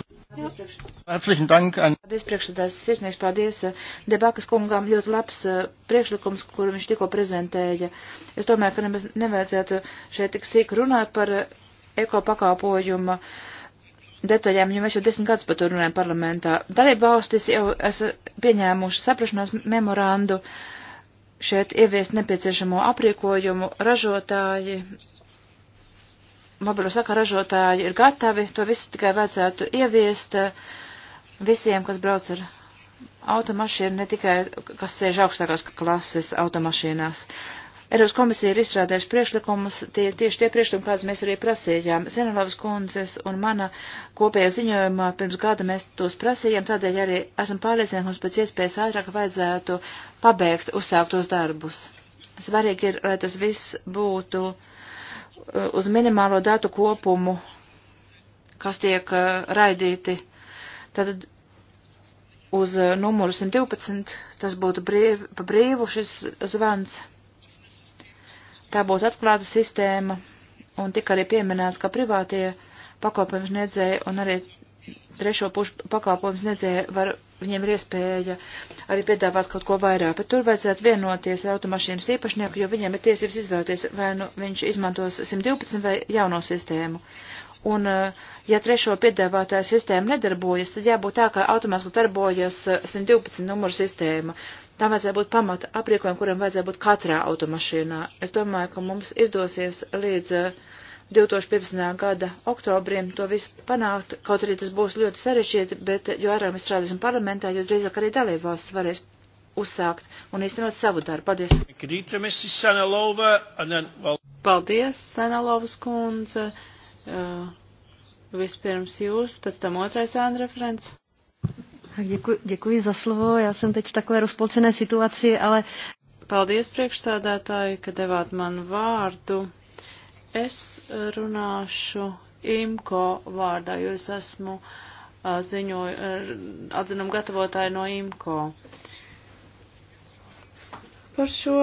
Herzlichen dank. An... Paldies, priekšsēdās. Sirsnieks, paldies eh, debakas kungām. Ļoti labs eh, priekšlikums, kuru viņš tikko prezentēja. Es domāju, ka nemaz nevajadzētu šeit tik sīk runāt par eh, eko pakāpojumu detaļām, jo mēs jau desmit gadus par to runājam parlamentā. Dalība valstis jau esam pieņēmuši saprašanās memorandu. Uh, šeit ieviest nepieciešamo aprīkojumu. Ražotāji, mobilo saka, ražotāji ir gatavi, to visu tikai vajadzētu ieviest visiem, kas brauc ar automašīnu, ne tikai, kas sēž augstākās klases automašīnās. Uh, Eiropas komisija ir izstrādājuši priekšlikumus, tie ir tieši tie priekšlikumi, kādus mēs arī prasījām. Zenelovas kundzes un mana kopējā ziņojumā pirms gada mēs tos prasījām, tādēļ arī esam pārliecināti, ka mums pēc iespējas ātrāk vajadzētu pabeigt uzsāktos darbus. Svarīgi ir, lai tas viss būtu uh, uz minimālo datu kopumu, kas tiek uh, raidīti. Tad uz numuru 112 tas būtu brīv, pa brīvu šis zvans tā būtu atklāta sistēma, un tika arī pieminēts, ka privātie pakalpojums niedzēja un arī trešo pušu pakalpojums niedzēja var, viņiem ir iespēja arī piedāvāt kaut ko vairāk, bet tur vajadzētu vienoties ar automašīnas īpašnieku, jo viņiem ir tiesības izvēlēties, vai nu viņš izmantos 112 vai jauno sistēmu. Un, eh, ja trešo piedāvātāju sistēma nedarbojas, tad jābūt tā, ka automātiski darbojas 112 eh, numuru sistēma. Tam vajadzēja būt pamata aprīkojumam, kuram vajadzēja būt katrā automašīnā. Es domāju, ka mums izdosies līdz 2015. Eh, gada oktobrim to visu panākt, kaut arī tas būs ļoti sarežģīti, bet jo ārāk mēs strādāsim parlamentā, jo drīzāk arī dalībvalstis varēs uzsākt un īstenot savu darbu. Paldies! Paldies, Senalovas kundze! Uh, vispirms jūs, pēc tam otrais ēna referents. Děkuji, děkuji za slovo. Já jsem teď v takové rozpolcené situaci, ale. Paldies, priekšsēdētāji, ka devāt man vārdu. Es runāšu IMCO vārdā, jo es esmu ziņoju, atzinumu gatavotāju no IMCO. Par šo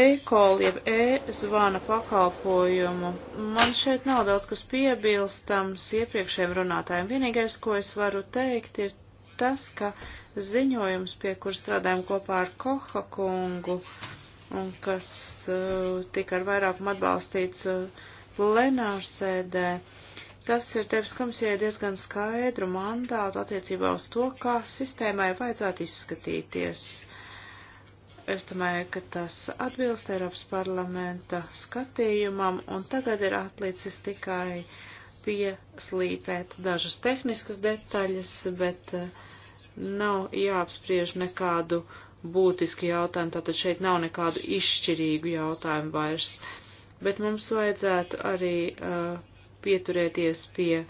e-call, jeb e-zvana pakalpojumu, man šeit nav daudz kas piebilstams iepriekšējiem runātājiem. Vienīgais, ko es varu teikt, ir tas, ka ziņojums, pie kur strādājam kopā ar Koha kungu, un kas uh, tika ar vairākumu atbalstīts uh, plenārsēdē, tas ir tevis komisijai diezgan skaidru mandātu attiecībā uz to, kā sistēmai vajadzētu izskatīties. Es domāju, ka tas atbilst Eiropas parlamenta skatījumam, un tagad ir atlicis tikai uh, pieslīpēt dažas tehniskas detaļas, bet eh, nav jāapspriež nekādu būtisku jautājumu, tātad šeit nav nekādu izšķirīgu jautājumu vairs. Bet mums vajadzētu arī uh, pieturēties pie uh,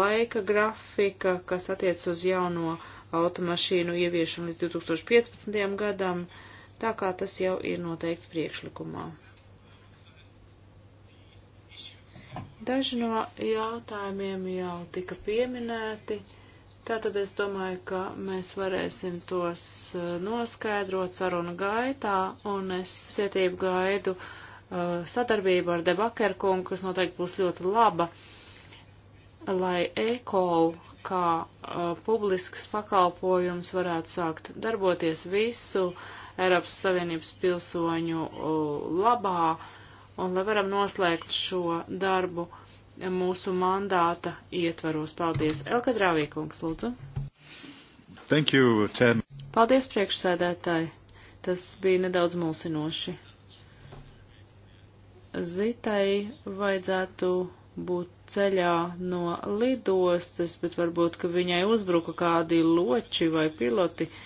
laika grafika, kas attiec uz jauno automašīnu ieviešanu līdz 2015. gadam, tā kā tas jau ir noteikts priekšlikumā. Daži no jautājumiem jau tika pieminēti, tātad es domāju, ka mēs varēsim tos uh, noskaidrot sarunu gaitā, un es cietību gaidu uh, sadarbību ar debakerkungu, kas noteikti būs ļoti laba, lai e-call kā uh, publisks pakalpojums varētu sākt darboties visu Eiropas Savienības pilsoņu uh, labā un lai varam noslēgt šo darbu mūsu mandāta ietvaros. Paldies. Elka Drāvīkungs, lūdzu. Thank you, Chen. Paldies, priekšsēdētāji. Tas bija nedaudz mulsinoši. Zitai vajadzētu būt ceļā no lidostas, bet varbūt, ka viņai uzbruka kādi loči vai piloti. Uh,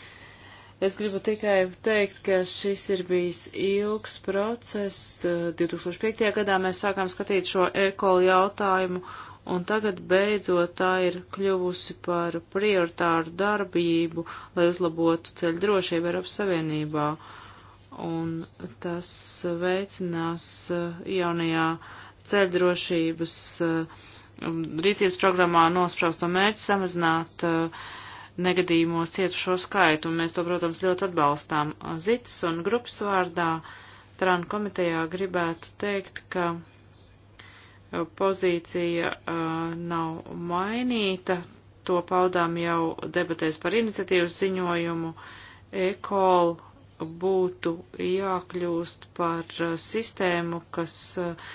Es gribu tikai teikt, ka šis ir bijis ilgs process. 2005. Eh, gadā mēs sākām skatīt šo ekolu jautājumu, un tagad beidzot tā ir kļuvusi par prioritāru darbību, lai uzlabotu ceļu drošību Eiropas Savienībā. Un tas veicinās eh, jaunajā ceļdrošības eh, rīcības programmā nospraustu mērķi samazināt uh, negadījumos cietušo skaitu, un mēs to, protams, ļoti atbalstām. Zitas un grupas vārdā Trānu komitejā gribētu teikt, ka uh, pozīcija uh, nav mainīta, to paudām jau debatēs par iniciatīvas ziņojumu. ECOL būtu jākļūst par uh, sistēmu, kas uh,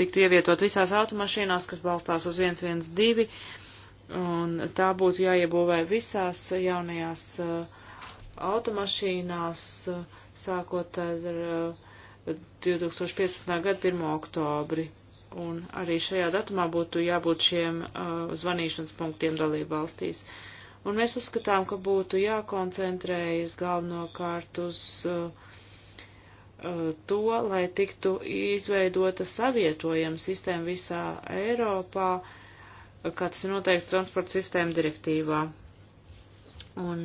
tiktu ievietot visās automašīnās, kas balstās uz 112 Un tā būtu jāiebūvē visās jaunajās uh, automašīnās, uh, sākot ar 2015. Uh, gada 1. oktobri. Un arī šajā datumā būtu jābūt šiem uh, zvanīšanas punktiem dalību valstīs. Un mēs uzskatām, ka būtu jākoncentrējas galvenokārt uz uh, to, lai tiktu izveidota savietojama sistēma visā Eiropā, uh, kā tas ir noteikts transporta sistēma direktīvā. Un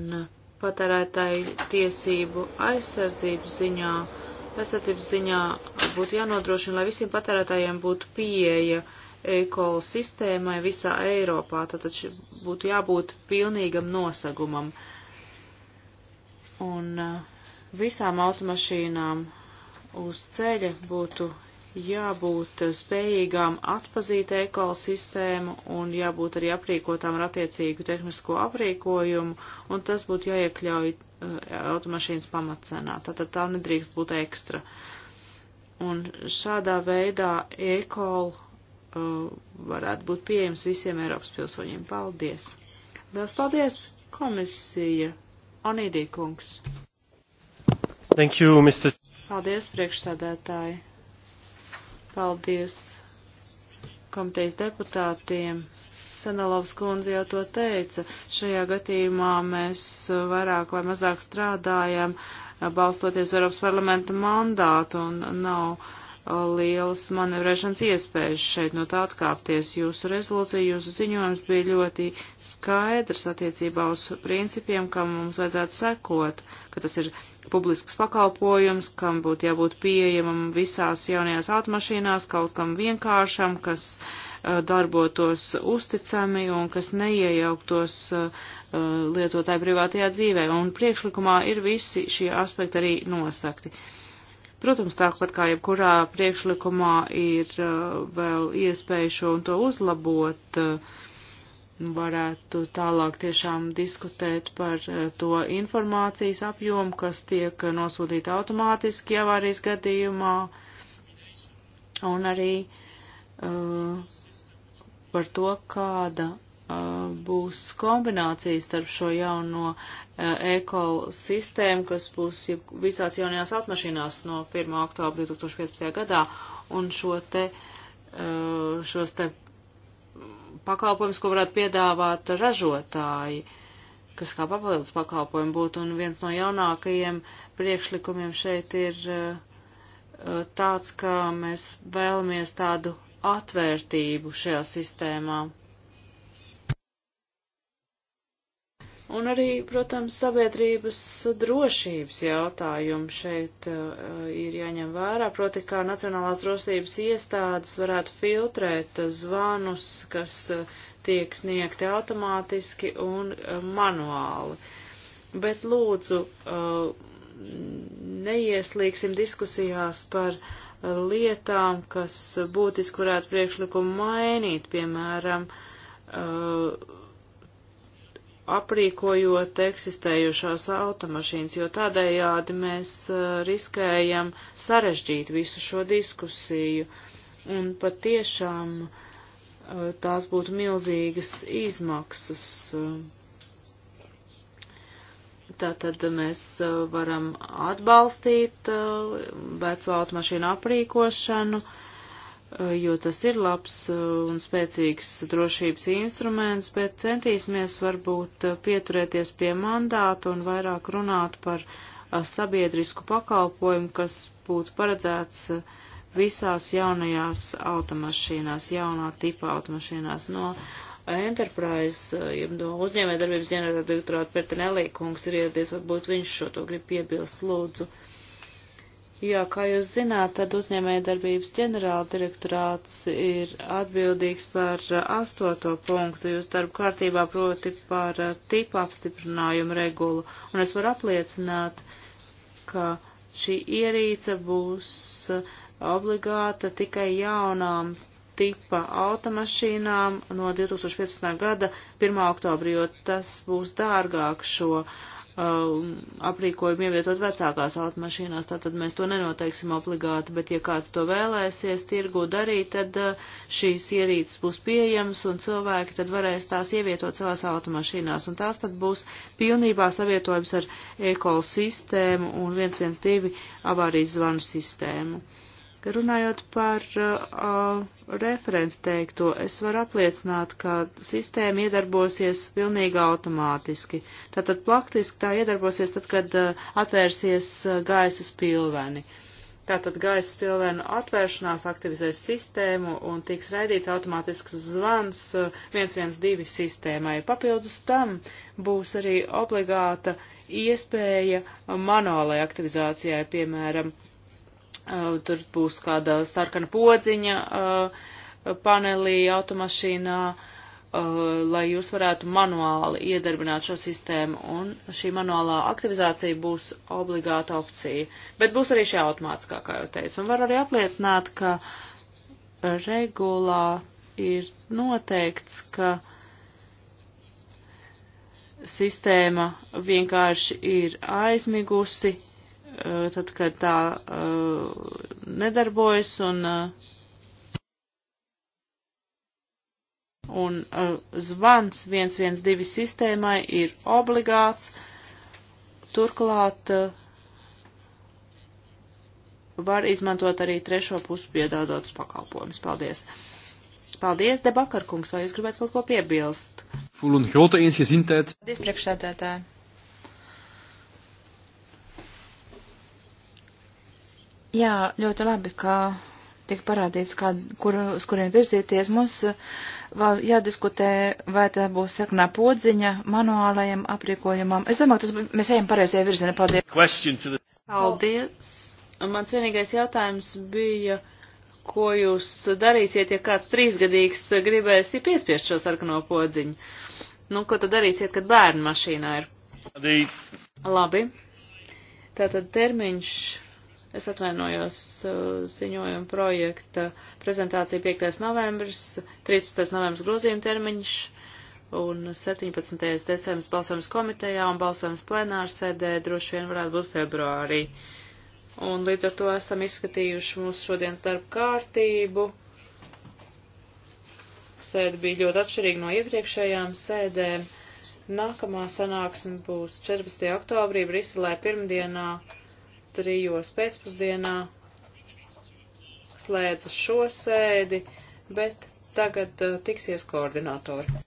patērētāju tiesību aizsardzības ziņā, aizsardzības ziņā būtu jānodrošina, lai visiem patērētājiem būtu pieeja e-kola sistēmai visā Eiropā, tad būtu jābūt pilnīgam nosagumam. Un uh, visām automašīnām uz ceļa būtu jābūt spējīgām atpazīt ekosistēmu un jābūt arī aprīkotām ar attiecīgu tehnisko aprīkojumu, un tas būtu jāiekļauj eh, automašīnas pamatcenā. Tātad tā nedrīkst būt ekstra. Un šādā veidā ekol uh, eh, varētu būt pieejams visiem Eiropas pilsoņiem. Paldies! Lielas paldies, komisija! Onīdī kungs! Thank you, Mr. Paldies, priekšsādātāji! Paldies komitejas deputātiem. Senelovs kundze jau to teica. Šajā gadījumā mēs vairāk vai mazāk strādājam, balstoties Eiropas parlamenta mandātu un nav. No, lielas manevrēšanas iespējas šeit no tā atkāpties. Jūsu rezolūcija, jūsu ziņojums bija ļoti skaidrs attiecībā uz principiem, kam mums vajadzētu sekot, ka tas ir publisks pakalpojums, kam būtu jābūt pieejamam visās jaunajās automašīnās, kaut kam vienkāršam, kas uh, darbotos uzticami un kas neiejauktos uh, uh lietotāju privātajā dzīvē. Un priekšlikumā ir visi šie aspekti arī nosakti. Uh, Protams, tāpat kā jebkurā priekšlikumā ir uh, vēl iespēja šo un to uzlabot, uh, varētu tālāk tiešām diskutēt par uh, to informācijas apjomu, kas tiek nosūtīta automātiski avārijas gadījumā, un arī uh, par to, kāda Uh, būs kombinācija starp šo jauno uh, ekosistēmu, kas būs visās jaunajās automašīnās no 1. oktobra 2015. gadā, un šo te, uh, šos te pakalpojumus, ko varētu piedāvāt ražotāji, kas kā papildus pakalpojumi būtu, un viens no jaunākajiem priekšlikumiem šeit ir tāds, ka mēs vēlamies tādu atvērtību šajā sistēmā. Un arī, protams, sabiedrības drošības jautājumi šeit uh, ir jāņem vērā, proti, kā Nacionālās drošības iestādes varētu filtrēt zvanus, kas uh, tiek sniegti automātiski un uh, manuāli. Bet lūdzu, uh, neieslīgsim diskusijās par uh, lietām, kas būtiski varētu priekšlikumu mainīt, piemēram, uh, aprīkojot eksistējušās automašīnas, jo tādējādi mēs uh, riskējam sarežģīt visu šo diskusiju. Un pat tiešām uh, tās būtu milzīgas izmaksas. Tātad mēs uh, varam atbalstīt veco automašīnu aprīkošanu, uh, Eh, jo tas ir labs eh, un spēcīgs drošības instruments, bet centīsimies varbūt eh, pieturēties pie mandāta un vairāk runāt par sabiedrisku pakalpojumu, kas būtu paredzēts visās jaunajās automašīnās, jaunā tipa automašīnās. No Enterprise, ja no uzņēmē darbības ģenerāla direktorāta Pertinelī kungs ir ieradies, varbūt viņš šo to grib piebilst, lūdzu. Uh, Jā, kā jūs zināt, tad uzņēmējdarbības ģenerāldirektorāts ir atbildīgs par uh, astoto punktu jūsu darba kārtībā, proti par uh, tipu apstiprinājumu regulu. Un es varu apliecināt, ka šī ierīce būs uh, obligāta tikai jaunām tipa automašīnām no 2015. gada 1. oktobra, jo tas būs dārgāk šo uh, Uh, aprīkojumu ievietot vecākās automašīnās, tātad mēs to nenoteiksim obligāti, bet ja kāds to vēlēsies tirgu darīt, tad uh, šīs ierīces būs pieejamas un cilvēki tad varēs tās ievietot savās automašīnās, un tās tad būs pilnībā savietojums ar ekosistēmu un 112 avārijas zvanu sistēmu. Runājot par uh, referents teikto, es varu apliecināt, ka sistēma iedarbosies pilnīgi automātiski. Tātad praktiski tā iedarbosies tad, kad uh, atvērsies uh, gaisa spilveni. Tātad gaisa spilvenu atvēršanās aktivizēs sistēmu un tiks raidīts automātisks zvans uh, 112 sistēmai. Papildus tam būs arī obligāta iespēja manuālai aktivizācijai, piemēram, uh, Uh, tur būs kāda sarkana podziņa uh, panelī automašīnā, uh, lai jūs varētu manuāli iedarbināt šo sistēmu, un šī manuālā aktivizācija būs obligāta opcija. Bet būs arī šī automātiskā, kā jau teicu, un var arī apliecināt, ka regulā ir noteikts, ka sistēma vienkārši ir aizmigusi Eh, tad, kad tā eh, nedarbojas un, eh, un zvans 112 sistēmai ir obligāts. Turklāt var izmantot arī trešo pusi piedādotus pakalpojumus. Paldies! Paldies, Debakarkungs, vai jūs gribētu kaut ko piebilst? Voel een grote eensgezindheid. Dit is priekšsēdētāji. Jā, ļoti labi, ka tika parādīts, kā, kur, uz kuriem virzīties. Mums eh, vēl jādiskutē, vai tā būs sarkanā podziņa manuālajiem aprīkojumam. Es domāju, tas mēs ejam pareizajā virzienā. Paldies. The... Paldies. Mans vienīgais jautājums bija, ko jūs darīsiet, ja kāds trīsgadīgs gribēs piespiest šo sarkano podziņu? Nu, ko tad darīsiet, kad bērnu mašīnā ir? The... Labi. Tātad termiņš Es atvainojos uh, ziņojuma projekta prezentācija 5. novembris, 13. novembris grozījuma termiņš un 17. decembris balsojums komitejā un balsojums plenārsēdē droši vien varētu būt februārī. Un līdz ar to esam izskatījuši mūsu šodienas darbu kārtību. Sēde bija ļoti atšķirīga no iepriekšējām sēdēm. Nākamā sanāksme būs 14. oktobrī Briselē pirmdienā trijos pēcpusdienā slēdzu šo sēdi, bet tagad uh, tiksies koordinātori.